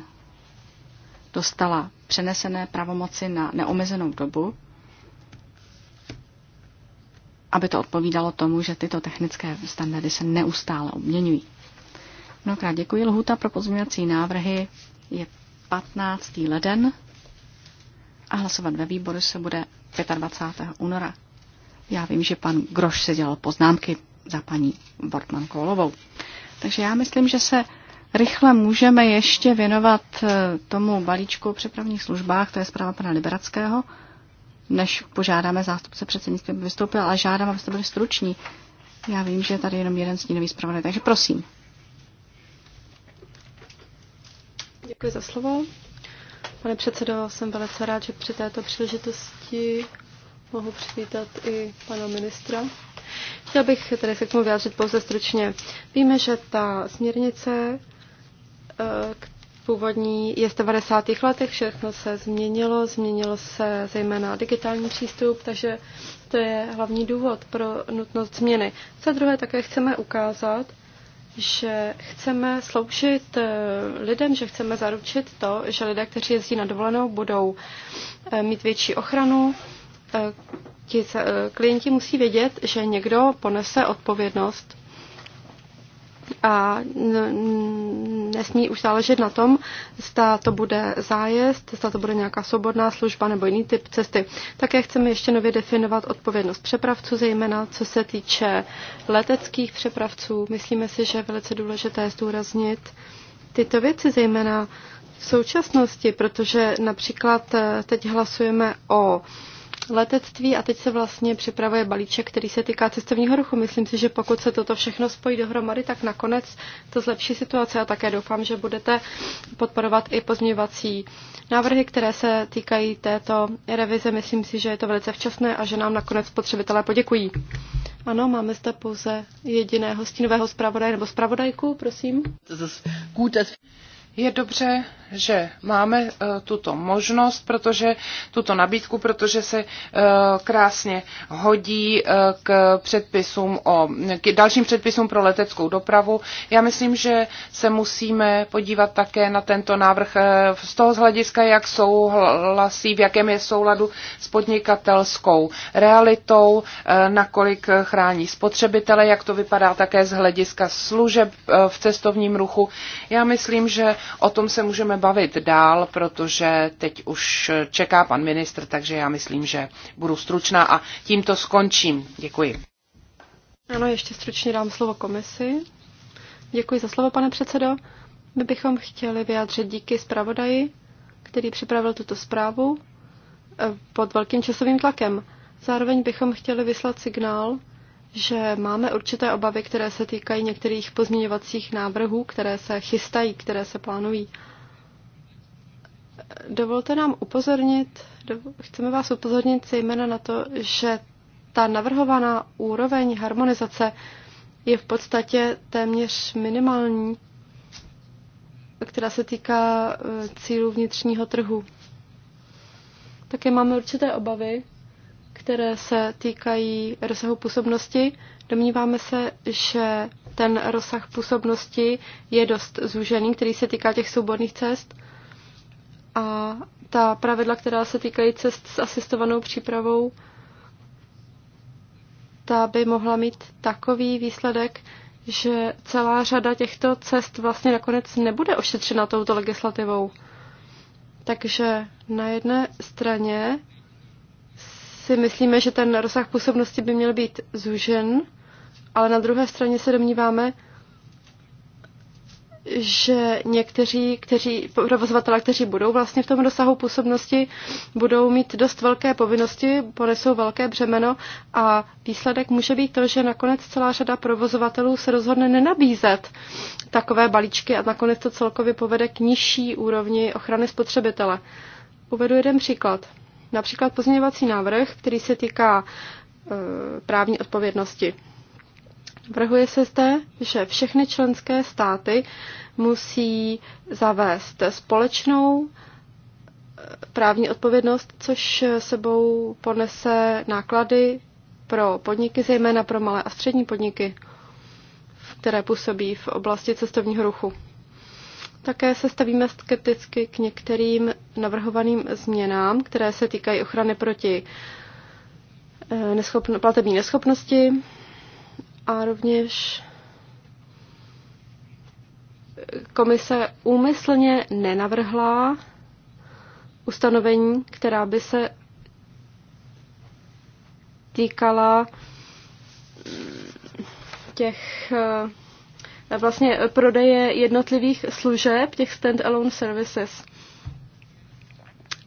dostala přenesené pravomoci na neomezenou dobu, aby to odpovídalo tomu, že tyto technické standardy se neustále obměňují. Mnohokrát děkuji. Lhuta pro pozměňovací návrhy je 15. leden a hlasovat ve výboru se bude 25. února. Já vím, že pan Groš se dělal poznámky, za paní Bortman Kolovou. Takže já myslím, že se rychle můžeme ještě věnovat eh, tomu balíčku o přepravních službách, to je zpráva pana Liberackého, než požádáme zástupce předsednictví, aby vystoupil, ale žádám, abyste byli struční. Já vím, že je tady jenom jeden stínový zpravodaj, takže prosím. Děkuji za slovo. Pane předsedo, jsem velice rád, že při této příležitosti mohu přivítat i pana ministra Chtěl bych tedy se k tomu vyjádřit pouze stručně. Víme, že ta směrnice eh, původní je z 90. letech, všechno se změnilo, změnilo se zejména digitální přístup, takže to je hlavní důvod pro nutnost změny. Za druhé také chceme ukázat, že chceme sloužit eh, lidem, že chceme zaručit to, že lidé, kteří jezdí na dovolenou, budou eh, mít větší ochranu, ti eh, klienti musí vědět, že někdo ponese odpovědnost a nesmí už záležet na tom, zda to bude zájezd, zda to bude nějaká svobodná služba nebo jiný typ cesty. Také chceme ještě nově definovat odpovědnost přepravců, zejména co se týče leteckých přepravců. Myslíme si, že je velice důležité zdůraznit tyto věci, zejména v současnosti, protože například eh, teď hlasujeme o letectví a teď se vlastně připravuje balíček, který se týká cestovního ruchu. Myslím si, že pokud se toto všechno spojí dohromady, tak nakonec to zlepší situaci a také doufám, že budete podporovat i pozměňovací návrhy, které se týkají této revize. Myslím si, že je to velice včasné a že nám nakonec spotřebitelé poděkují. Ano, máme zde pouze jediného stínového zpravodaje nebo zpravodajku, prosím. Je dobře, že máme eh, tuto možnost, protože tuto nabídku, protože se eh, krásně hodí eh, k předpisům o, k dalším předpisům pro leteckou dopravu. Já myslím, že se musíme podívat také na tento návrh z toho z hlediska, jak souhlasí, v jakém je souladu s podnikatelskou realitou, nakolik chrání spotřebitele, jak to vypadá také z hlediska služeb v cestovním ruchu. Já myslím, že O tom se můžeme bavit dál, protože teď už čeká pan ministr, takže já myslím, že budu stručná a tímto skončím. Děkuji. Ano, ještě stručně dám slovo komisi. Děkuji za slovo, pane předsedo. My bychom chtěli vyjádřit díky zpravodaji, který připravil tuto zprávu eh, pod velkým časovým tlakem. Zároveň bychom chtěli vyslat signál, že máme určité obavy, které se týkají některých pozměňovacích návrhů, které se chystají, které se plánují. Dovolte nám upozornit, chceme vás upozornit zejména na to, že ta navrhovaná úroveň harmonizace je v podstatě téměř minimální, která se týká e, cílů vnitřního trhu. Také máme určité obavy, které se týkají rozsahu působnosti. Domníváme se, že ten rozsah působnosti je dost zúžený, který se týká těch souborných cest. A ta pravidla, která se týkají cest s asistovanou přípravou, ta by mohla mít takový výsledek, že celá řada těchto cest vlastně nakonec nebude ošetřena touto legislativou. Takže na jedné straně si myslíme, že ten rozsah působnosti by měl být zúžen, ale na druhé straně se domníváme, že někteří kteří, provozovatelé, kteří budou vlastně v tom dosahu působnosti, budou mít dost velké povinnosti, ponesou velké břemeno a výsledek může být to, že nakonec celá řada provozovatelů se rozhodne nenabízet takové balíčky a nakonec to celkově povede k nižší úrovni ochrany spotřebitele. Uvedu jeden příklad. Například pozměňovací návrh, který se týká e, právní odpovědnosti. Vrhuje se zde, že všechny členské státy musí zavést společnou e, právní odpovědnost, což sebou ponese náklady pro podniky, zejména pro malé a střední podniky, které působí v oblasti cestovního ruchu. Také se stavíme skepticky k některým navrhovaným změnám, které se týkají ochrany proti eh, neschopno, platební neschopnosti a rovněž komise úmyslně nenavrhla ustanovení, která by se týkala mm, těch eh, vlastně prodeje jednotlivých služeb, těch stand-alone services.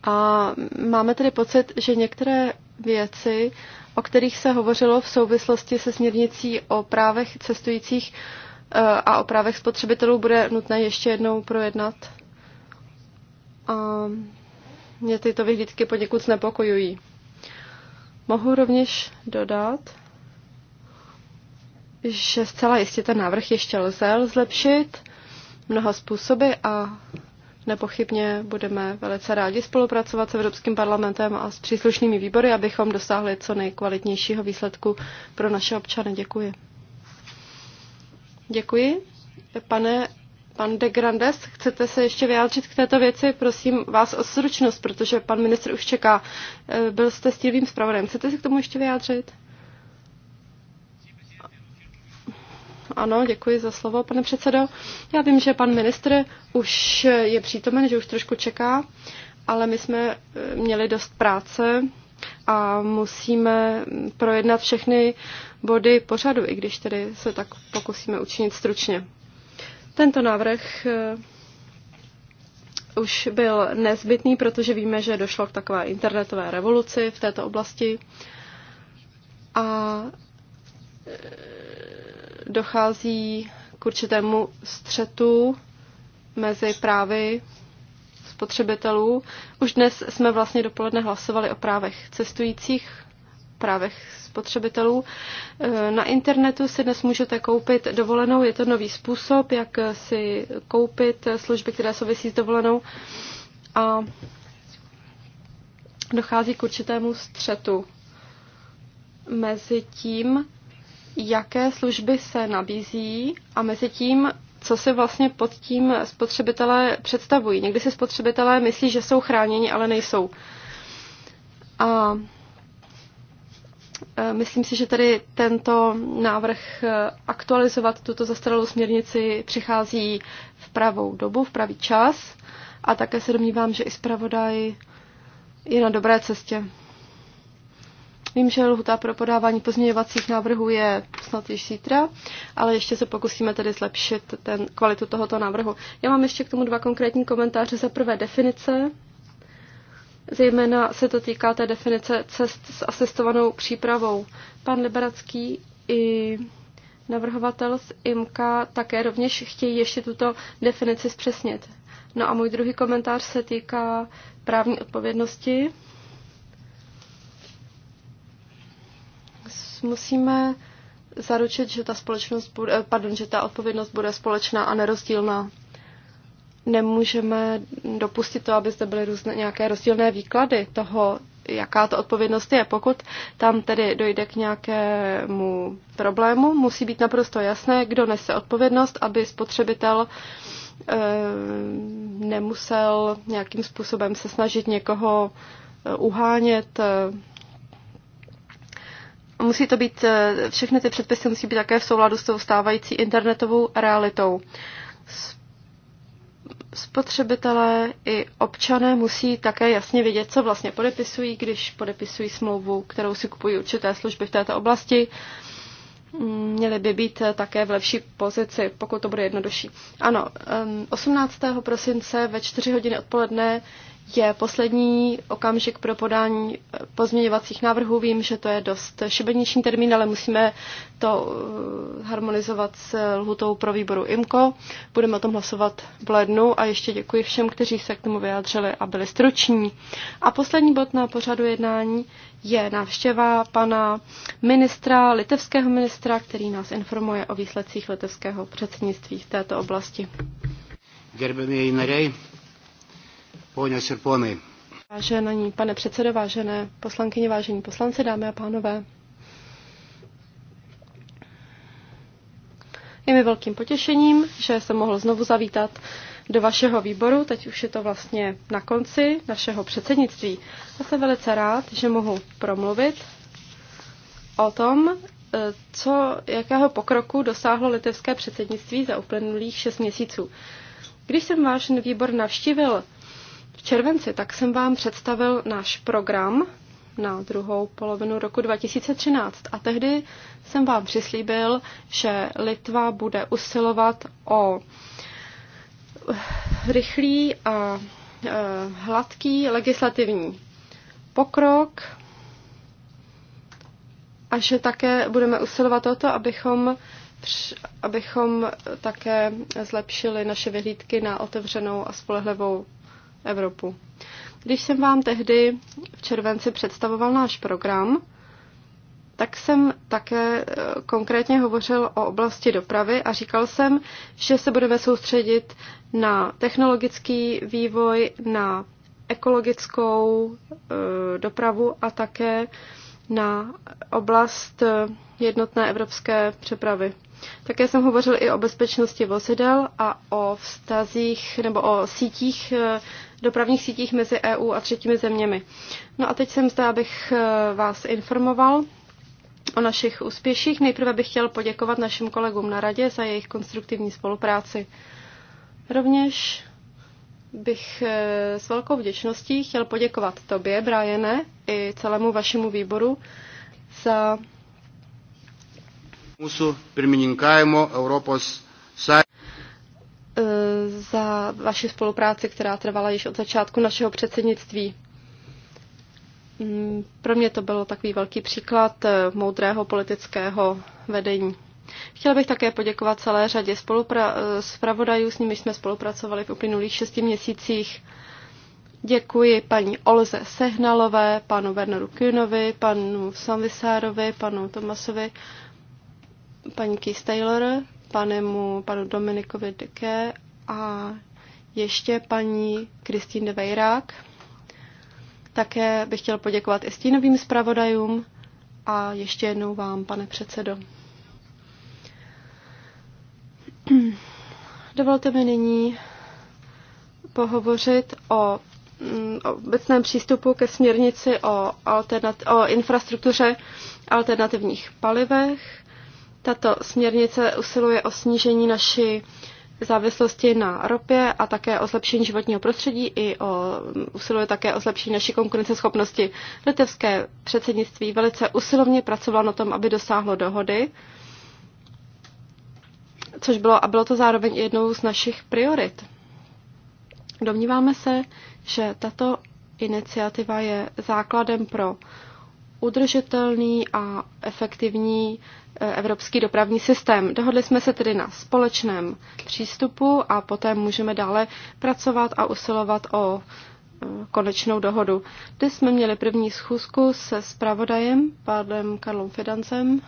A máme tedy pocit, že některé věci, o kterých se hovořilo v souvislosti se směrnicí o právech cestujících eh, a o právech spotřebitelů, bude nutné ještě jednou projednat. A mě tyto vyhlídky poněkud znepokojují. Mohu rovněž dodat, že zcela jistě ten návrh ještě lze zlepšit mnoha způsoby a nepochybně budeme velice rádi spolupracovat s Evropským parlamentem a s příslušnými výbory, abychom dosáhli co nejkvalitnějšího výsledku pro naše občany. Děkuji. Děkuji. Pane Pan de Grandes, chcete se ještě vyjádřit k této věci? Prosím vás o stručnost, protože pan ministr už čeká. E, byl jste stílým zpravodajem. Chcete se k tomu ještě vyjádřit? Ano, děkuji za slovo, pane předsedo. Já vím, že pan ministr už je přítomen, že už trošku čeká, ale my jsme eh, měli dost práce a musíme projednat všechny body pořadu, i když tedy se tak pokusíme učinit stručně. Tento návrh eh, už byl nezbytný, protože víme, že došlo k takové internetové revoluci v této oblasti a eh, dochází k určitému střetu mezi právy spotřebitelů. Už dnes jsme vlastně dopoledne hlasovali o právech cestujících, právech spotřebitelů. E, na internetu si dnes můžete koupit dovolenou, je to nový způsob, jak si koupit služby, které souvisí s dovolenou. A dochází k určitému střetu mezi tím, jaké služby se nabízí a mezi tím, co se vlastně pod tím spotřebitelé představují. Někdy si spotřebitelé myslí, že jsou chráněni, ale nejsou. A e, myslím si, že tady tento návrh e, aktualizovat tuto zastaralou směrnici přichází v pravou dobu, v pravý čas. A také se domnívám, že i zpravodaj je na dobré cestě. Vím, že lhuta pro podávání pozměňovacích návrhů je snad již zítra, ale ještě se pokusíme tedy zlepšit ten, kvalitu tohoto návrhu. Já mám ještě k tomu dva konkrétní komentáře. Za prvé definice. Zejména se to týká té definice cest s asistovanou přípravou. Pan Liberacký i navrhovatel z IMKA také rovněž chtějí ještě tuto definici zpřesnit. No a můj druhý komentář se týká právní odpovědnosti. musíme zaručit, že ta, společnost bude, eh, pardon, že ta odpovědnost bude společná a nerozdílná. Nemůžeme dopustit to, aby zde byly různé, nějaké rozdílné výklady toho, jaká to odpovědnost je. Pokud tam tedy dojde k nějakému problému, musí být naprosto jasné, kdo nese odpovědnost, aby spotřebitel e, nemusel nějakým způsobem se snažit někoho eh, uhánět, musí to být, eh, všechny ty předpisy musí být také v souladu s tou stávající internetovou realitou. Spotřebitelé i občané musí také jasně vědět, co vlastně podepisují, když podepisují smlouvu, kterou si kupují určité služby v této oblasti. Mm, Měli by být eh, také v lepší pozici, pokud to bude jednodušší. Ano, 18. Ehm, prosince ve 4 hodiny odpoledne je poslední okamžik pro podání eh, pozměňovacích návrhů. Vím, že to je dost šibeniční termín, ale musíme to eh, harmonizovat s lhutou pro výboru IMCO. Budeme o tom hlasovat v lednu a ještě děkuji všem, kteří se k tomu vyjádřili a byli struční. A poslední bod na pořadu jednání je návštěva pana ministra, litevského ministra, který nás informuje o výsledcích litevského předsednictví v této oblasti. Gerbeměji narej. Vážený pane předsedo, vážené poslankyně, vážení poslanci, dámy a pánové. Je mi velkým potěšením, že jsem mohl znovu zavítat do vašeho výboru. Teď už je to vlastně na konci našeho předsednictví. Já jsem velice rád, že mohu promluvit o tom, eh, co, jakého pokroku dosáhlo litevské předsednictví za uplynulých šest měsíců. Když jsem váš výbor navštívil červenci, tak jsem vám představil náš program na druhou polovinu roku 2013. A tehdy jsem vám přislíbil, že Litva bude usilovat o eh, rychlý a eh, hladký legislativní pokrok a že také budeme usilovat o to, abychom, abychom také zlepšili naše vyhlídky na otevřenou a spolehlivou Evropu. Když jsem vám tehdy v červenci představoval náš program, tak jsem také e, konkrétně hovořil o oblasti dopravy a říkal jsem, že se budeme soustředit na technologický vývoj, na ekologickou e, dopravu a také na oblast eh, jednotné evropské přepravy. Také jsem hovořil i o bezpečnosti vozidel a o vztazích nebo o sítích, eh, dopravních sítích mezi EU a třetími zeměmi. No a teď jsem zde, abych eh, vás informoval o našich úspěších. Nejprve bych chtěl poděkovat našim kolegům na radě za jejich konstruktivní spolupráci. Rovněž bych eh, s velkou vděčností chtěl poděkovat tobě, Briane, i celému vašemu výboru za mūsų pirmininkavimo Europos eh, za vaši spolupráci, která trvala již od začátku našeho předsednictví. Mm, pro mě to byl takový velký příklad eh, moudrého politického vedení. Chtěla bych také poděkovat celé řadě eh, zpravodajů, s nimi jsme spolupracovali v uplynulých šesti měsících. Děkuji paní Olze Sehnalové, panu Werneru Kynovi, panu Samvisárovi, panu Tomasovi, paní Keith Taylor, panemu, panu Dominikovi Deke a ještě paní Kristýn de Vejrák. Také bych chtěl poděkovat i stínovým zpravodajům a ještě jednou vám, pane předsedo. Hmm. Dovolte mi nyní pohovořit mm, o obecném přístupu ke směrnici o, o infrastruktuře alternativních palivech. Tato směrnice usiluje o snížení naší závislosti na ropě a také o zlepšení životního prostředí i o, mm, usiluje také o zlepšení naší konkurenceschopnosti. Litevské předsednictví velice usilovně pracovalo na tom, aby dosáhlo dohody což bylo a bylo to zároveň jednou z našich priorit. Domníváme se, že tato iniciativa je základem pro udržitelný a efektivní eh, evropský dopravní systém. Dohodli jsme se tedy na společném přístupu a poté můžeme dále pracovat a usilovat o eh, konečnou dohodu. Dnes jsme měli první schůzku se spravodajem, pádem Karlom Fidancem,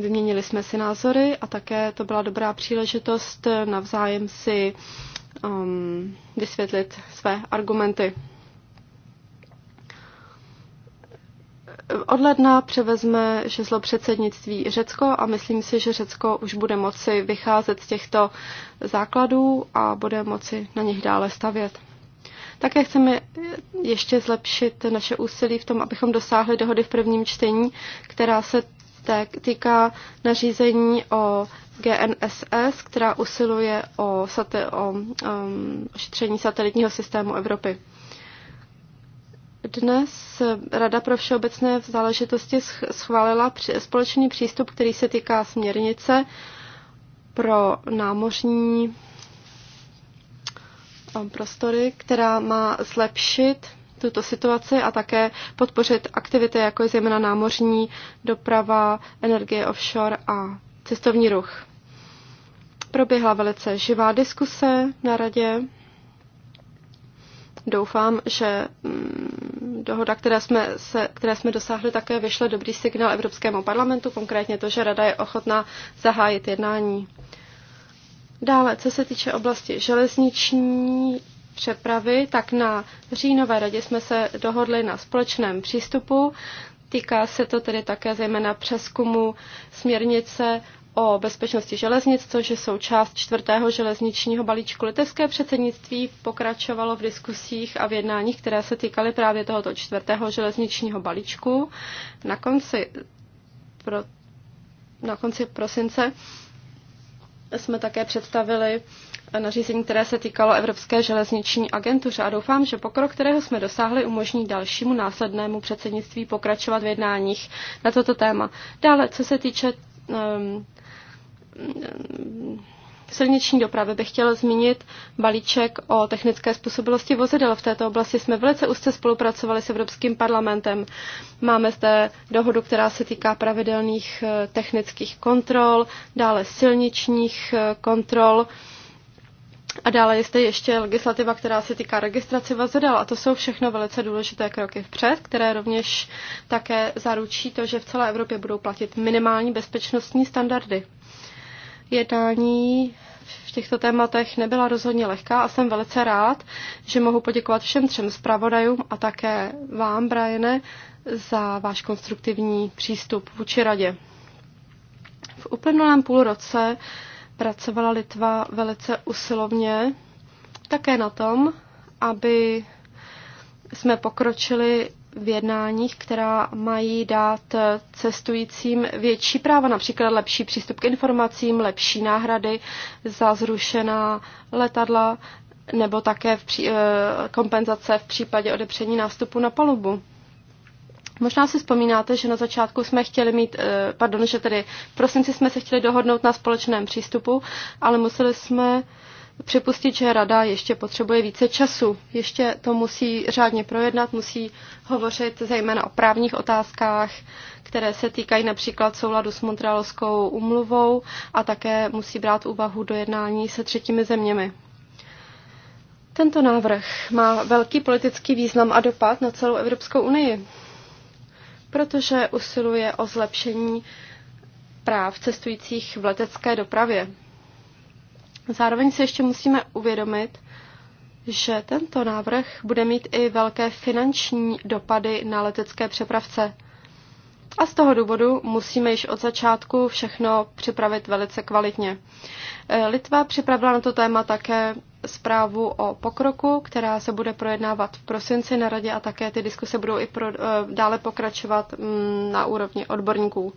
vyměnili jsme si názory a také to byla dobrá příležitost navzájem si um, vysvětlit své argumenty. Od ledna převezme žezlo předsednictví Řecko a myslím si, že Řecko už bude moci vycházet z těchto základů a bude moci na nich dále stavět. Také chceme ještě zlepšit naše úsilí v tom, abychom dosáhli dohody v prvním čtení, která se týká nařízení o GNSS, která usiluje o, sati- o um, šetření satelitního systému Evropy. Dnes Rada pro všeobecné záležitosti schválila společný přístup, který se týká směrnice pro námořní um, prostory, která má zlepšit tuto situaci a také podpořit aktivity, jako je zejména námořní doprava, energie offshore a cestovní ruch. Proběhla velice živá diskuse na radě. Doufám, že mm, dohoda, které jsme, se, které jsme dosáhli, také vyšle dobrý signál Evropskému parlamentu, konkrétně to, že Rada je ochotná zahájit jednání. Dále, co se týče oblasti železniční, přepravy, tak na říjnové radě jsme se dohodli na společném přístupu. Týká se to tedy také zejména přeskumu směrnice o bezpečnosti železnic, což je součást čtvrtého železničního balíčku. Litevské předsednictví pokračovalo v diskusích a v jednáních, které se týkaly právě tohoto čtvrtého železničního balíčku. Na konci, pro, na konci prosince jsme také představili nařízení, které se týkalo Evropské železniční agentuře a doufám, že pokrok, kterého jsme dosáhli, umožní dalšímu následnému předsednictví pokračovat v jednáních na toto téma. Dále, co se týče um, silniční dopravy bych chtěla zmínit balíček o technické způsobilosti vozidel. V této oblasti jsme velice úzce spolupracovali s Evropským parlamentem. Máme zde dohodu, která se týká pravidelných eh, technických kontrol, dále silničních eh, kontrol. A dále je zde ještě legislativa, která se týká registrace vozidel a to jsou všechno velice důležité kroky vpřed, které rovněž také zaručí to, že v celé Evropě budou platit minimální bezpečnostní standardy. Jednání v těchto tématech nebyla rozhodně lehká a jsem velice rád, že mohu poděkovat všem třem zpravodajům a také vám, Brajene, za váš konstruktivní přístup vůči radě. V uplynulém půl roce pracovala Litva velice usilovně také na tom, aby jsme pokročili v jednáních, která mají dát cestujícím větší práva, například lepší přístup k informacím, lepší náhrady za zrušená letadla nebo také v pří, eh, kompenzace v případě odepření nástupu na palubu. Možná si vzpomínáte, že na začátku jsme chtěli mít, eh, pardon, že tedy v prosinci jsme se chtěli dohodnout na společném přístupu, ale museli jsme připustit, že rada ještě potřebuje více času. Ještě to musí řádně projednat, musí hovořit zejména o právních otázkách, které se týkají například souladu s Montrealskou umluvou a také musí brát úvahu do jednání se třetími zeměmi. Tento návrh má velký politický význam a dopad na celou Evropskou unii protože usiluje o zlepšení práv cestujících v letecké dopravě. Zároveň si ještě musíme uvědomit, že tento návrh bude mít i velké finanční dopady na letecké přepravce. A z toho důvodu musíme již od začátku všechno připravit velice kvalitně. Litva připravila na to téma také zprávu o pokroku, která se bude projednávat v prosinci na radě a také ty diskuse budou i pro, eh, dále pokračovat mm, na úrovni odborníků.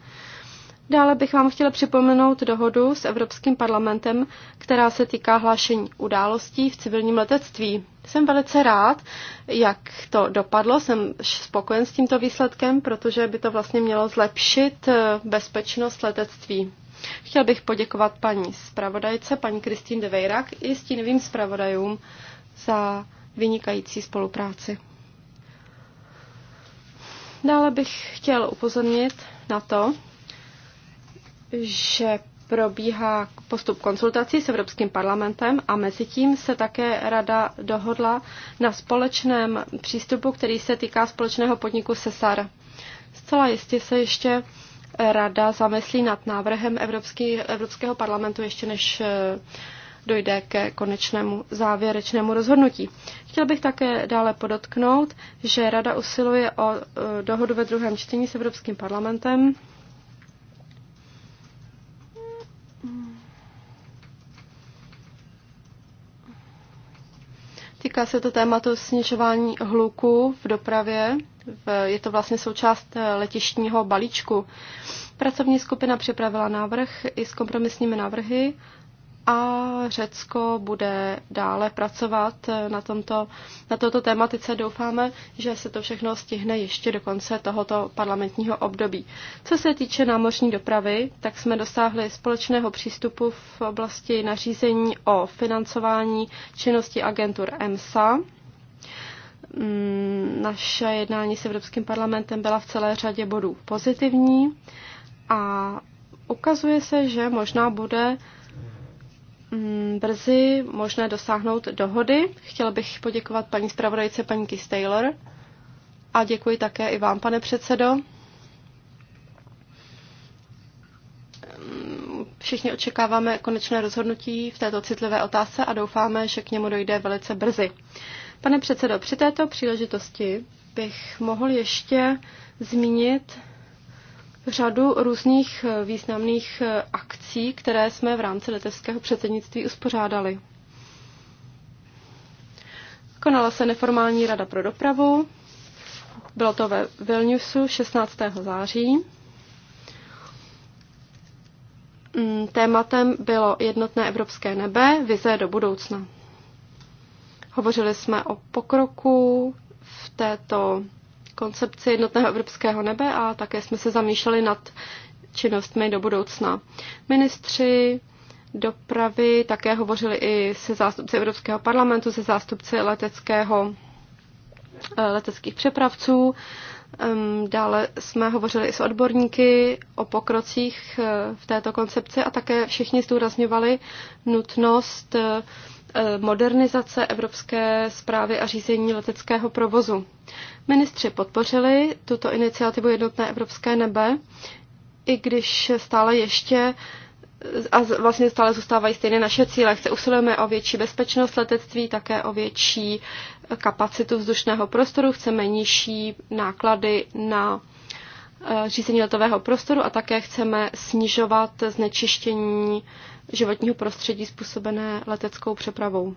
Dále bych vám chtěla připomenout dohodu s Evropským parlamentem, která se týká hlášení událostí v civilním letectví. Jsem velice rád, jak to dopadlo. Jsem spokojen s tímto výsledkem, protože by to vlastně mělo zlepšit eh, bezpečnost letectví. Chtěl bych poděkovat paní zpravodajce, paní Kristýn de Vejrak i stínovým zpravodajům za vynikající spolupráci. Dále bych chtěl upozornit na to, že probíhá postup konzultací s Evropským parlamentem a mezi tím se také rada dohodla na společném přístupu, který se týká společného podniku SESAR. Zcela jistě se ještě rada zamyslí nad návrhem Evropský, Evropského parlamentu ještě než eh, dojde ke konečnému závěrečnému rozhodnutí. Chtěl bych také dále podotknout, že Rada usiluje o eh, dohodu ve druhém čtení s Evropským parlamentem. Týká se to tématu snižování hluku v dopravě je to vlastně součást eh, letištního balíčku. Pracovní skupina připravila návrh i s kompromisními návrhy a Řecko bude dále pracovat eh, na, tomto, na toto tématice. Doufáme, že se to všechno stihne ještě do konce tohoto parlamentního období. Co se týče námořní dopravy, tak jsme dosáhli společného přístupu v oblasti nařízení o financování činnosti agentur EMSA. Mm, naše jednání s Evropským parlamentem byla v celé řadě bodů pozitivní a ukazuje se, že možná bude mm, brzy možné dosáhnout dohody. Chtěl bych poděkovat paní zpravodajce paní Kis Taylor a děkuji také i vám, pane předsedo. Všichni očekáváme konečné rozhodnutí v této citlivé otázce a doufáme, že k němu dojde velice brzy. Pane předsedo, při této příležitosti bych mohl ještě zmínit řadu různých významných akcí, které jsme v rámci litevského předsednictví uspořádali. Konala se neformální rada pro dopravu, bylo to ve Vilniusu 16. září. Mm, tématem bylo jednotné evropské nebe, vize do budoucna. Hovořili jsme o pokroku v této koncepci jednotného evropského nebe a také jsme se zamýšleli nad činnostmi do budoucna. Ministři dopravy také hovořili i se zástupci Evropského parlamentu, se zástupci leteckého, eh, leteckých přepravců. Ehm, dále jsme hovořili i s odborníky o pokrocích eh, v této koncepci a také všichni zdůrazňovali nutnost eh, modernizace evropské zprávy a řízení leteckého provozu. Ministři podpořili tuto iniciativu Jednotné evropské nebe, i když stále ještě a vlastně stále zůstávají stejné naše cíle. Chce usilujeme o větší bezpečnost letectví, také o větší kapacitu vzdušného prostoru, chceme nižší náklady na eh, řízení letového prostoru a také chceme snižovat znečištění životního prostředí způsobené leteckou přepravou.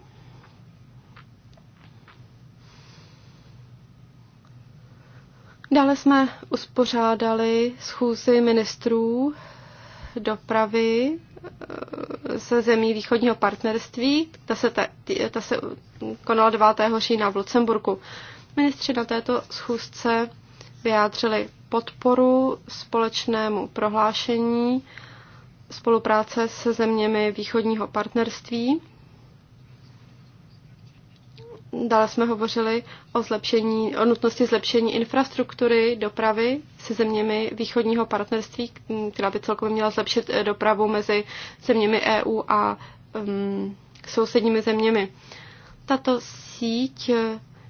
Dále jsme uspořádali schůzi ministrů dopravy eh, se zemí východního partnerství. Ta se, ta, ta se konala 9. října v Lucemburku. Ministři na této schůzce vyjádřili podporu společnému prohlášení spolupráce se zeměmi východního partnerství. Dále jsme hovořili o, zlepšení, o nutnosti zlepšení infrastruktury dopravy se zeměmi východního partnerství, která by celkově měla zlepšit dopravu mezi zeměmi EU a um, sousedními zeměmi. Tato síť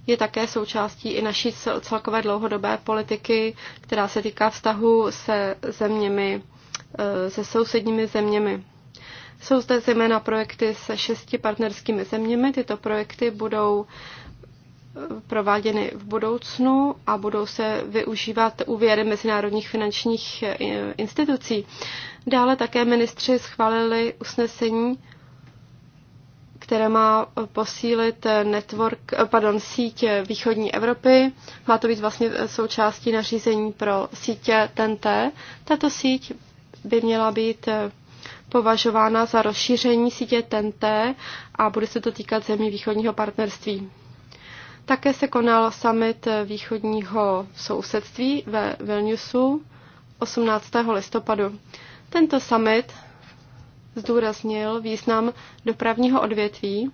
je také součástí i naší celkové dlouhodobé politiky, která se týká vztahu se zeměmi Eh, se sousedními zeměmi. Jsou zde zejména projekty se šesti partnerskými zeměmi. Tyto projekty budou eh, prováděny v budoucnu a budou se využívat úvěry mezinárodních finančních eh, institucí. Dále také ministři schválili usnesení, které má posílit network, pardon, síť východní Evropy. Má to být vlastně součástí nařízení pro sítě TNT. Tato síť by měla být eh, považována za rozšíření sítě TNT a bude se to týkat zemí východního partnerství. Také se konal summit eh, východního sousedství ve Vilniusu 18. listopadu. Tento summit zdůraznil význam dopravního odvětví,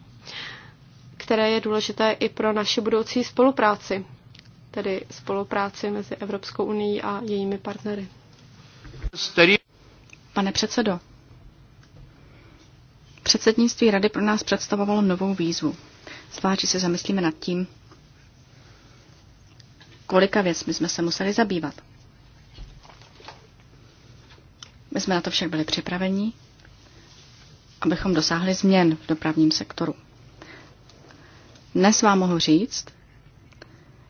které je důležité i pro naši budoucí spolupráci, tedy spolupráci mezi Evropskou unii a jejími partnery. Pane předsedo, předsednictví rady pro nás představovalo novou výzvu. Zvlášť se zamyslíme nad tím, kolika věcmi jsme se museli zabývat. My jsme na to však byli připraveni, abychom dosáhli změn v dopravním sektoru. Dnes vám mohu říct,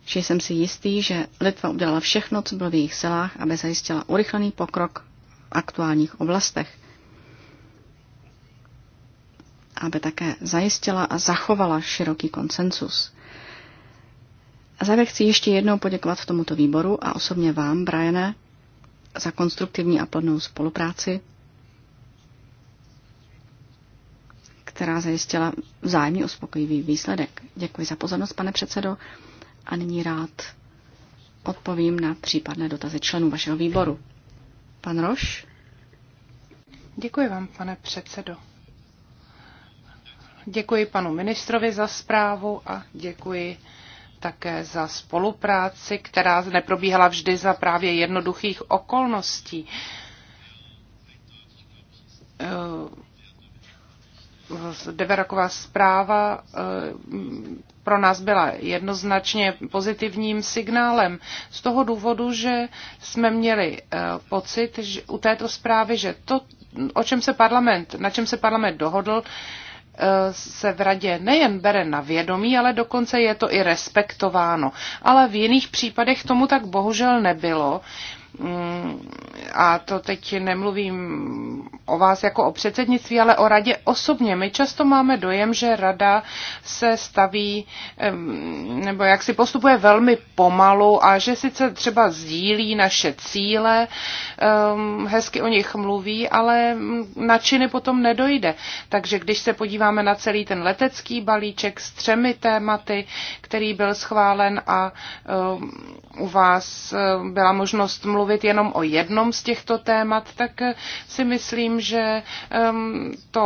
že jsem si jistý, že Litva udělala všechno, co bylo v jejich silách, aby zajistila urychlený pokrok aktuálních oblastech. Aby také zajistila a zachovala široký konsensus. A závěr chci ještě jednou poděkovat tomuto výboru a osobně vám, Briane, za konstruktivní a plnou spolupráci, která zajistila vzájemně uspokojivý výsledek. Děkuji za pozornost, pane předsedo, a nyní rád odpovím na případné dotazy členů vašeho výboru. Pan Roš. Děkuji vám, pane předsedo. Děkuji panu ministrovi za zprávu a děkuji také za spolupráci, která neprobíhala vždy za právě jednoduchých okolností. Eh, Deveraková zpráva eh, pro nás byla jednoznačně pozitivním signálem z toho důvodu, že jsme měli eh, pocit že u této zprávy, že to, o čem se parlament, na čem se parlament dohodl, eh, se v radě nejen bere na vědomí, ale dokonce je to i respektováno. Ale v jiných případech tomu tak bohužel nebylo. Uh, Mm, a to teď nemluvím o vás jako o předsednictví, ale o radě osobně. My často máme dojem, že rada se staví nebo jak si postupuje velmi pomalu a že sice třeba sdílí naše cíle, hezky o nich mluví, ale na činy potom nedojde. Takže když se podíváme na celý ten letecký balíček s třemi tématy, který byl schválen a u vás byla možnost mluvit mluvit jenom o jednom z těchto témat, tak si myslím, že to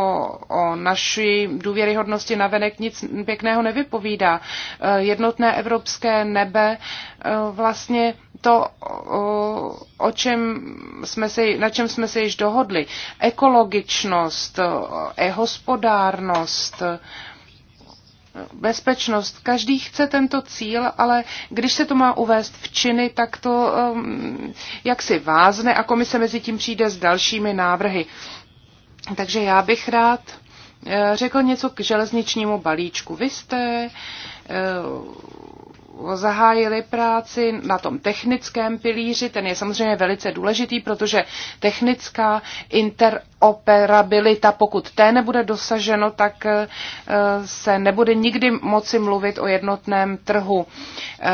o naší důvěryhodnosti navenek nic pěkného nevypovídá. Eh, jednotné evropské nebe eh, vlastně to, o čem jsme si, na čem jsme se již dohodli. Ekologičnost, eh, e-hospodárnost, bezpečnost. Každý chce tento cíl, ale když se to má uvést v činy, tak to um, jaksi vázne a komise mezi tím přijde s dalšími návrhy. Takže já bych rád eh, řekl něco k železničnímu balíčku. Vy jste eh, zahájili práci na tom technickém pilíři. Ten je samozřejmě velice důležitý, protože technická inter interoperabilita, pokud té nebude dosaženo, tak eh, se nebude nikdy moci mluvit o jednotném trhu eh,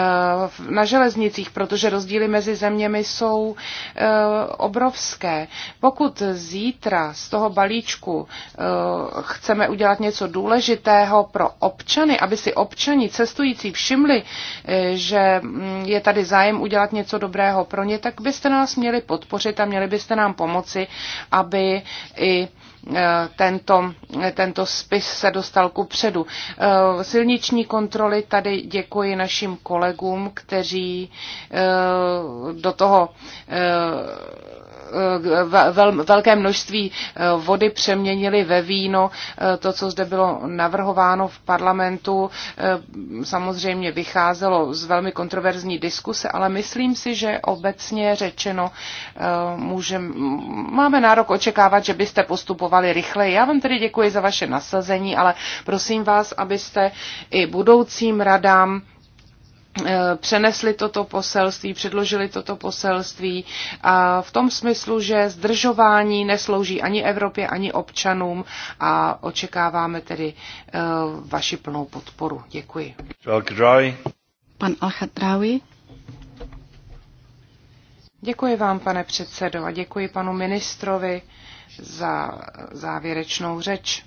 na železnicích, protože rozdíly mezi zeměmi jsou eh, obrovské. Pokud zítra z toho balíčku chceme udělat něco důležitého pro občany, aby si občani cestující všimli, že mm, je tady zájem udělat něco dobrého pro ně, tak byste nás měli podpořit a měli byste nám pomoci, aby i e, tento, tento spis se dostal ku předu. E, silniční kontroly tady děkuji našim kolegům, kteří e, do toho velké množství eh, vody přeměnili ve víno. Eh, to, co zde bylo navrhováno v parlamentu, eh, samozřejmě vycházelo z velmi kontroverzní diskuse, ale myslím si, že obecně řečeno můžem, máme nárok očekávat, že byste postupovali rychleji. Já vám tedy děkuji za vaše nasazení, ale prosím vás, abyste i budoucím radám Eh, přenesli toto poselství, předložili toto poselství a v tom smyslu, že zdržování neslouží ani Evropě, ani občanům a očekáváme tedy eh, vaši plnou podporu. Děkuji. Pan Alchadrawi. Děkuji vám, pane předsedo, a děkuji panu ministrovi za závěrečnou řeč.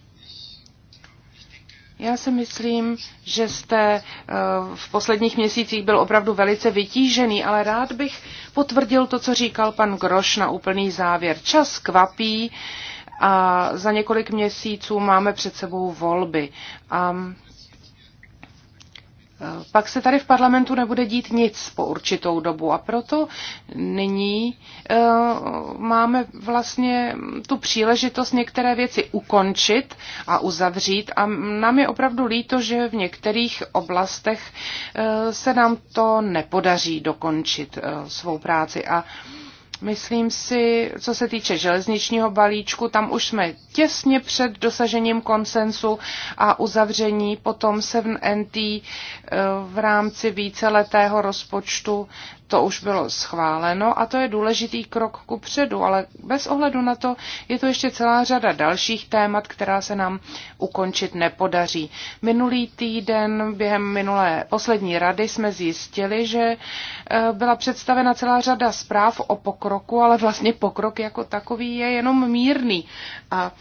Já si myslím, že jste eh, v posledních měsících byl opravdu velice vytížený, ale rád bych potvrdil to, co říkal pan Groš na úplný závěr. Čas kvapí a za několik měsíců máme před sebou volby. A pak se tady v parlamentu nebude dít nic po určitou dobu a proto nyní eh, máme vlastně tu příležitost některé věci ukončit a uzavřít a nám je opravdu líto, že v některých oblastech eh, se nám to nepodaří dokončit eh, svou práci a Myslím si, co se týče železničního balíčku, tam už jsme těsně před dosažením konsensu a uzavření potom 7NT eh, v rámci víceletého rozpočtu to už bylo schváleno a to je důležitý krok ku předu, ale bez ohledu na to je to ještě celá řada dalších témat, která se nám ukončit nepodaří. Minulý týden během minulé poslední rady jsme zjistili, že eh, byla představena celá řada zpráv o pokroku, ale vlastně pokrok jako takový je jenom mírný. A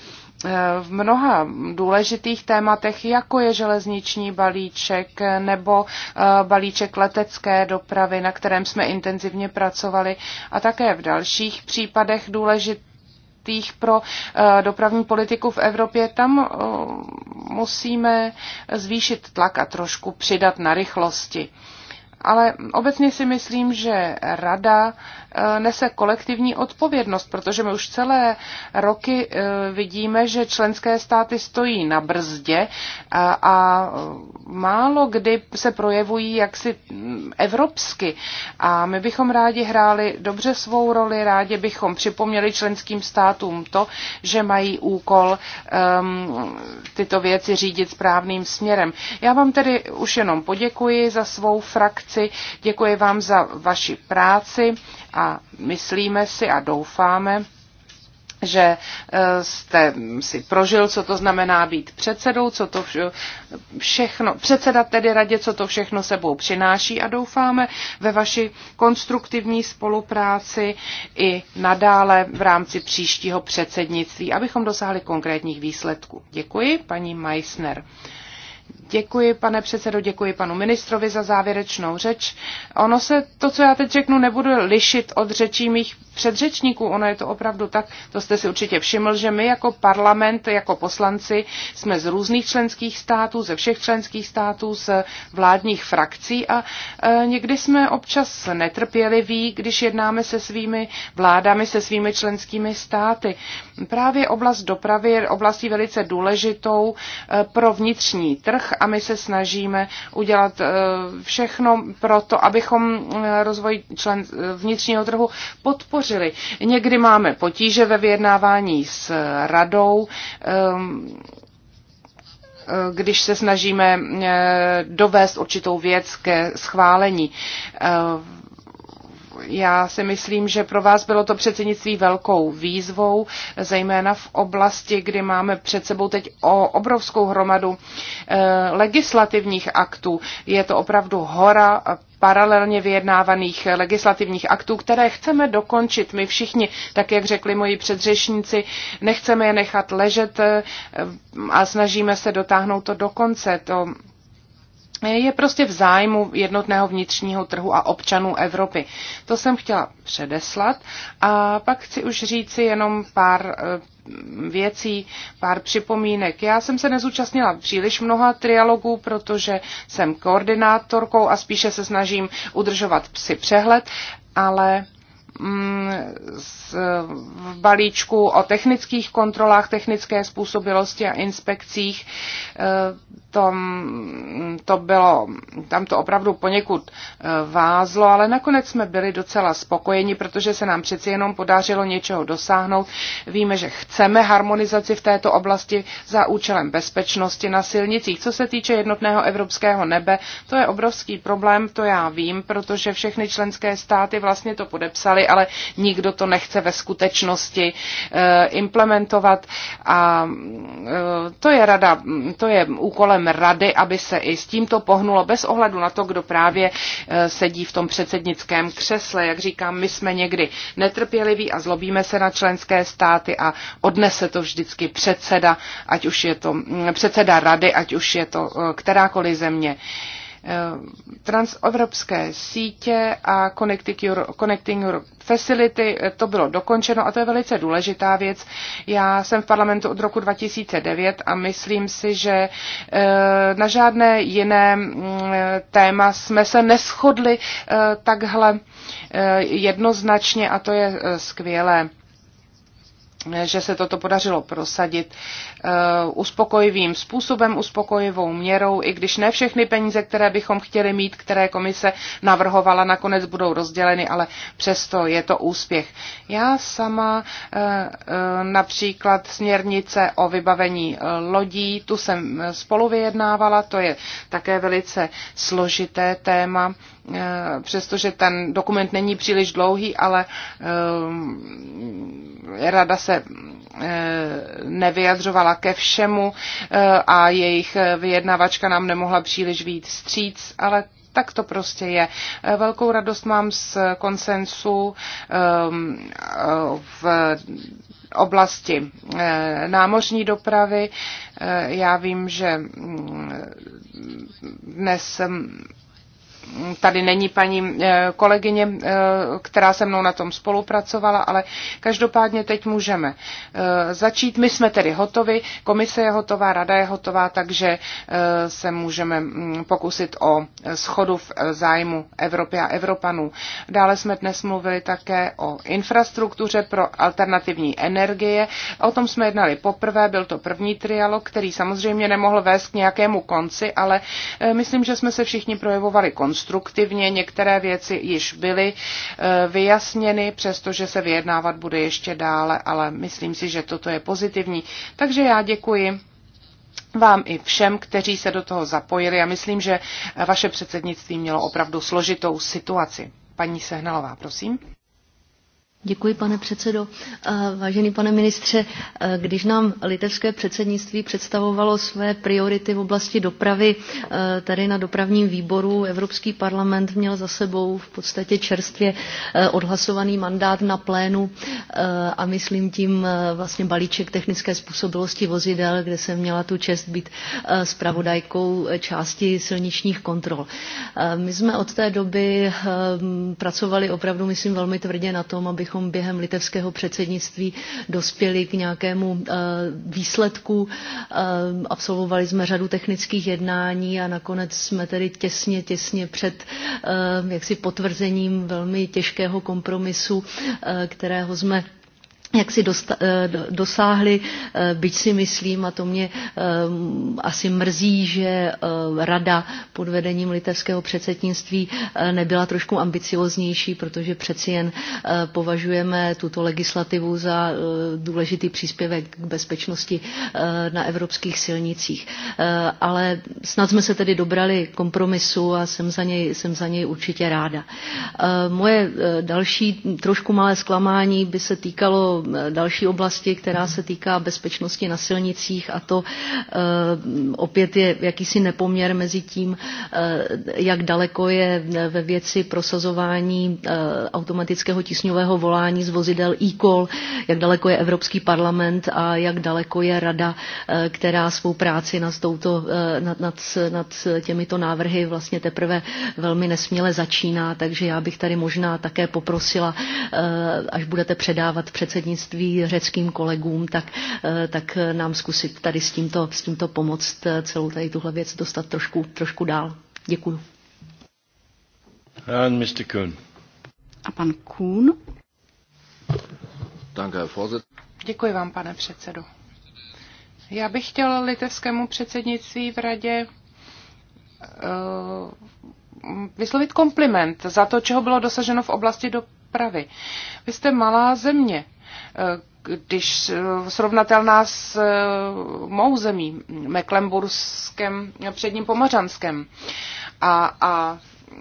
v mnoha důležitých tématech, jako je železniční balíček nebo eh, balíček letecké dopravy, na kterém jsme intenzivně pracovali, a také v dalších případech důležitých pro eh, dopravní politiku v Evropě, tam eh, musíme zvýšit tlak a trošku přidat na rychlosti. Ale obecně si myslím, že rada eh, nese kolektivní odpovědnost, protože my už celé roky eh, vidíme, že členské státy stojí na brzdě a, a málo kdy se projevují jaksi mm, evropsky. A my bychom rádi hráli dobře svou roli, rádi bychom připomněli členským státům to, že mají úkol um, tyto věci řídit správným směrem. Já vám tedy už jenom poděkuji za svou frakci říci, děkuji vám za vaši práci a myslíme si a doufáme, že e, jste si prožil, co to znamená být předsedou, co to všechno, předseda tedy radě, co to všechno sebou přináší a doufáme ve vaši konstruktivní spolupráci i nadále v rámci příštího předsednictví, abychom dosáhli konkrétních výsledků. Děkuji, paní Meissner. Děkuji, pane předsedo, děkuji panu ministrovi za závěrečnou řeč. Ono se to, co já teď řeknu, nebudu lišit od řečí mých předřečníků. Ono je to opravdu tak, to jste si určitě všiml, že my jako parlament, jako poslanci jsme z různých členských států, ze všech členských států, z vládních frakcí a e, někdy jsme občas netrpěliví, když jednáme se svými vládami, se svými členskými státy. Právě oblast dopravy je oblastí velice důležitou e, pro vnitřní trh a my se snažíme udělat eh, všechno pro to, abychom eh, rozvoj člen eh, vnitřního trhu podpořili. Někdy máme potíže ve vyjednávání s radou, ehm, když se snažíme dovést určitou věc ke schválení já si myslím, že pro vás bylo to předsednictví velkou výzvou, zejména v oblasti, kdy máme před sebou teď o obrovskou hromadu eh, legislativních aktů. Je to opravdu hora paralelně vyjednávaných legislativních aktů, které chceme dokončit my všichni, tak jak řekli moji předřešníci, nechceme je nechat ležet eh, a snažíme se dotáhnout to do konce. To Vlastně je prostě v zájmu jednotného vnitřního trhu a občanů Evropy. To jsem chtěla předeslat a pak chci už říci jenom pár eh, věcí, pár připomínek. Já jsem se nezúčastnila příliš mnoha trialogů, protože jsem koordinátorkou a spíše se snažím udržovat si přehled, ale Mm, v balíčku o technických kontrolách, technické způsobilosti a inspekcích. E, to, to bylo, tam to opravdu poněkud e, vázlo, ale nakonec jsme byli docela spokojeni, protože se nám přeci jenom podařilo něčeho dosáhnout. Víme, že chceme harmonizaci v této oblasti za účelem bezpečnosti na silnicích. Co se týče jednotného evropského nebe, to je obrovský problém, to já vím, protože všechny členské státy vlastně to podepsali říkali, ale nikdo to nechce ve skutečnosti eh, implementovat a eh, to je rada, to je úkolem rady, aby se i s tímto pohnulo bez ohledu na to, kdo právě eh, sedí v tom předsednickém křesle. Jak říkám, my jsme někdy netrpěliví a zlobíme se na členské státy a odnese to vždycky předseda, ať už je to mm, předseda rady, ať už je to kterákoliv země. Uh, Eh, transevropské sítě a Connecting Europe, Connecting Europe Facility, eh, to bylo dokončeno a to je velice důležitá věc. Já jsem v parlamentu od roku 2009 a myslím si, že eh, na žádné jiné mm, téma jsme se neschodli takhle jednoznačně a to je skvělé že se toto podařilo prosadit eh, uspokojivým způsobem, uspokojivou měrou, i když ne všechny peníze, které bychom chtěli mít, které komise navrhovala, nakonec budou rozděleny, ale přesto je to úspěch. Já sama eh, eh, například směrnice o vybavení lodí, tu jsem spolu vyjednávala, to je také velice složité téma, přestože ten dokument není příliš dlouhý, ale rada se se eh, nevyjadřovala ke všemu eh, a jejich vyjednavačka nám nemohla příliš víc stříc, ale tak to prostě je. Eh, velkou radost mám z konsensu ehm, v oblasti námořní dopravy. Já vím, že mm, dnes mm, tady není paní eh, kolegyně, eh, která se mnou na tom spolupracovala, ale každopádně teď můžeme eh, začít. My jsme tedy hotovi, komise je hotová, rada je hotová, takže se můžeme mm, pokusit o schodu v zájmu Evropy a Evropanů. Dále jsme dnes mluvili také o infrastruktuře pro alternativní energie. O tom jsme jednali poprvé, byl to první trialog, který samozřejmě nemohl vést k nějakému konci, ale myslím, že jsme se všichni projevovali konci konstruktivně. Některé věci již byly eh, vyjasněny, přestože se vyjednávat bude ještě dále, ale myslím si, že toto je pozitivní. Takže já děkuji vám i všem, kteří se do toho zapojili. Já myslím, že vaše předsednictví mělo opravdu složitou situaci. Paní Sehnalová, prosím. Děkuji, pane předsedo. Eh, vážený pane ministře, eh, když nám litevské předsednictví představovalo své priority v oblasti dopravy, eh, tady na dopravním výboru Evropský parlament měl za sebou v podstatě čerstvě odhlasovaný mandát na plénu a myslím tím vlastně balíček technické způsobilosti vozidel, kde se měla tu čest být spravodajkou části silničních kontrol. My jsme od té doby pracovali opravdu, myslím, velmi tvrdě na tom, abychom abychom během litevského předsednictví dospěli k nějakému eh, výsledku. Eh, absolvovali jsme řadu technických jednání a nakonec jsme tedy těsně, těsně před eh, jaksi potvrzením velmi těžkého kompromisu, kterého jsme jak si eh, dosáhli, eh, byť si myslím, a to mě eh, asi mrzí, že rada pod vedením litevského předsednictví nebyla trošku ambicioznější, protože přeci jen považujeme tuto legislativu za důležitý příspěvek k bezpečnosti na evropských silnicích. Ale snad jsme se tedy dobrali kompromisu a jsem za něj, jsem za něj určitě ráda. Moje další trošku malé zklamání by se týkalo další oblasti, která se týká bezpečnosti na silnicích a to eh, opět je jakýsi nepoměr mezi tím, eh, jak daleko je ve věci prosazování eh, automatického tisňového volání z vozidel e-call, jak daleko je Evropský parlament a jak daleko je rada, která svou práci nad, touto, nad, nad, nad těmito návrhy vlastně teprve velmi nesměle začíná, takže já bych tady možná také poprosila, až budete předávat předsednictví prostřednictví řeckým kolegům, tak, eh, tak nám zkusit tady s tímto, s tímto pomoct eh, celou tady tuhle věc dostat trošku, trošku dál. Děkuju. And Mr. Kuhn. A pan Kuhn. Děkuji vám, pane předsedo. Já bych chtěl litevskému předsednictví v radě eh, vyslovit kompliment za to, čeho bylo dosaženo v oblasti dopravy. Vy jste malá země když srovnatelná s eh, mou zemí, Mecklenburskem, předním Pomařanském. A, a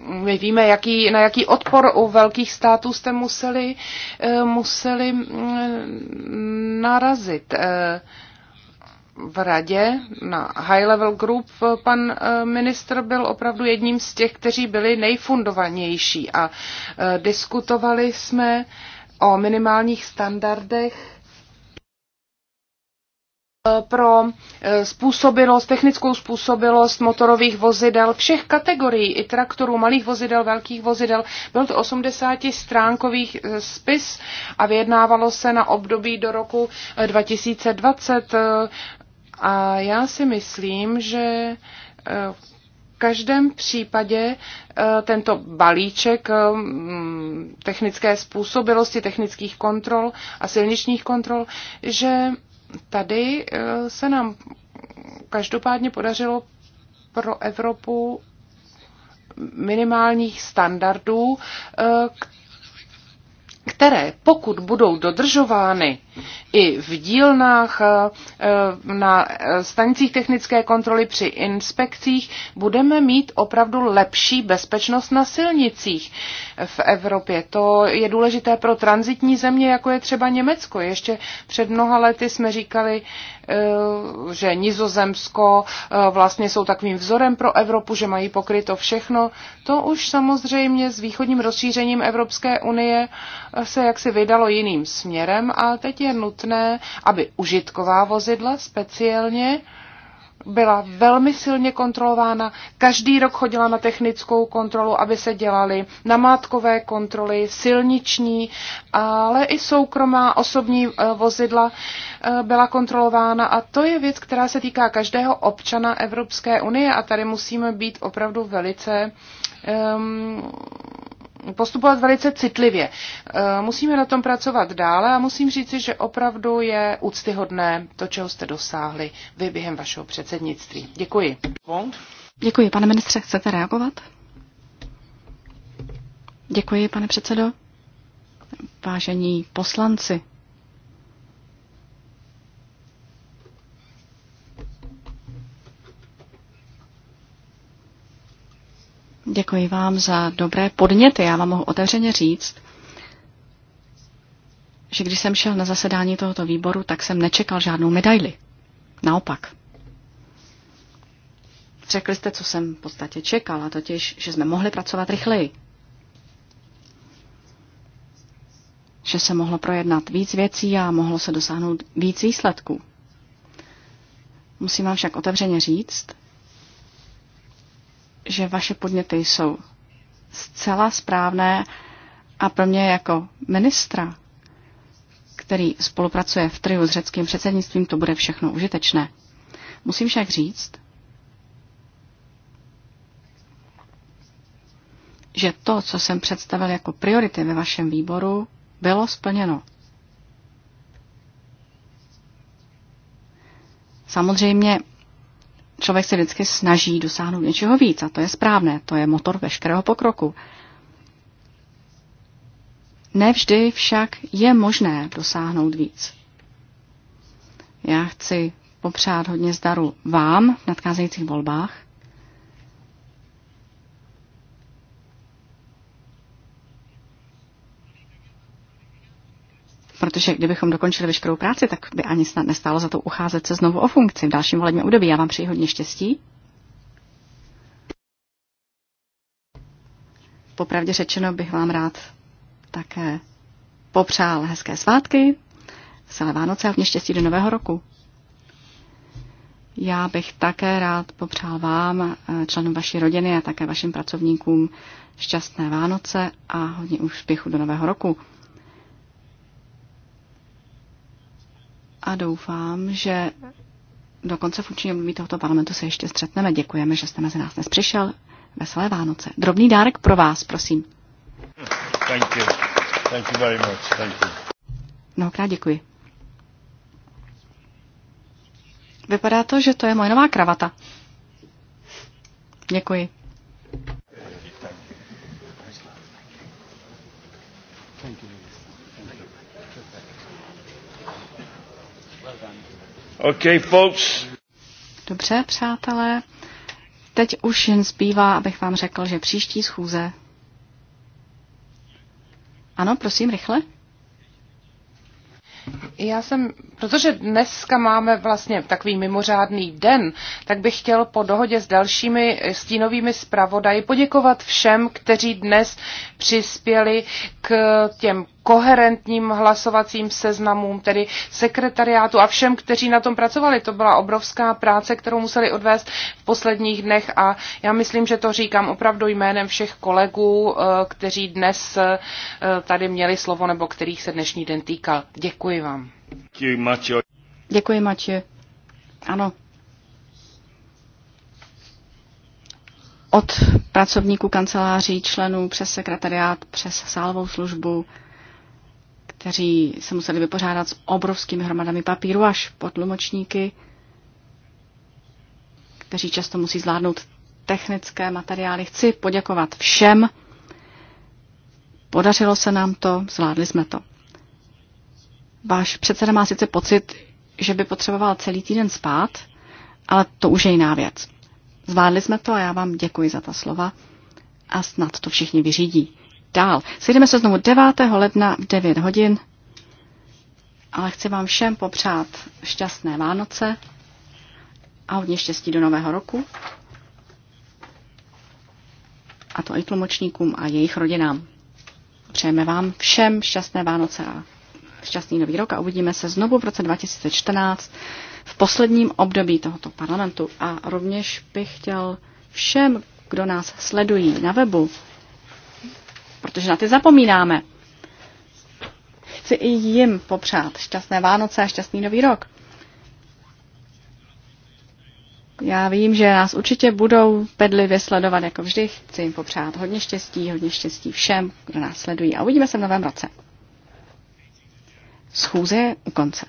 my víme, jaký, na jaký odpor u velkých států jste museli, eh, museli mm, narazit. Eh, v radě na High Level Group pan ministr byl opravdu jedním z těch, kteří byli nejfundovanější a diskutovali jsme o minimálních standardech e, pro e, způsobilost, technickou způsobilost motorových vozidel všech kategorií, i traktorů, malých vozidel, velkých vozidel. Byl to 80 stránkových e, spis a vyjednávalo se na období do roku 2020. A já si myslím, že každém případě eh, tento balíček eh, technické způsobilosti, technických kontrol a silničních kontrol, že tady eh, se nám každopádně podařilo pro Evropu minimálních standardů, které, pokud budou dodržovány i v dílnách, eh, na stanicích technické kontroly při inspekcích, budeme mít opravdu lepší bezpečnost na silnicích v Evropě. To je důležité pro transitní země, jako je třeba Německo. Ještě před mnoha lety jsme říkali, eh, že Nizozemsko eh, vlastně jsou takovým vzorem pro Evropu, že mají pokryto všechno. To už samozřejmě s východním rozšířením Evropské unie se jaksi vydalo jiným směrem a teď je nutné, aby užitková vozidla speciálně byla velmi silně kontrolována. Každý rok chodila na technickou kontrolu, aby se dělaly namátkové kontroly, silniční, ale i soukromá osobní eh, vozidla eh, byla kontrolována. A to je věc, která se týká každého občana Evropské unie a tady musíme být opravdu velice um, postupovat velice citlivě. E, musíme na tom pracovat dále a musím říci, že opravdu je úctyhodné to, čeho jste dosáhli vy během vašeho předsednictví. Děkuji. Děkuji. Pane ministře, chcete reagovat? Děkuji, pane předsedo. Vážení poslanci, Děkuji vám za dobré podněty. Já vám mohu otevřeně říct, že když jsem šel na zasedání tohoto výboru, tak jsem nečekal žádnou medaili. Naopak. Řekli jste, co jsem v podstatě čekal, a totiž, že jsme mohli pracovat rychleji. Že se mohlo projednat víc věcí a mohlo se dosáhnout víc výsledků. Musím vám však otevřeně říct, že vaše podněty jsou zcela správné a pro mě jako ministra, který spolupracuje v triu s řeckým předsednictvím, to bude všechno užitečné. Musím však říct, že to, co jsem představil jako priority ve vašem výboru, bylo splněno. Samozřejmě člověk se vždycky snaží dosáhnout něčeho víc a to je správné, to je motor veškerého pokroku. Nevždy však je možné dosáhnout víc. Já chci popřát hodně zdaru vám v nadcházejících volbách protože kdybychom dokončili veškerou práci, tak by ani snad nestálo za to ucházet se znovu o funkci v dalším volebním období. Já vám přeji hodně štěstí. Popravdě řečeno bych vám rád také popřál hezké svátky, celé Vánoce a hodně štěstí do nového roku. Já bych také rád popřál vám, eh, členům vaší rodiny a také vašim pracovníkům šťastné Vánoce a hodně úspěchu do nového roku. a doufám, že do konce funkčního období tohoto parlamentu se ještě střetneme. Děkujeme, že jste mezi nás dnes přišel. Veselé Vánoce. Drobný dárek pro vás, prosím. Thank you. Thank you very much. Thank you. Mnohokrát děkuji. Vypadá to, že to je moje nová kravata. Děkuji. Okay, folks. Dobře, přátelé. Teď už jen zbývá, abych vám řekl, že příští schůze. Ano, prosím, rychle. Já jsem, protože dneska máme vlastně takový mimořádný den, tak bych chtěl po dohodě s dalšími stínovými zpravodaji poděkovat všem, kteří dnes přispěli k těm koherentním hlasovacím seznamům, tedy sekretariátu a všem, kteří na tom pracovali. To byla obrovská práce, kterou museli odvést v posledních dnech a já myslím, že to říkám opravdu jménem všech kolegů, eh, kteří dnes eh, tady měli slovo nebo kterých se dnešní den týkal. Děkuji vám. Děkuji, Mači. Ano. Od pracovníků kanceláří, členů přes sekretariát, přes sálovou službu, kteří se museli vypořádat s obrovskými hromadami papíru až po tlumočníky, kteří často musí zvládnout technické materiály. Chci poděkovat všem. Podařilo se nám to, zvládli jsme to. Váš předseda má sice pocit, že by potřeboval celý týden spát, ale to už je jiná věc. Zvládli jsme to a já vám děkuji za ta slova a snad to všichni vyřídí dál. Sejdeme se znovu 9. ledna v 9 hodin, ale chci vám všem popřát šťastné Vánoce a hodně štěstí do nového roku. A to i tlumočníkům a jejich rodinám. Přejeme vám všem šťastné Vánoce a šťastný nový rok a uvidíme se znovu v roce 2014 v posledním období tohoto parlamentu. A rovněž bych chtěl všem, kdo nás sledují na webu, protože na ty zapomínáme. Chci i jim popřát šťastné Vánoce a šťastný nový rok. Já vím, že nás určitě budou pedlivě sledovat jako vždy. Chci jim popřát hodně štěstí, hodně štěstí všem, kdo nás sledují a uvidíme se v novém roce. Schůze je u konce.